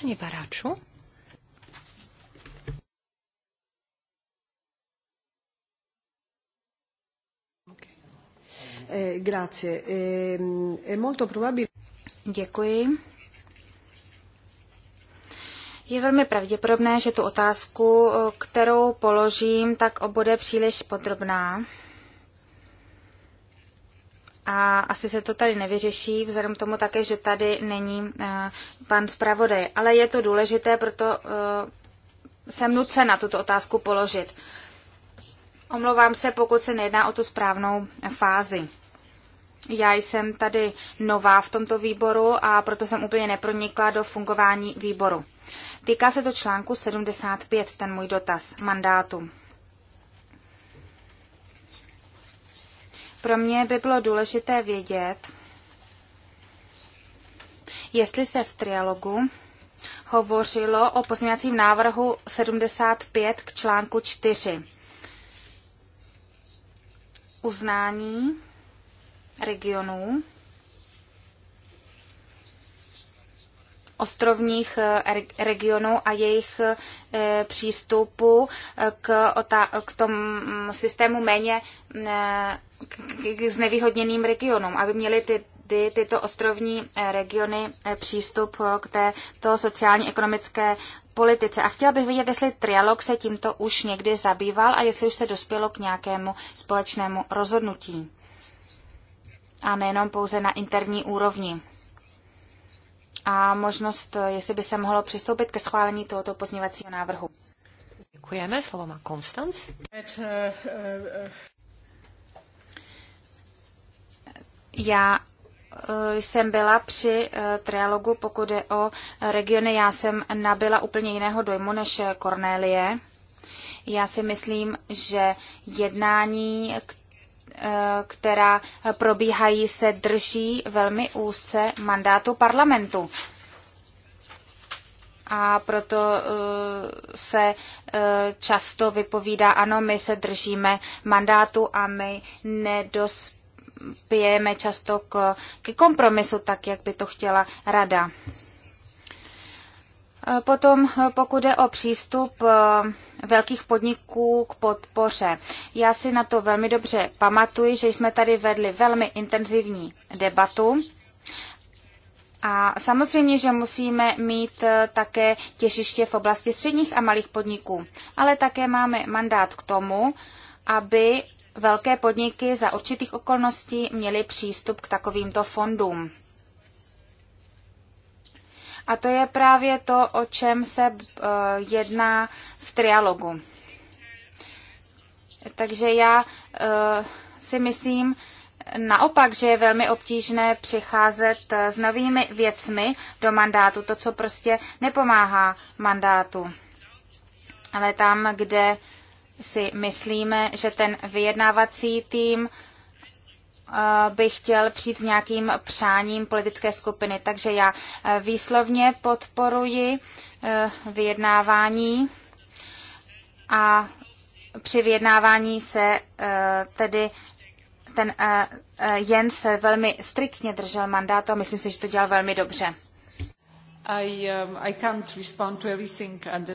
Pani Baraču? Eh, ehm, Děkuji. Je velmi pravděpodobné, že tu otázku, eh, kterou položím, tak bude příliš podrobná. A asi se to tady nevyřeší, vzhledem tomu také, že tady není eh, pan zpravodaj. Ale je to důležité, proto jsem nucena tuto otázku položit. Omlouvám se, pokud se nejedná o tu správnou fázi. Já jsem tady nová v tomto výboru a proto jsem úplně nepronikla do fungování výboru. Týká se to článku 75, ten můj dotaz, mandátu. Pro mě by bylo důležité vědět, jestli se v trialogu hovořilo o pozměňovacím návrhu 75 k článku 4. Uznání regionů, ostrovních eh, regionů a jejich eh, přístupu eh, k, k tomu systému méně k znevýhodněným regionům, aby měli ty ty, tyto ostrovní regiony přístup k této sociální ekonomické politice. A chtěla bych vidět, jestli trialog se tímto už někdy zabýval a jestli už se dospělo k nějakému společnému rozhodnutí a nejenom pouze na interní úrovni. A možnost, jestli by se mohlo přistoupit ke schválení tohoto pozněvacího návrhu. Děkujeme. Slovo má Konstanc. Já eh, jsem byla při eh, trialogu, pokud je o regiony, já jsem nabyla úplně jiného dojmu než Cornélie. Já si myslím, že jednání, které Eh, která probíhají, se drží velmi úzce mandátu parlamentu. A proto eh, se eh, často vypovídá, ano, my se držíme mandátu a my nedospějeme často k, k kompromisu, tak jak by to chtěla rada. Potom, pokud jde o přístup eh, velkých podniků k podpoře. Já si na to velmi dobře pamatuji, že jsme tady vedli velmi intenzivní debatu. A samozřejmě, že musíme mít eh, také těžiště v oblasti středních a malých podniků, ale také máme mandát k tomu, aby velké podniky za určitých okolností měly přístup k takovýmto fondům. A to je právě to, o čem se eh, jedná v trialogu. Takže já eh, si myslím, Naopak, že je velmi obtížné přicházet eh, s novými věcmi do mandátu, to, co prostě nepomáhá mandátu. Ale tam, kde si myslíme, že ten vyjednávací tým Eh, by chtěl přijít s nějakým přáním politické skupiny. Takže já eh, výslovně podporuji eh, vyjednávání a při vyjednávání se tedy ten Jens velmi striktně držel mandátu a myslím si, že to dělal velmi dobře. I, um, I can't respond to everything and...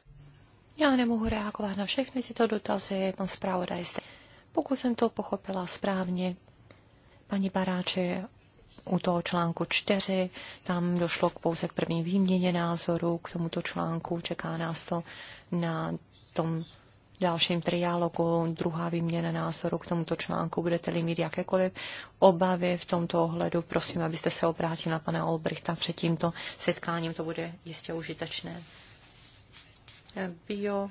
Já nemohu reagovat na všechny tyto dotazy, pan zpravodaj Pokud jsem to pochopila správně, paní Baráči, u toho článku 4, tam došlo k pouze k první výměně názoru k tomuto článku, čeká nás to na tom dalším triálogu, druhá výměna názoru k tomuto článku. Budete-li mít jakékoliv obavy v tomto ohledu, prosím, abyste se obrátili na pana Olbrichta před tímto setkáním, to bude jistě užitečné. Bio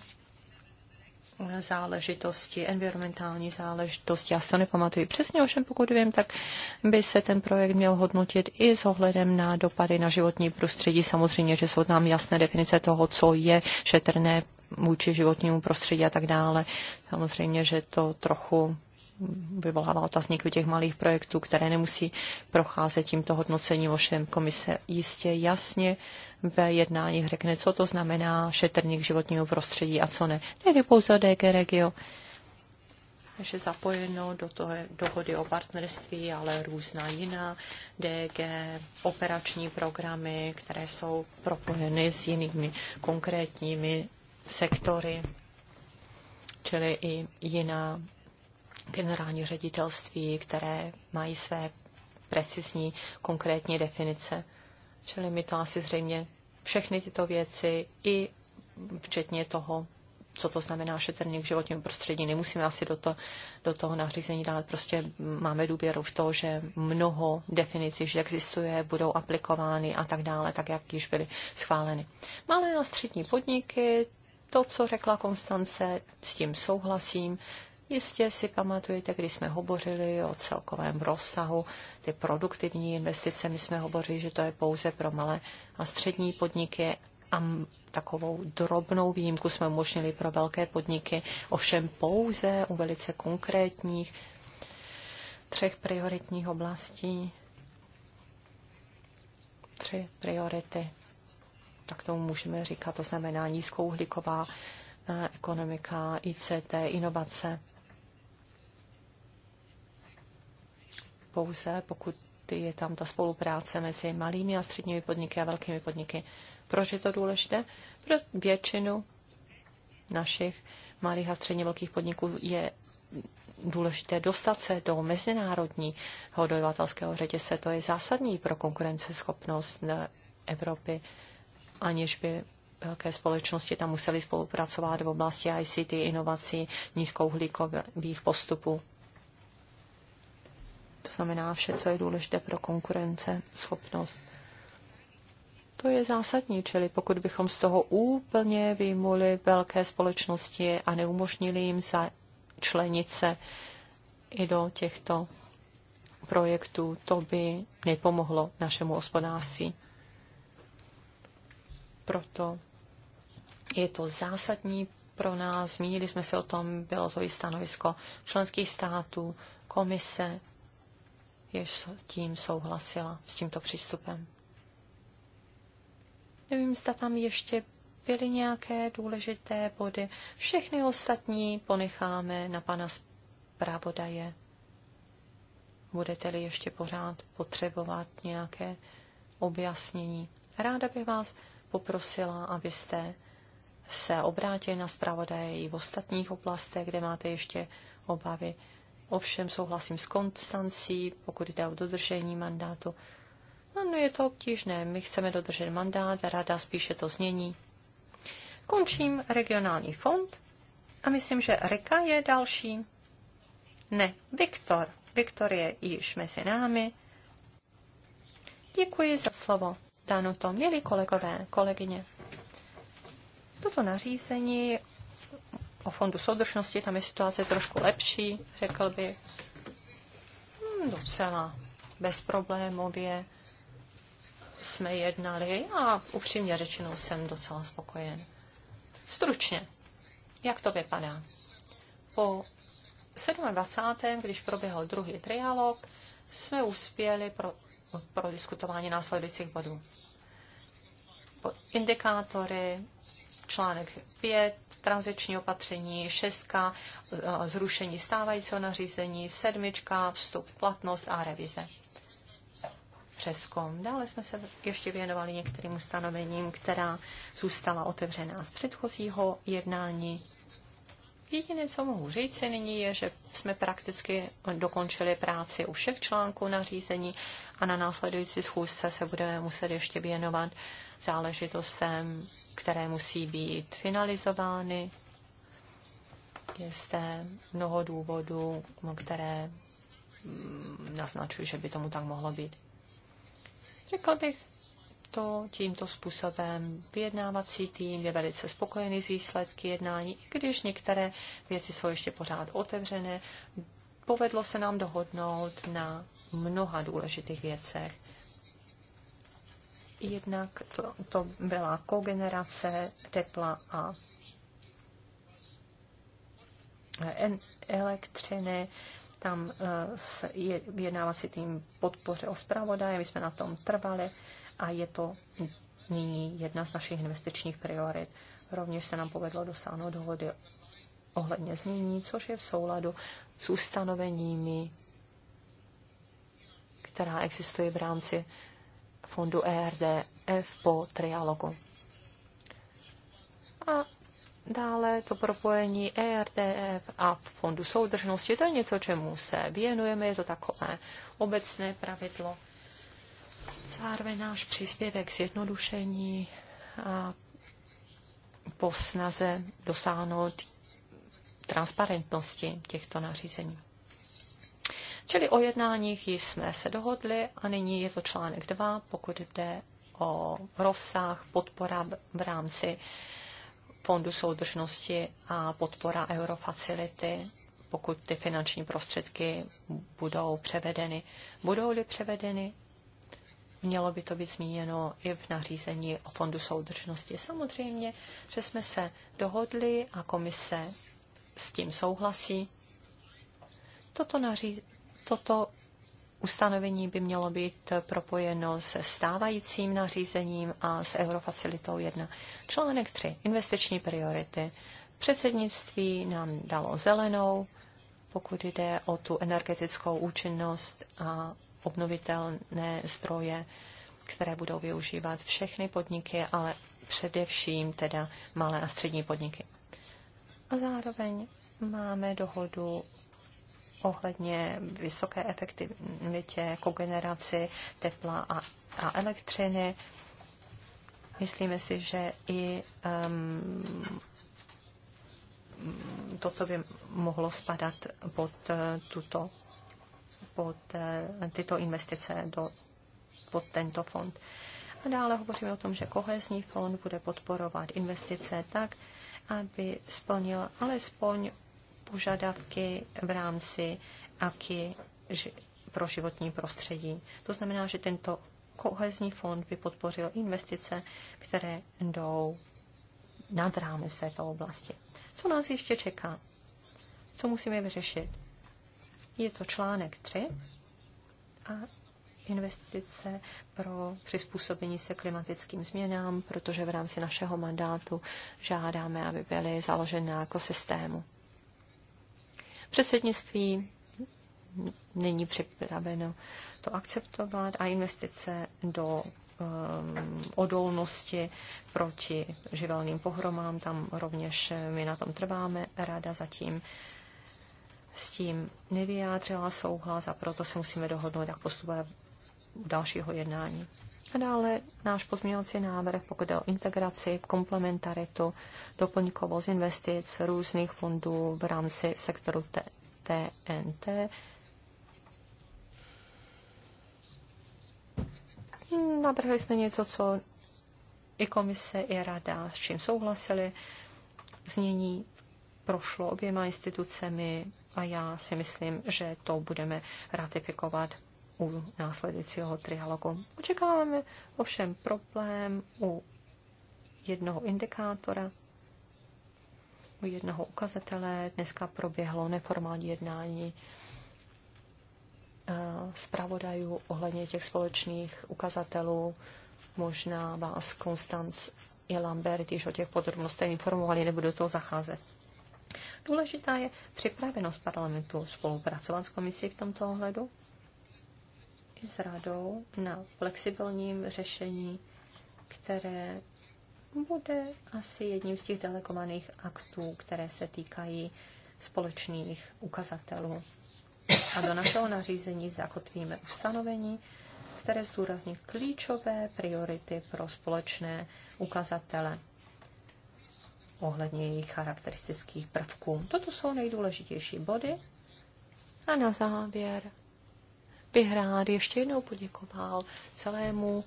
záležitosti, environmentální záležitosti, já si to nepamatuji přesně, ovšem pokud vím, tak by se ten projekt měl hodnotit i s ohledem na dopady na životní prostředí. Samozřejmě, že jsou tam jasné definice toho, co je šetrné vůči životnímu prostředí a tak dále. Samozřejmě, že to trochu vyvolává otazník u těch malých projektů, které nemusí procházet tímto hodnocením. Ovšem komise jistě jasně ve jednáních řekne, co to znamená šetrník životního prostředí a co ne. Nejde pouze o DG Regio, Takže zapojeno do toho dohody o partnerství, ale různá jiná DG, operační programy, které jsou propojeny s jinými konkrétními sektory, čili i jiná generální ředitelství, které mají své precizní konkrétní definice. Čili my to asi zřejmě všechny tyto věci i včetně toho, co to znamená šetrně k životnímu prostředí. Nemusíme asi do, to, do toho nařízení dát. Prostě máme důvěru v to, že mnoho definic že existuje, budou aplikovány a tak dále, tak jak již byly schváleny. Malé a střední podniky, to, co řekla Konstance, s tím souhlasím. Jistě si pamatujete, když jsme hovořili o celkovém rozsahu, ty produktivní investice, my jsme hovořili, že to je pouze pro malé a střední podniky a takovou drobnou výjimku jsme umožnili pro velké podniky, ovšem pouze u velice konkrétních třech prioritních oblastí. Tři priority. Tak tomu můžeme říkat, to znamená nízkouhlíková eh, ekonomika, ICT, inovace. pouze, pokud je tam ta spolupráce mezi malými a středními podniky a velkými podniky. Proč je to důležité? Pro většinu našich malých a středně velkých podniků je důležité dostat se do mezinárodního dodavatelského řetězce. To je zásadní pro konkurenceschopnost Evropy, aniž by velké společnosti tam museli spolupracovat v oblasti ICT, inovací, nízkouhlíkových postupů to znamená vše, co je důležité pro konkurence, schopnost. To je zásadní, čili pokud bychom z toho úplně vyjmuli velké společnosti a neumožnili jim začlenit se i do těchto projektů, to by nepomohlo našemu hospodářství. Proto je to zásadní pro nás, zmínili jsme se o tom, bylo to i stanovisko členských států, komise, jež s tím souhlasila, s tímto přístupem. Nevím, zda tam ještě byly nějaké důležité body. Všechny ostatní ponecháme na pana zpravodaje. Budete-li ještě pořád potřebovat nějaké objasnění. Ráda bych vás poprosila, abyste se obrátili na zpravodaje i v ostatních oblastech, kde máte ještě obavy. Ovšem souhlasím s konstancí, pokud jde o dodržení mandátu. Ano, no, je to obtížné. My chceme dodržet mandát, rada spíše to změní. Končím regionální fond a myslím, že Rika je další. Ne, Viktor. Viktor je již mezi námi. Děkuji za slovo. Dáno to, milí kolegové, kolegyně. Toto nařízení o fondu soudržnosti, tam je situace trošku lepší, řekl bych. Hmm, docela bezproblémově jsme jednali a upřímně řečeno jsem docela spokojen. Stručně, jak to vypadá? Po 27. když proběhl druhý trialog, jsme uspěli pro, pro diskutování následujících bodů. Indikátory, článek 5, tranziční opatření, šestka eh, zrušení stávajícího nařízení, sedmička vstup platnost a revize. Přeskom. Dále jsme se ještě věnovali některým ustanovením, která zůstala otevřená z předchozího jednání. Jediné, co mohu říct si nyní, je, že jsme prakticky dokončili práci u všech článků řízení a na následující schůzce se budeme muset ještě věnovat záležitostem, které musí být finalizovány. Je zde mnoho důvodů, které naznačují, že by tomu tak mohlo být. Řekl bych to tímto způsobem. Vyjednávací tým je velice spokojený s výsledky jednání, i když některé věci jsou ještě pořád otevřené. Povedlo se nám dohodnout na mnoha důležitých věcech. Jednak to, to byla kogenerace tepla a elektřiny. Tam eh, je vyjednávací tým podpořil zpravodaje, my jsme na tom trvali a je to nyní jedna z našich investičních priorit. Rovněž se nám povedlo dosáhnout dohody ohledně znění, což je v souladu s ustanoveními, která existuje v rámci fondu ERDF po trialogu. A dále to propojení ERDF a fondu soudržnosti, to je něco, čemu se věnujeme, je to takové obecné pravidlo. Zároveň náš příspěvek zjednodušení a po snaze dosáhnout transparentnosti těchto nařízení. Čili o jednáních jsme se dohodli a nyní je to článek 2, pokud jde o rozsah podpora v rámci Fondu soudržnosti a podpora eurofacility, pokud ty finanční prostředky budou převedeny. Budou-li převedeny, mělo by to být zmíněno i v nařízení o Fondu soudržnosti. Samozřejmě, že jsme se dohodli a komise s tím souhlasí. Toto naří, Toto ustanovení by mělo být propojeno se stávajícím nařízením a s Eurofacilitou 1. Článek 3. Investiční priority. Předsednictví nám dalo zelenou, pokud jde o tu energetickou účinnost a obnovitelné zdroje, které budou využívat všechny podniky, ale především teda malé a střední podniky. A zároveň máme dohodu ohledně vysoké efektivitě generaci tepla a, a elektřiny. Myslíme si, že i um, toto by mohlo spadat pod uh, tuto pod uh, tyto investice do, pod tento fond. A dále hovoříme o tom, že kohezní fond bude podporovat investice tak, aby splnil alespoň požadavky v rámci AKI pro životní prostředí. To znamená, že tento kohezní fond by podpořil investice, které jdou nad rámec této oblasti. Co nás ještě čeká? Co musíme vyřešit? Je to článek 3 a investice pro přizpůsobení se klimatickým změnám, protože v rámci našeho mandátu žádáme, aby byly založeny na ekosystému. Předsednictví není připraveno to akceptovat a investice do um, odolnosti proti živelným pohromám, tam rovněž eh, my na tom trváme, rada zatím s tím nevyjádřila souhlas a proto se musíme dohodnout, jak postupovat u dalšího jednání jsme dále náš pozměňovací návrh, pokud jde o integraci, komplementaritu, doplňkovost investic různých fondů v rámci sektoru TNT. Navrhli jsme něco, co i komise, i rada, s čím souhlasili. Znění prošlo oběma institucemi a já si myslím, že to budeme ratifikovat u následujícího trialogu. Očekáváme ovšem problém u jednoho indikátora, u jednoho ukazatele. Dneska proběhlo neformální jednání eh, zpravodajů ohledně těch společných ukazatelů. Možná vás Konstanc i Lambert již o těch podrobnostech informovali, nebudu to zacházet. Důležitá je připravenost parlamentu spolupracovat s komisí v tomto ohledu s radou na flexibilním řešení, které bude asi jedním z těch delegovaných aktů, které se týkají společných ukazatelů. A do našeho nařízení zakotvíme ustanovení, které zdůrazní klíčové priority pro společné ukazatele ohledně jejich charakteristických prvků. Toto jsou nejdůležitější body. A na závěr bych rád ještě jednou poděkoval celému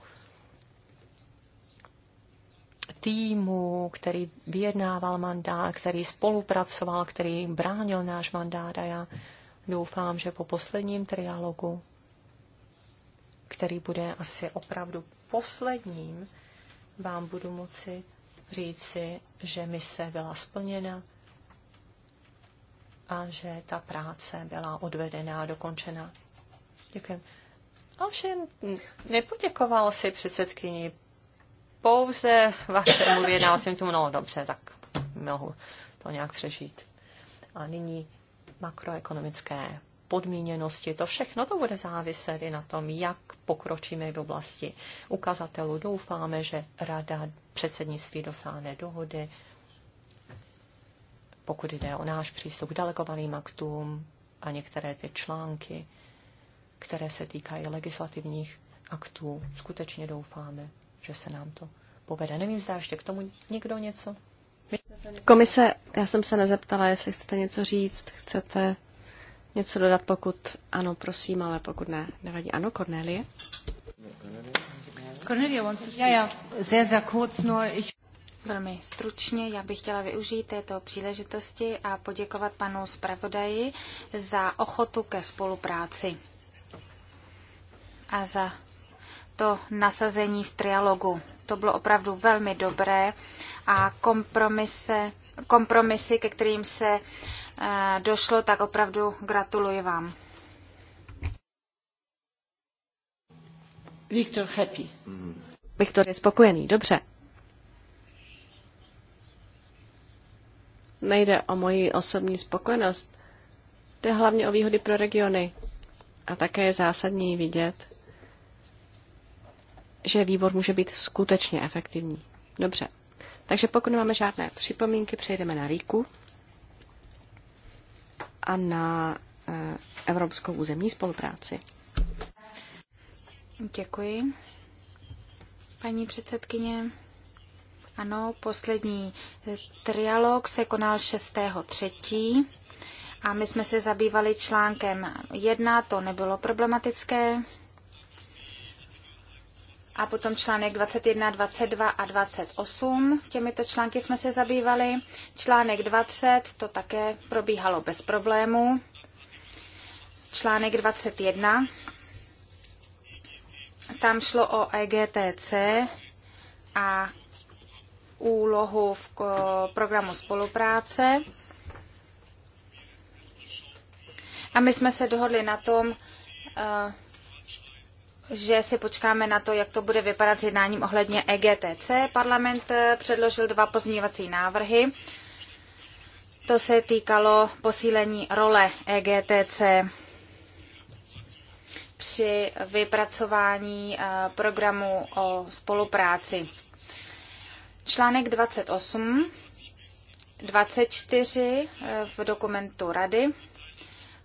týmu, který vyjednával mandát, který spolupracoval, který bránil náš mandát a já doufám, že po posledním trialogu, který bude asi opravdu posledním, vám budu moci říci, že mise byla splněna a že ta práce byla odvedená a dokončena Děkuji. Ovšem, nepoděkoval si předsedkyni, pouze vašemu jsem tomu, no dobře, tak mohu to nějak přežít. A nyní makroekonomické podmíněnosti, to všechno to bude záviset i na tom, jak pokročíme v oblasti ukazatelů. Doufáme, že rada předsednictví dosáhne dohody, pokud jde o náš přístup k delegovaným aktům a některé ty články, které se týkají legislativních aktů. Skutečně doufáme, že se nám to povede. Nevím, zdá ještě k tomu někdo něco? Komise, já jsem se nezeptala, jestli chcete něco říct, chcete něco dodat, pokud ano, prosím, ale pokud ne, nevadí. Ano, Cornelie? Cornelia, Velmi stručně, já bych chtěla využít této příležitosti a poděkovat panu zpravodaji za ochotu ke spolupráci a za to nasazení v trialogu. To bylo opravdu velmi dobré a kompromise, kompromisy, ke kterým se eh, došlo, tak opravdu gratuluji vám. Viktor happy. Viktor je spokojený, dobře. Nejde o moji osobní spokojenost. Jde hlavně o výhody pro regiony. A také je zásadní vidět, že výbor může být skutečně efektivní. Dobře. Takže pokud nemáme žádné připomínky, přejdeme na Ríku a na eh, evropskou územní spolupráci. Děkuji. Paní předsedkyně, ano, poslední eh, trialog se konal 6.3. a my jsme se zabývali článkem 1, to nebylo problematické, a potom článek 21, 22 a 28. Těmito články jsme se zabývali. Článek 20, to také probíhalo bez problémů. Článek 21, tam šlo o EGTC a úlohu v programu spolupráce. A my jsme se dohodli na tom, eh, že si počkáme na to, jak to bude vypadat s jednáním ohledně EGTC. Parlament eh, předložil dva pozměňovací návrhy. To se týkalo posílení role EGTC při vypracování eh, programu o spolupráci. Článek 28, 24 eh, v dokumentu Rady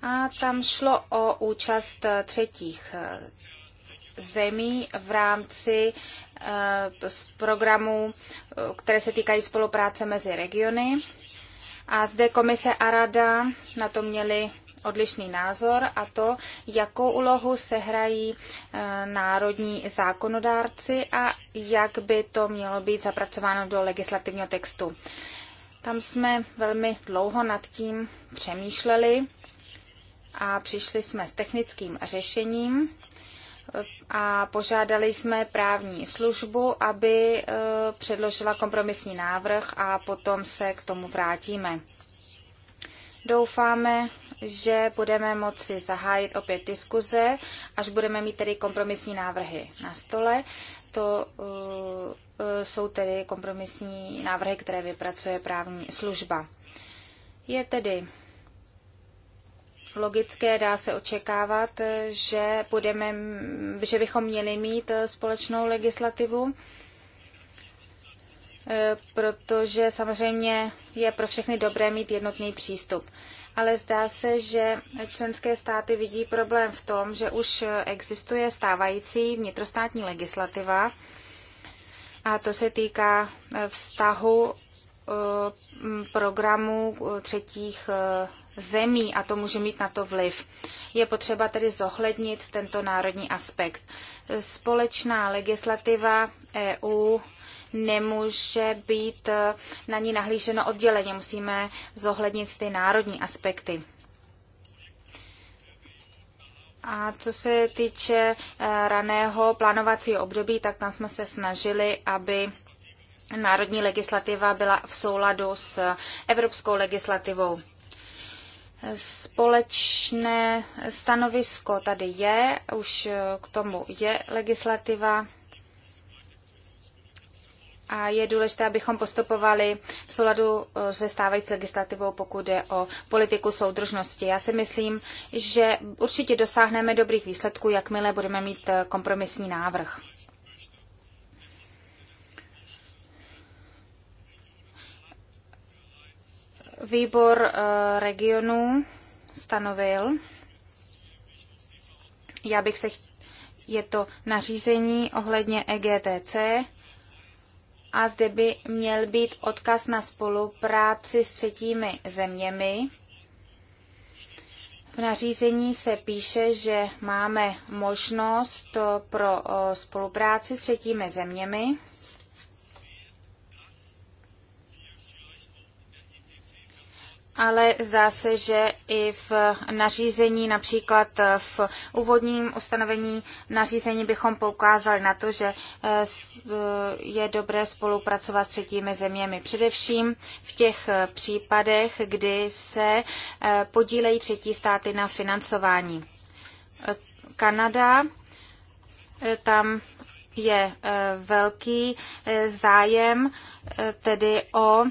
a tam šlo o účast třetích zemí v rámci eh, programů, eh, které se týkají spolupráce mezi regiony. A zde komise a rada na to měli odlišný názor a to, jakou úlohu se hrají eh, národní zákonodárci a jak by to mělo být zapracováno do legislativního textu. Tam jsme velmi dlouho nad tím přemýšleli a přišli jsme s technickým řešením, a požádali jsme právní službu, aby e, předložila kompromisní návrh a potom se k tomu vrátíme. Doufáme, že budeme moci zahájit opět diskuze, až budeme mít tedy kompromisní návrhy na stole. To e, e, jsou tedy kompromisní návrhy, které vypracuje právní služba. Je tedy logické, dá se očekávat, že, budeme, že bychom měli mít společnou legislativu, eh, protože samozřejmě je pro všechny dobré mít jednotný přístup. Ale zdá se, že členské státy vidí problém v tom, že už existuje stávající vnitrostátní legislativa, a to se týká eh, vztahu eh, programů třetích zemí a to může mít na to vliv. Je potřeba tedy zohlednit tento národní aspekt. Společná legislativa EU nemůže být eh, na ní nahlíženo odděleně. Musíme zohlednit ty národní aspekty. A co se týče eh, raného plánovacího období, tak tam jsme se snažili, aby národní legislativa byla v souladu s eh, evropskou legislativou. Společné stanovisko tady je, už eh, k tomu je legislativa a je důležité, abychom postupovali v souladu eh, se stávající legislativou, pokud je o politiku soudržnosti. Já si myslím, že určitě dosáhneme dobrých výsledků, jakmile budeme mít eh, kompromisní návrh. Výbor eh, regionů stanovil, já bych se, je to nařízení ohledně EGTC a zde by měl být odkaz na spolupráci s třetími zeměmi. V nařízení se píše, že máme možnost pro eh, spolupráci s třetími zeměmi ale zdá se, že i v nařízení, například v úvodním ustanovení nařízení bychom poukázali na to, že eh, eh, je dobré spolupracovat s třetími zeměmi. Především v těch eh, případech, kdy se podílejí třetí státy na financování. Kanada, tam je velký zájem tedy o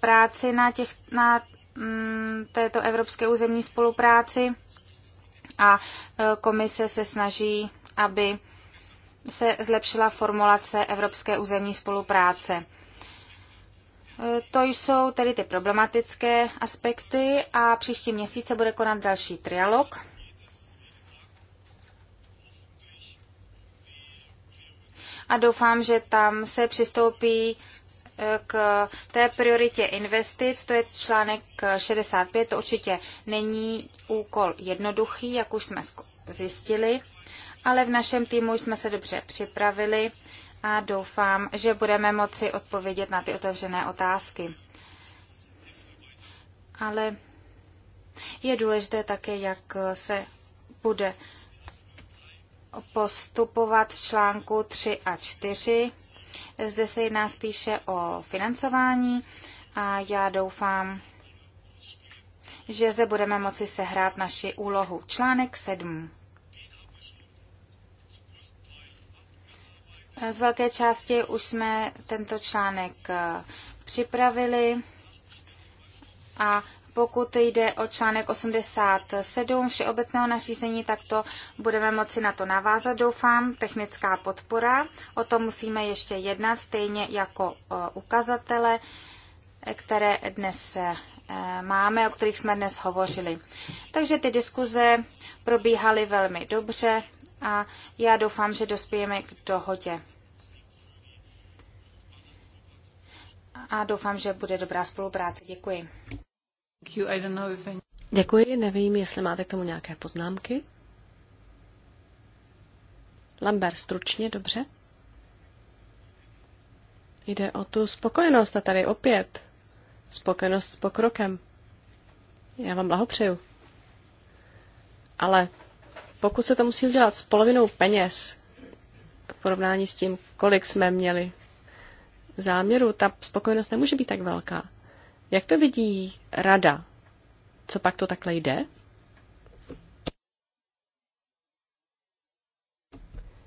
práci na, těch, na mm, této evropské územní spolupráci a e, komise se snaží, aby se zlepšila formulace evropské územní spolupráce. E, to jsou tedy ty problematické aspekty a příští měsíc se bude konat další trialog. A doufám, že tam se přistoupí k té prioritě investic, to je článek 65, to určitě není úkol jednoduchý, jak už jsme zjistili, ale v našem týmu jsme se dobře připravili a doufám, že budeme moci odpovědět na ty otevřené otázky. Ale je důležité také, jak se bude postupovat v článku 3 a 4 zde se jedná spíše o financování a já doufám, že zde budeme moci sehrát naši úlohu. Článek 7. Z velké části už jsme tento článek eh, připravili a pokud jde o článek 87 všeobecného nařízení, tak to budeme moci na to navázat, doufám. Technická podpora, o tom musíme ještě jednat, stejně jako e, ukazatele, které dnes e, máme, o kterých jsme dnes hovořili. Takže ty diskuze probíhaly velmi dobře a já doufám, že dospějeme k dohodě. A doufám, že bude dobrá spolupráce. Děkuji. Děkuji, nevím, jestli máte k tomu nějaké poznámky. Lambert, stručně, dobře? Jde o tu spokojenost a tady opět spokojenost s pokrokem. Já vám blahopřeju. Ale pokud se to musí udělat s polovinou peněz, v porovnání s tím, kolik jsme měli záměru, ta spokojenost nemůže být tak velká. Jak to vidí rada? Co pak to takhle jde?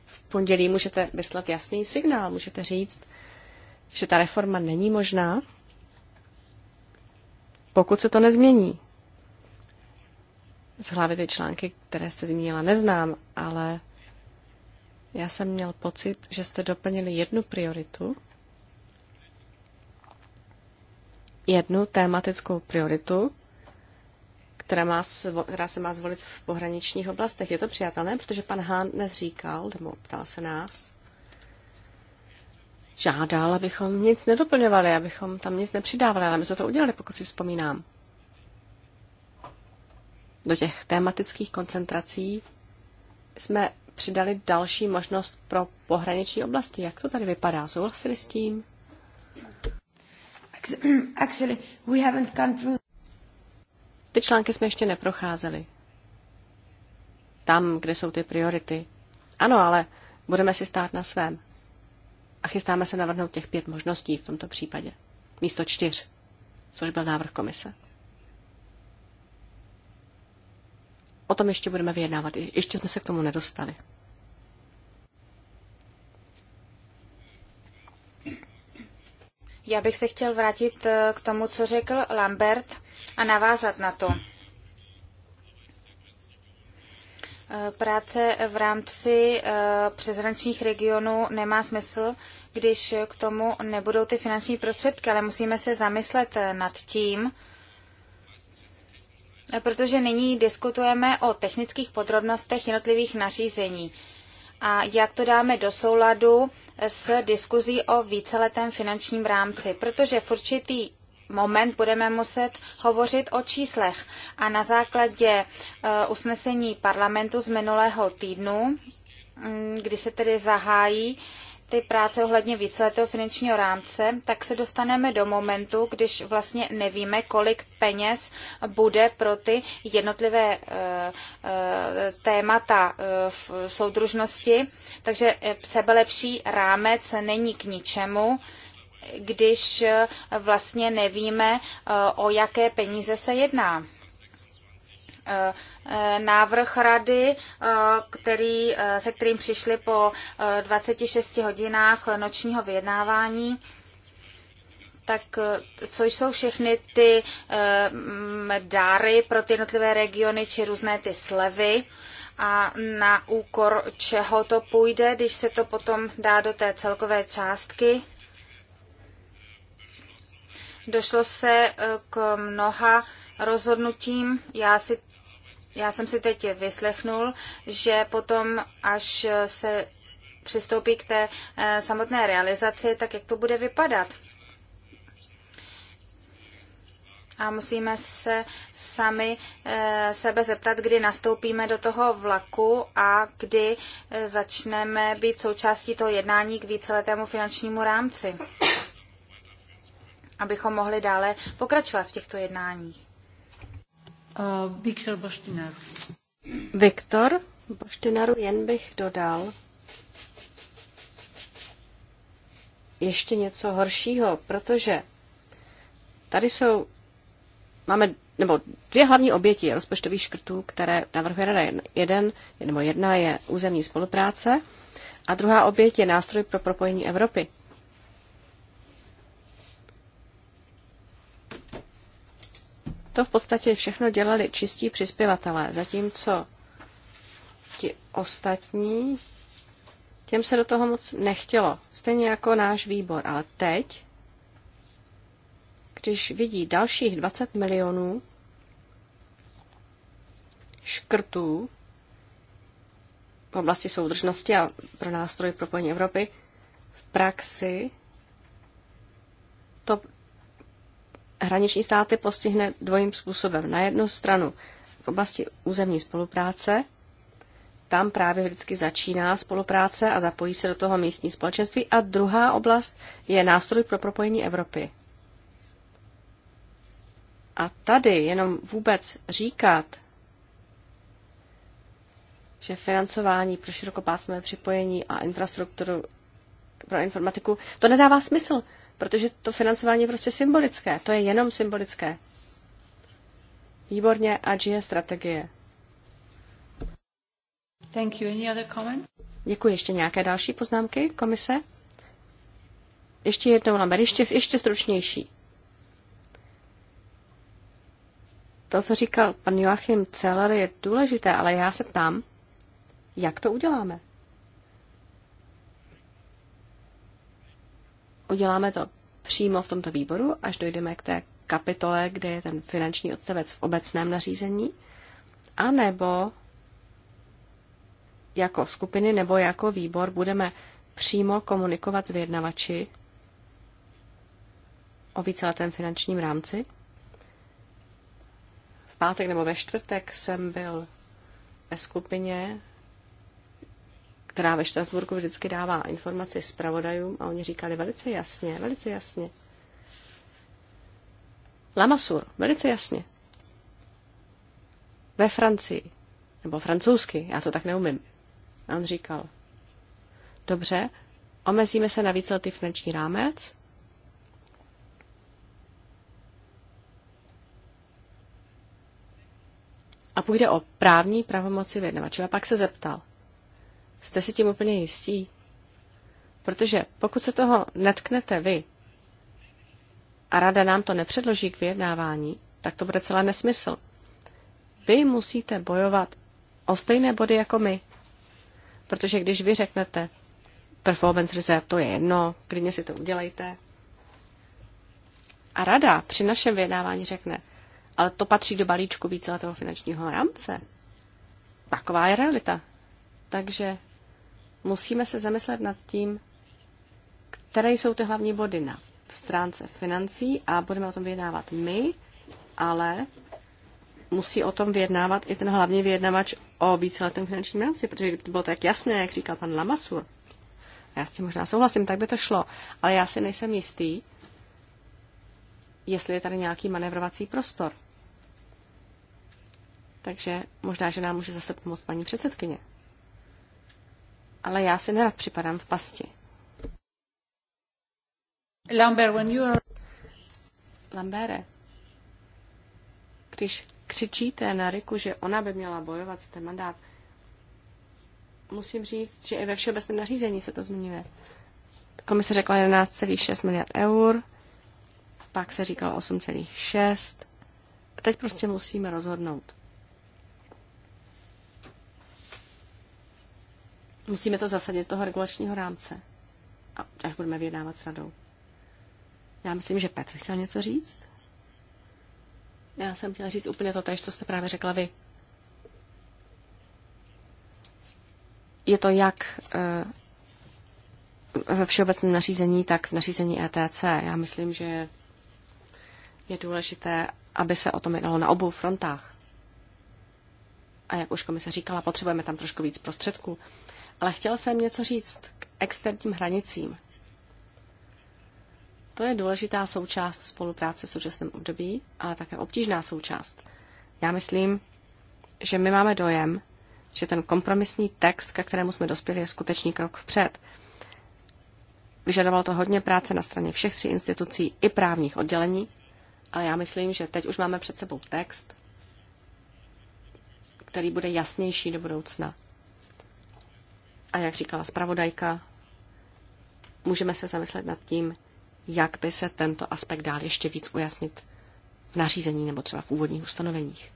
V pondělí můžete vyslat jasný signál, můžete říct, že ta reforma není možná, pokud se to nezmění. Z hlavy ty články, které jste zmínila, neznám, ale já jsem měl pocit, že jste doplnili jednu prioritu, jednu tématickou prioritu, která, má, která se má zvolit v pohraničních oblastech. Je to přijatelné, protože pan Hán dnes říkal, nebo ptal se nás, žádal, abychom nic nedoplňovali, abychom tam nic nepřidávali, ale my jsme to udělali, pokud si vzpomínám. Do těch tématických koncentrací jsme přidali další možnost pro pohraniční oblasti. Jak to tady vypadá? Souhlasili s tím? Actually, we haven't gone through. Ty články jsme ještě neprocházeli. Tam, kde jsou ty priority. Ano, ale budeme si stát na svém. A chystáme se navrhnout těch pět možností v tomto případě. Místo čtyř, což byl návrh komise. O tom ještě budeme vyjednávat. Ještě jsme se k tomu nedostali. Já bych se chtěl vrátit eh, k tomu, co řekl Lambert a navázat na to. Eh, práce v rámci eh, přeshraničních regionů nemá smysl, když k tomu nebudou ty finanční prostředky, ale musíme se zamyslet nad tím, protože nyní diskutujeme o technických podrobnostech jednotlivých nařízení a jak to dáme do souladu s diskuzí o víceletém finančním rámci, protože v určitý moment budeme muset hovořit o číslech. A na základě e, usnesení parlamentu z minulého týdnu, kdy se tedy zahájí ty práce ohledně víceletého finančního rámce, tak se dostaneme do momentu, když vlastně nevíme, kolik peněz bude pro ty jednotlivé eh, eh, témata eh, v soudružnosti. Takže sebelepší rámec není k ničemu když vlastně nevíme, o jaké peníze se jedná. Eh, eh, návrh rady, eh, který, se kterým přišli po 26 hodinách nočního vyjednávání tak co jsou všechny ty dáry pro ty jednotlivé regiony či různé ty slevy a na úkor čeho to půjde, když se to potom dá do té celkové částky. Došlo se k mnoha rozhodnutím. Já si já jsem si teď vyslechnul, že potom, až se přistoupí k té eh, samotné realizaci, tak jak to bude vypadat. A musíme se sami eh, sebe zeptat, kdy nastoupíme do toho vlaku a kdy eh, začneme být součástí toho jednání k víceletému finančnímu rámci, abychom mohli dále pokračovat v těchto jednáních. Uh, Viktor Boštinar. Viktor Boštinaru jen bych dodal ještě něco horšího, protože tady jsou, máme nebo dvě hlavní oběti rozpočtových škrtů, které navrhuje Rada. Jeden, nebo jedna je územní spolupráce a druhá oběť je nástroj pro propojení Evropy. To v podstatě všechno dělali čistí přispěvatelé, zatímco ti ostatní, těm se do toho moc nechtělo. Stejně jako náš výbor. Ale teď, když vidí dalších 20 milionů škrtů v oblasti soudržnosti a pro nástroj propojení Evropy, v praxi hraniční státy postihne dvojím způsobem. Na jednu stranu v oblasti územní spolupráce, tam právě vždycky začíná spolupráce a zapojí se do toho místní společenství. A druhá oblast je nástroj pro propojení Evropy. A tady jenom vůbec říkat, že financování pro širokopásmové připojení a infrastrukturu pro informatiku, to nedává smysl, protože to financování je prostě symbolické. To je jenom symbolické. Výborně, a je strategie. Thank you. Any other comment? Děkuji. Ještě nějaké další poznámky komise? Ještě jednou, Lambert, ještě, ještě stručnější. To, co říkal pan Joachim Celer, je důležité, ale já se ptám, jak to uděláme? Uděláme to přímo v tomto výboru, až dojdeme k té kapitole, kde je ten finanční odstavec v obecném nařízení, anebo jako skupiny nebo jako výbor budeme přímo komunikovat s vyjednavači o víceletém finančním rámci. V pátek nebo ve čtvrtek jsem byl ve skupině která ve Štrasburku vždycky dává informaci zpravodajům a oni říkali velice jasně, velice jasně. Lamasur, velice jasně. Ve Francii, nebo francouzsky, já to tak neumím. A on říkal, dobře, omezíme se na víceletý finanční rámec, a půjde o právní pravomoci vyjednavače. A pak se zeptal, Jste si tím úplně jistí? Protože pokud se toho netknete vy a rada nám to nepředloží k vyjednávání, tak to bude celá nesmysl. Vy musíte bojovat o stejné body jako my. Protože když vy řeknete, performance reserve, to je jedno, klidně si to udělejte. A rada při našem vyjednávání řekne, ale to patří do balíčku víceletého finančního rámce. Taková je realita. Takže musíme se zamyslet nad tím, které jsou ty hlavní body na stránce financí a budeme o tom vyjednávat my, ale musí o tom vyjednávat i ten hlavní vyjednavač o víceletém finančním financí, protože kdyby to bylo tak jasné, jak říkal pan Lamasur, a já s tím možná souhlasím, tak by to šlo, ale já si nejsem jistý, jestli je tady nějaký manevrovací prostor. Takže možná, že nám může zase pomoct paní předsedkyně ale já si nerad připadám v pasti. Lambert, when you are... Lambere, když křičíte na Riku, že ona by měla bojovat za ten mandát, musím říct, že i ve všeobecném nařízení se to zmiňuje. Komise řekla 11,6 miliard eur, pak se říkalo 8,6. Teď prostě musíme rozhodnout. Musíme to zasadit toho regulačního rámce. A až budeme vyjednávat s radou. Já myslím, že Petr chtěl něco říct. Já jsem chtěla říct úplně to tež, co jste právě řekla vy. Je to jak eh, ve všeobecném nařízení, tak v nařízení ETC. Já myslím, že je důležité, aby se o tom jednalo na obou frontách. A jak už komise říkala, potřebujeme tam trošku víc prostředků. Ale chtěl jsem něco říct k externím hranicím. To je důležitá součást spolupráce v současném období, ale také obtížná součást. Já myslím, že my máme dojem, že ten kompromisní text, ke kterému jsme dospěli, je skutečný krok vpřed. Vyžadovalo to hodně práce na straně všech tří institucí i právních oddělení, ale já myslím, že teď už máme před sebou text, který bude jasnější do budoucna a jak říkala zpravodajka, můžeme se zamyslet nad tím, jak by se tento aspekt dál ještě víc ujasnit v nařízení nebo třeba v úvodních ustanoveních.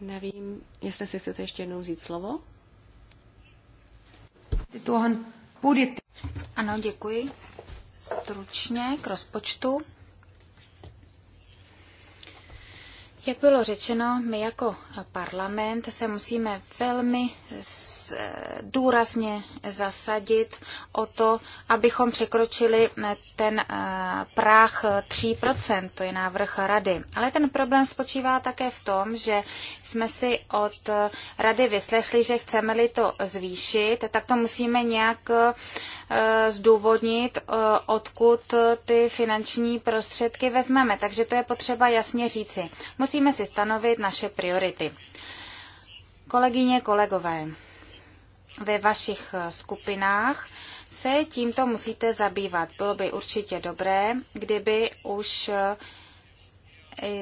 Nevím, jestli si chcete ještě jednou vzít slovo. Ano, děkuji. Stručně k rozpočtu. Jak bylo řečeno, my jako parlament se musíme velmi důrazně zasadit o to, abychom překročili eh, ten eh, práh 3%, to je návrh rady. Ale ten problém spočívá také v tom, že jsme si od eh, rady vyslechli, že chceme-li to zvýšit, tak to musíme nějak Eh, zdůvodnit, eh, odkud ty finanční prostředky vezmeme. Takže to je potřeba jasně říci. Musíme si stanovit naše priority. Kolegyně, kolegové, ve vašich eh, skupinách se tímto musíte zabývat. Bylo by určitě dobré, kdyby už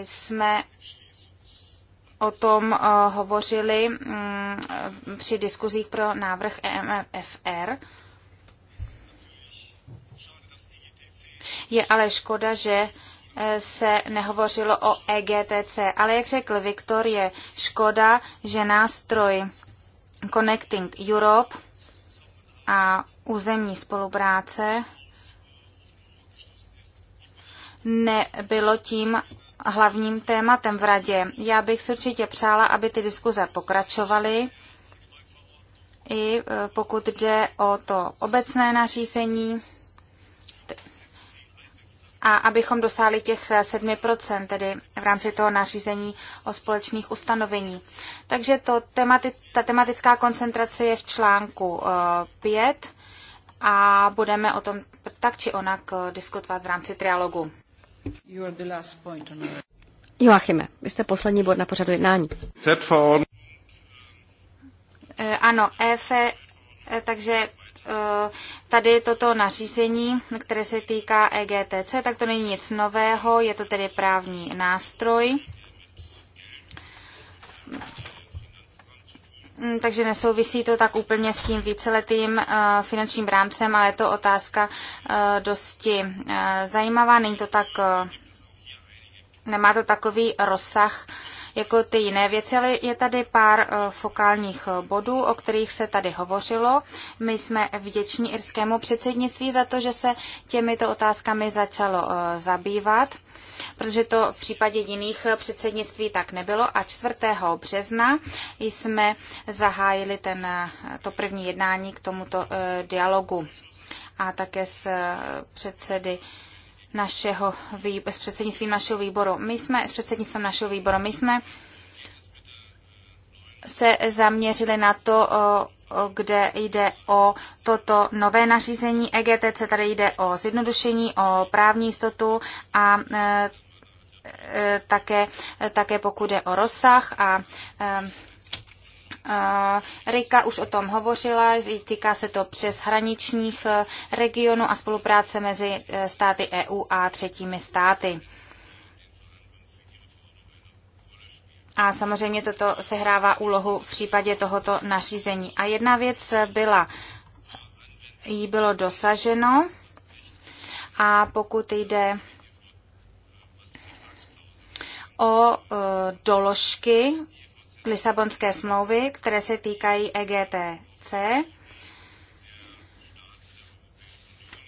jsme o tom hovořili mm, při diskuzích pro návrh e MFR. Je ale škoda, že eh, se nehovořilo o EGTC, ale jak řekl Viktor, je škoda, že nástroj Connecting Europe a územní spolupráce nebylo tím hlavním tématem v radě. Já bych si určitě přála, aby ty diskuze pokračovaly, i eh, pokud jde o to obecné nařízení a abychom dosáhli těch 7%, eh, tedy v rámci toho nařízení o společných ustanovení. Takže to temati- ta tematická koncentrace je v článku 5 eh, a budeme o tom tak či onak eh, diskutovat v rámci trialogu. Joachime, vy jste poslední bod na pořadu jednání. Ano, EFE, takže Eh, tady toto nařízení, které se týká EGTC, tak to není nic nového, je to tedy právní nástroj. Mm, takže nesouvisí to tak úplně s tím víceletým eh, finančním rámcem, ale je to otázka eh, dosti zajímavá. Není to tak, nemá to takový rozsah, jako ty jiné věci, ale je tady pár eh, fokálních eh, bodů, o kterých se tady hovořilo. My jsme vděční irskému předsednictví za to, že se těmito otázkami začalo eh, zabývat protože to v případě jiných předsednictví tak nebylo. A 4. března jsme zahájili ten, to první jednání k tomuto dialogu a také s předsedy našeho výboru, s předsednictvím našeho výboru. My jsme s předsednictvím našeho výboru, my jsme se zaměřili na to, kde jde o toto nové nařízení EGTC, tady jde o zjednodušení, o právní jistotu a e, e, také, také pokud jde o rozsah a e, Rika už o tom hovořila, týká se to přes hraničních eh, regionů a spolupráce mezi eh, státy EU a třetími státy. A samozřejmě toto sehrává úlohu v případě tohoto nařízení. A jedna věc byla, jí bylo dosaženo a pokud jde o eh, doložky Lisabonské smlouvy, které se týkají EGTC.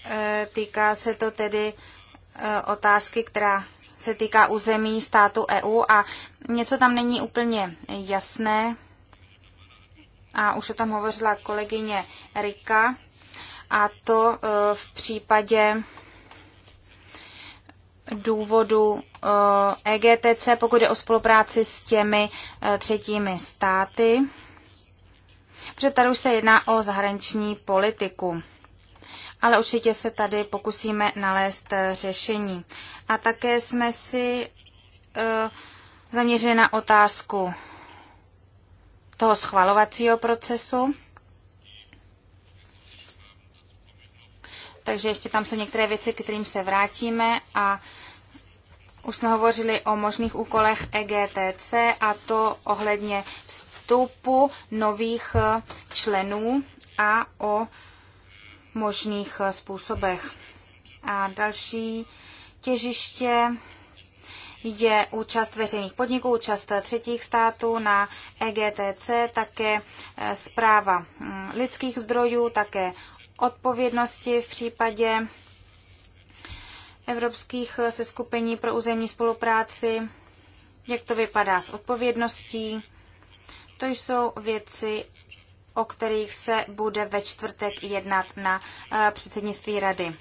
E, týká se to tedy e, otázky, která se týká území státu EU a něco tam není úplně jasné. A už o tom hovořila kolegyně Rika. A to e, v případě důvodu EGTC, eh, e pokud je o spolupráci s těmi eh, třetími státy, protože tady už se jedná o zahraniční politiku. Ale určitě se tady pokusíme nalézt eh, řešení. A také jsme si zaměřili na otázku toho schvalovacího procesu. takže ještě tam jsou některé věci, k kterým se vrátíme a už jsme hovořili o možných úkolech EGTC a to ohledně vstupu nových eh, členů a o možných eh, způsobech. A další těžiště je účast veřejných podniků, účast eh, třetích států na EGTC, také zpráva hm, lidských zdrojů, také odpovědnosti v případě evropských seskupení pro územní spolupráci, jak to vypadá s odpovědností. To jsou věci, o kterých se bude ve čtvrtek jednat na eh, předsednictví rady.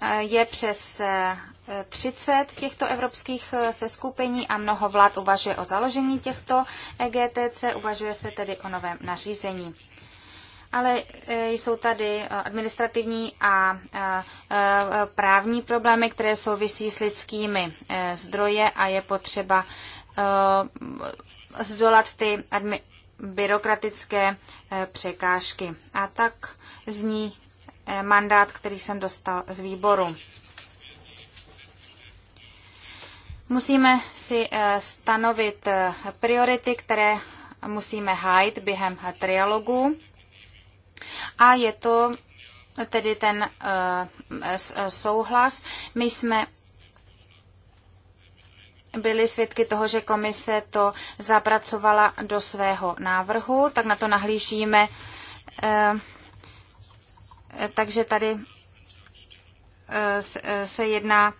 Eh, je přes 30 eh, těchto evropských seskupení a mnoho vlád uvažuje o založení těchto EGTC, uvažuje se tedy o novém nařízení ale e, jsou tady e, administrativní a e, právní problémy, které souvisí s lidskými zdroje a je potřeba zdolat ty byrokratické překážky. A tak zní mandát, který jsem dostal z výboru. Musíme si stanovit priority, které musíme hájit během trialogu a je to tedy ten eh, eh, souhlas. My jsme byli svědky toho, že komise to zapracovala do svého návrhu, tak na to nahlížíme. Eh, takže tady se jedná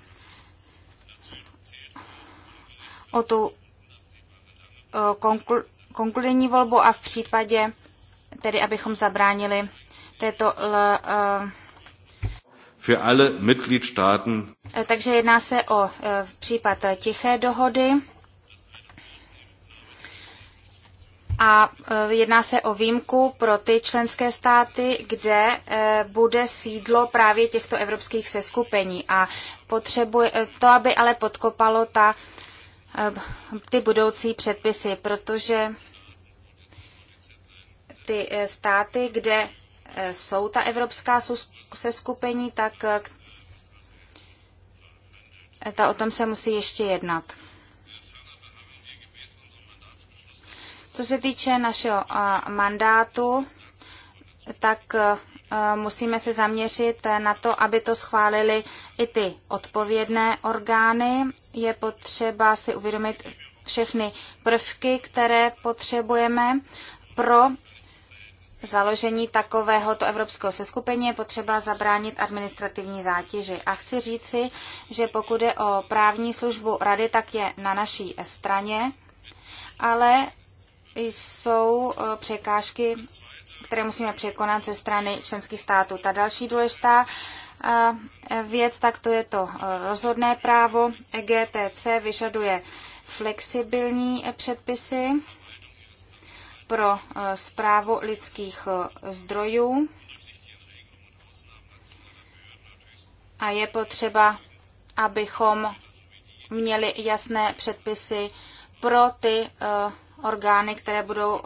o tu konkludení volbu a v případě tedy abychom zabránili této l, uh, für alle Mitgliedstaaten. E, takže jedná se o uh, případ tiché dohody a uh, jedná se o výjimku pro ty členské státy, kde uh, bude sídlo právě těchto evropských seskupení. A potřebuje to, aby ale podkopalo ta, ty budoucí předpisy, protože ty eh, státy, kde eh, jsou ta evropská seskupení, tak eh, ta o tom se musí ještě jednat. Co se týče našeho mandátu, tak musíme se zaměřit na to, aby to schválili i ty odpovědné orgány. Je potřeba si uvědomit všechny prvky, které potřebujeme pro založení takovéhoto evropského seskupení je potřeba zabránit administrativní zátěži. A chci říci, že pokud je o právní službu rady, tak je na naší straně, ale jsou e, překážky, které musíme překonat ze strany členských států. Ta další důležitá e, věc, tak to je to e, rozhodné právo. EGTC vyžaduje flexibilní předpisy pro zprávu eh, lidských eh, zdrojů a je potřeba, abychom měli jasné předpisy pro ty eh, orgány, které budou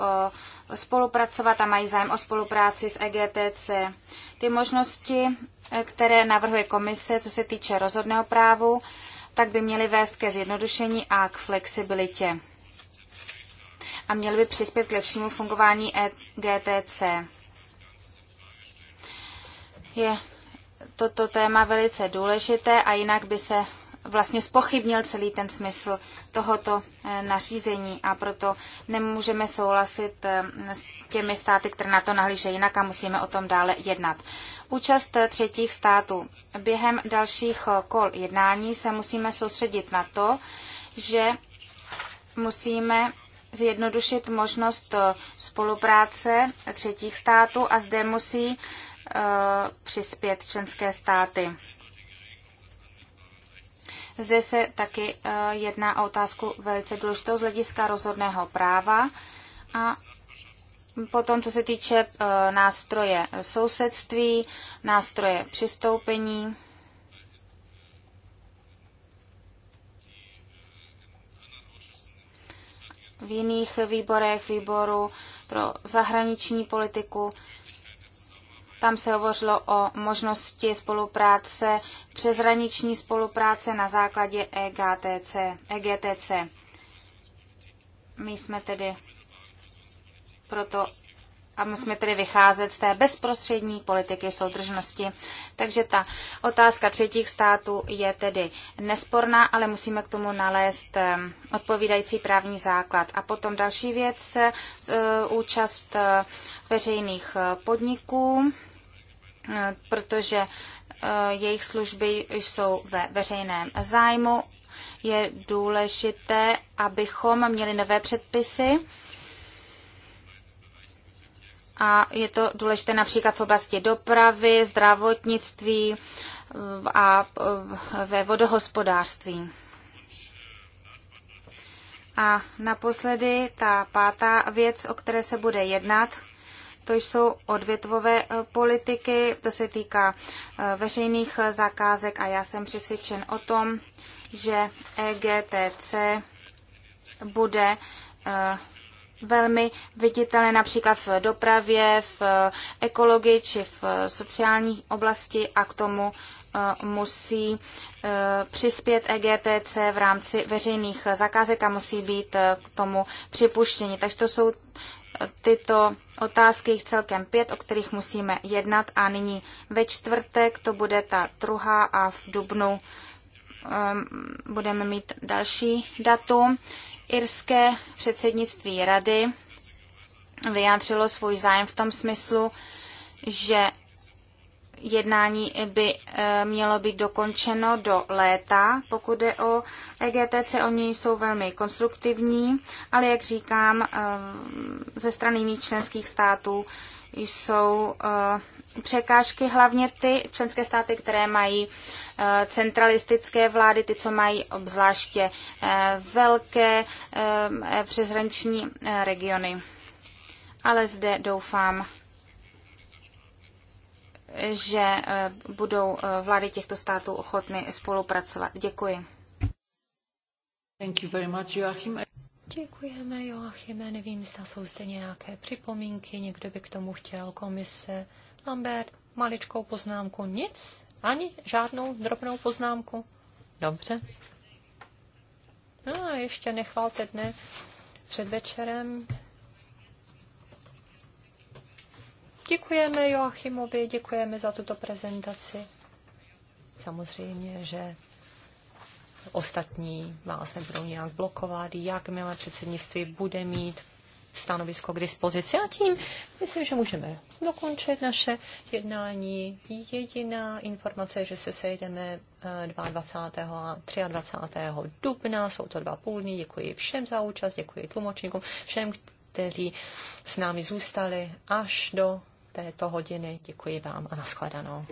spolupracovat a mají zájem o spolupráci s EGTC. Ty možnosti, které navrhuje komise, co se týče rozhodného právu, tak by měly vést ke zjednodušení a k flexibilitě a měly by přispět k lepšímu fungování EGTC. Je toto téma velice důležité a jinak by se vlastně spochybnil celý ten smysl tohoto eh, nařízení a proto nemůžeme souhlasit eh, s těmi státy, které na to nahlížejí jinak a musíme o tom dále jednat. Účast eh, třetích států. Během dalších kol jednání se musíme soustředit na to, že musíme zjednodušit možnost eh, spolupráce třetích států a zde musí eh, přispět členské státy. Zde se taky eh, jedná o otázku velice důležitou z hlediska rozhodného práva a potom, co se týče nástroje sousedství, nástroje přistoupení v jiných výborech, výboru pro zahraniční politiku. Tam se hovořilo o možnosti spolupráce, přeshraniční spolupráce na základě EGTC. EGTC. My jsme tedy proto, a musíme tedy vycházet z té bezprostřední politiky soudržnosti. Takže ta otázka třetích států je tedy nesporná, ale musíme k tomu nalézt eh, odpovídající právní základ. A potom další věc, eh, eh, účast veřejných podniků, protože jejich služby jsou ve veřejném zájmu. Je důležité, abychom měli nové předpisy, a je to důležité například v oblasti dopravy, zdravotnictví a ve vodohospodářství. A naposledy ta pátá věc, o které se bude jednat, to jsou odvětvové e, politiky, to se týká e, veřejných zakázek a já jsem přesvědčen o tom, že EGTC bude e, velmi viditelné například v dopravě, v eh, ekologii či v eh, sociální oblasti a k tomu eh, musí přispět EGTC v rámci veřejných zakázek a musí být k tomu připuštěni. Takže to jsou tyto otázky, jich celkem pět, o kterých musíme jednat a nyní ve čtvrtek to bude ta druhá a v dubnu ehm, budeme mít další datum. Irské předsednictví rady vyjádřilo svůj zájem v tom smyslu, že jednání by eh, mělo být dokončeno do léta. Pokud je o EGTC, oni jsou velmi konstruktivní, ale jak říkám, eh, ze strany jiných členských států jsou eh, překážky, hlavně ty členské státy, které mají eh, centralistické vlády, ty, co mají obzvláště eh, velké eh, přeshraniční regiony. Ale zde doufám, že budou vlády těchto států ochotny spolupracovat. Děkuji. Thank you very much, Joachim. Děkujeme, Joachime. Nevím, zda jsou zde nějaké připomínky. Někdo by k tomu chtěl komise. Lambert, maličkou poznámku, nic? Ani žádnou drobnou poznámku? Dobře. No a ještě nechvalte dne před večerem. Děkujeme Joachimovi, děkujeme za tuto prezentaci. Samozřejmě, že ostatní vás nebudou nějak blokovat, jakmile předsednictví bude mít stanovisko k dispozici. A tím myslím, že můžeme dokončit naše jednání. Jediná informace, že se sejdeme 22. Eh, a 23. dubna, jsou to dva půl dny. Děkuji všem za účast, děkuji tlumočníkům, všem, kteří s námi zůstali až do této hodiny. Děkuji vám a nashledanou.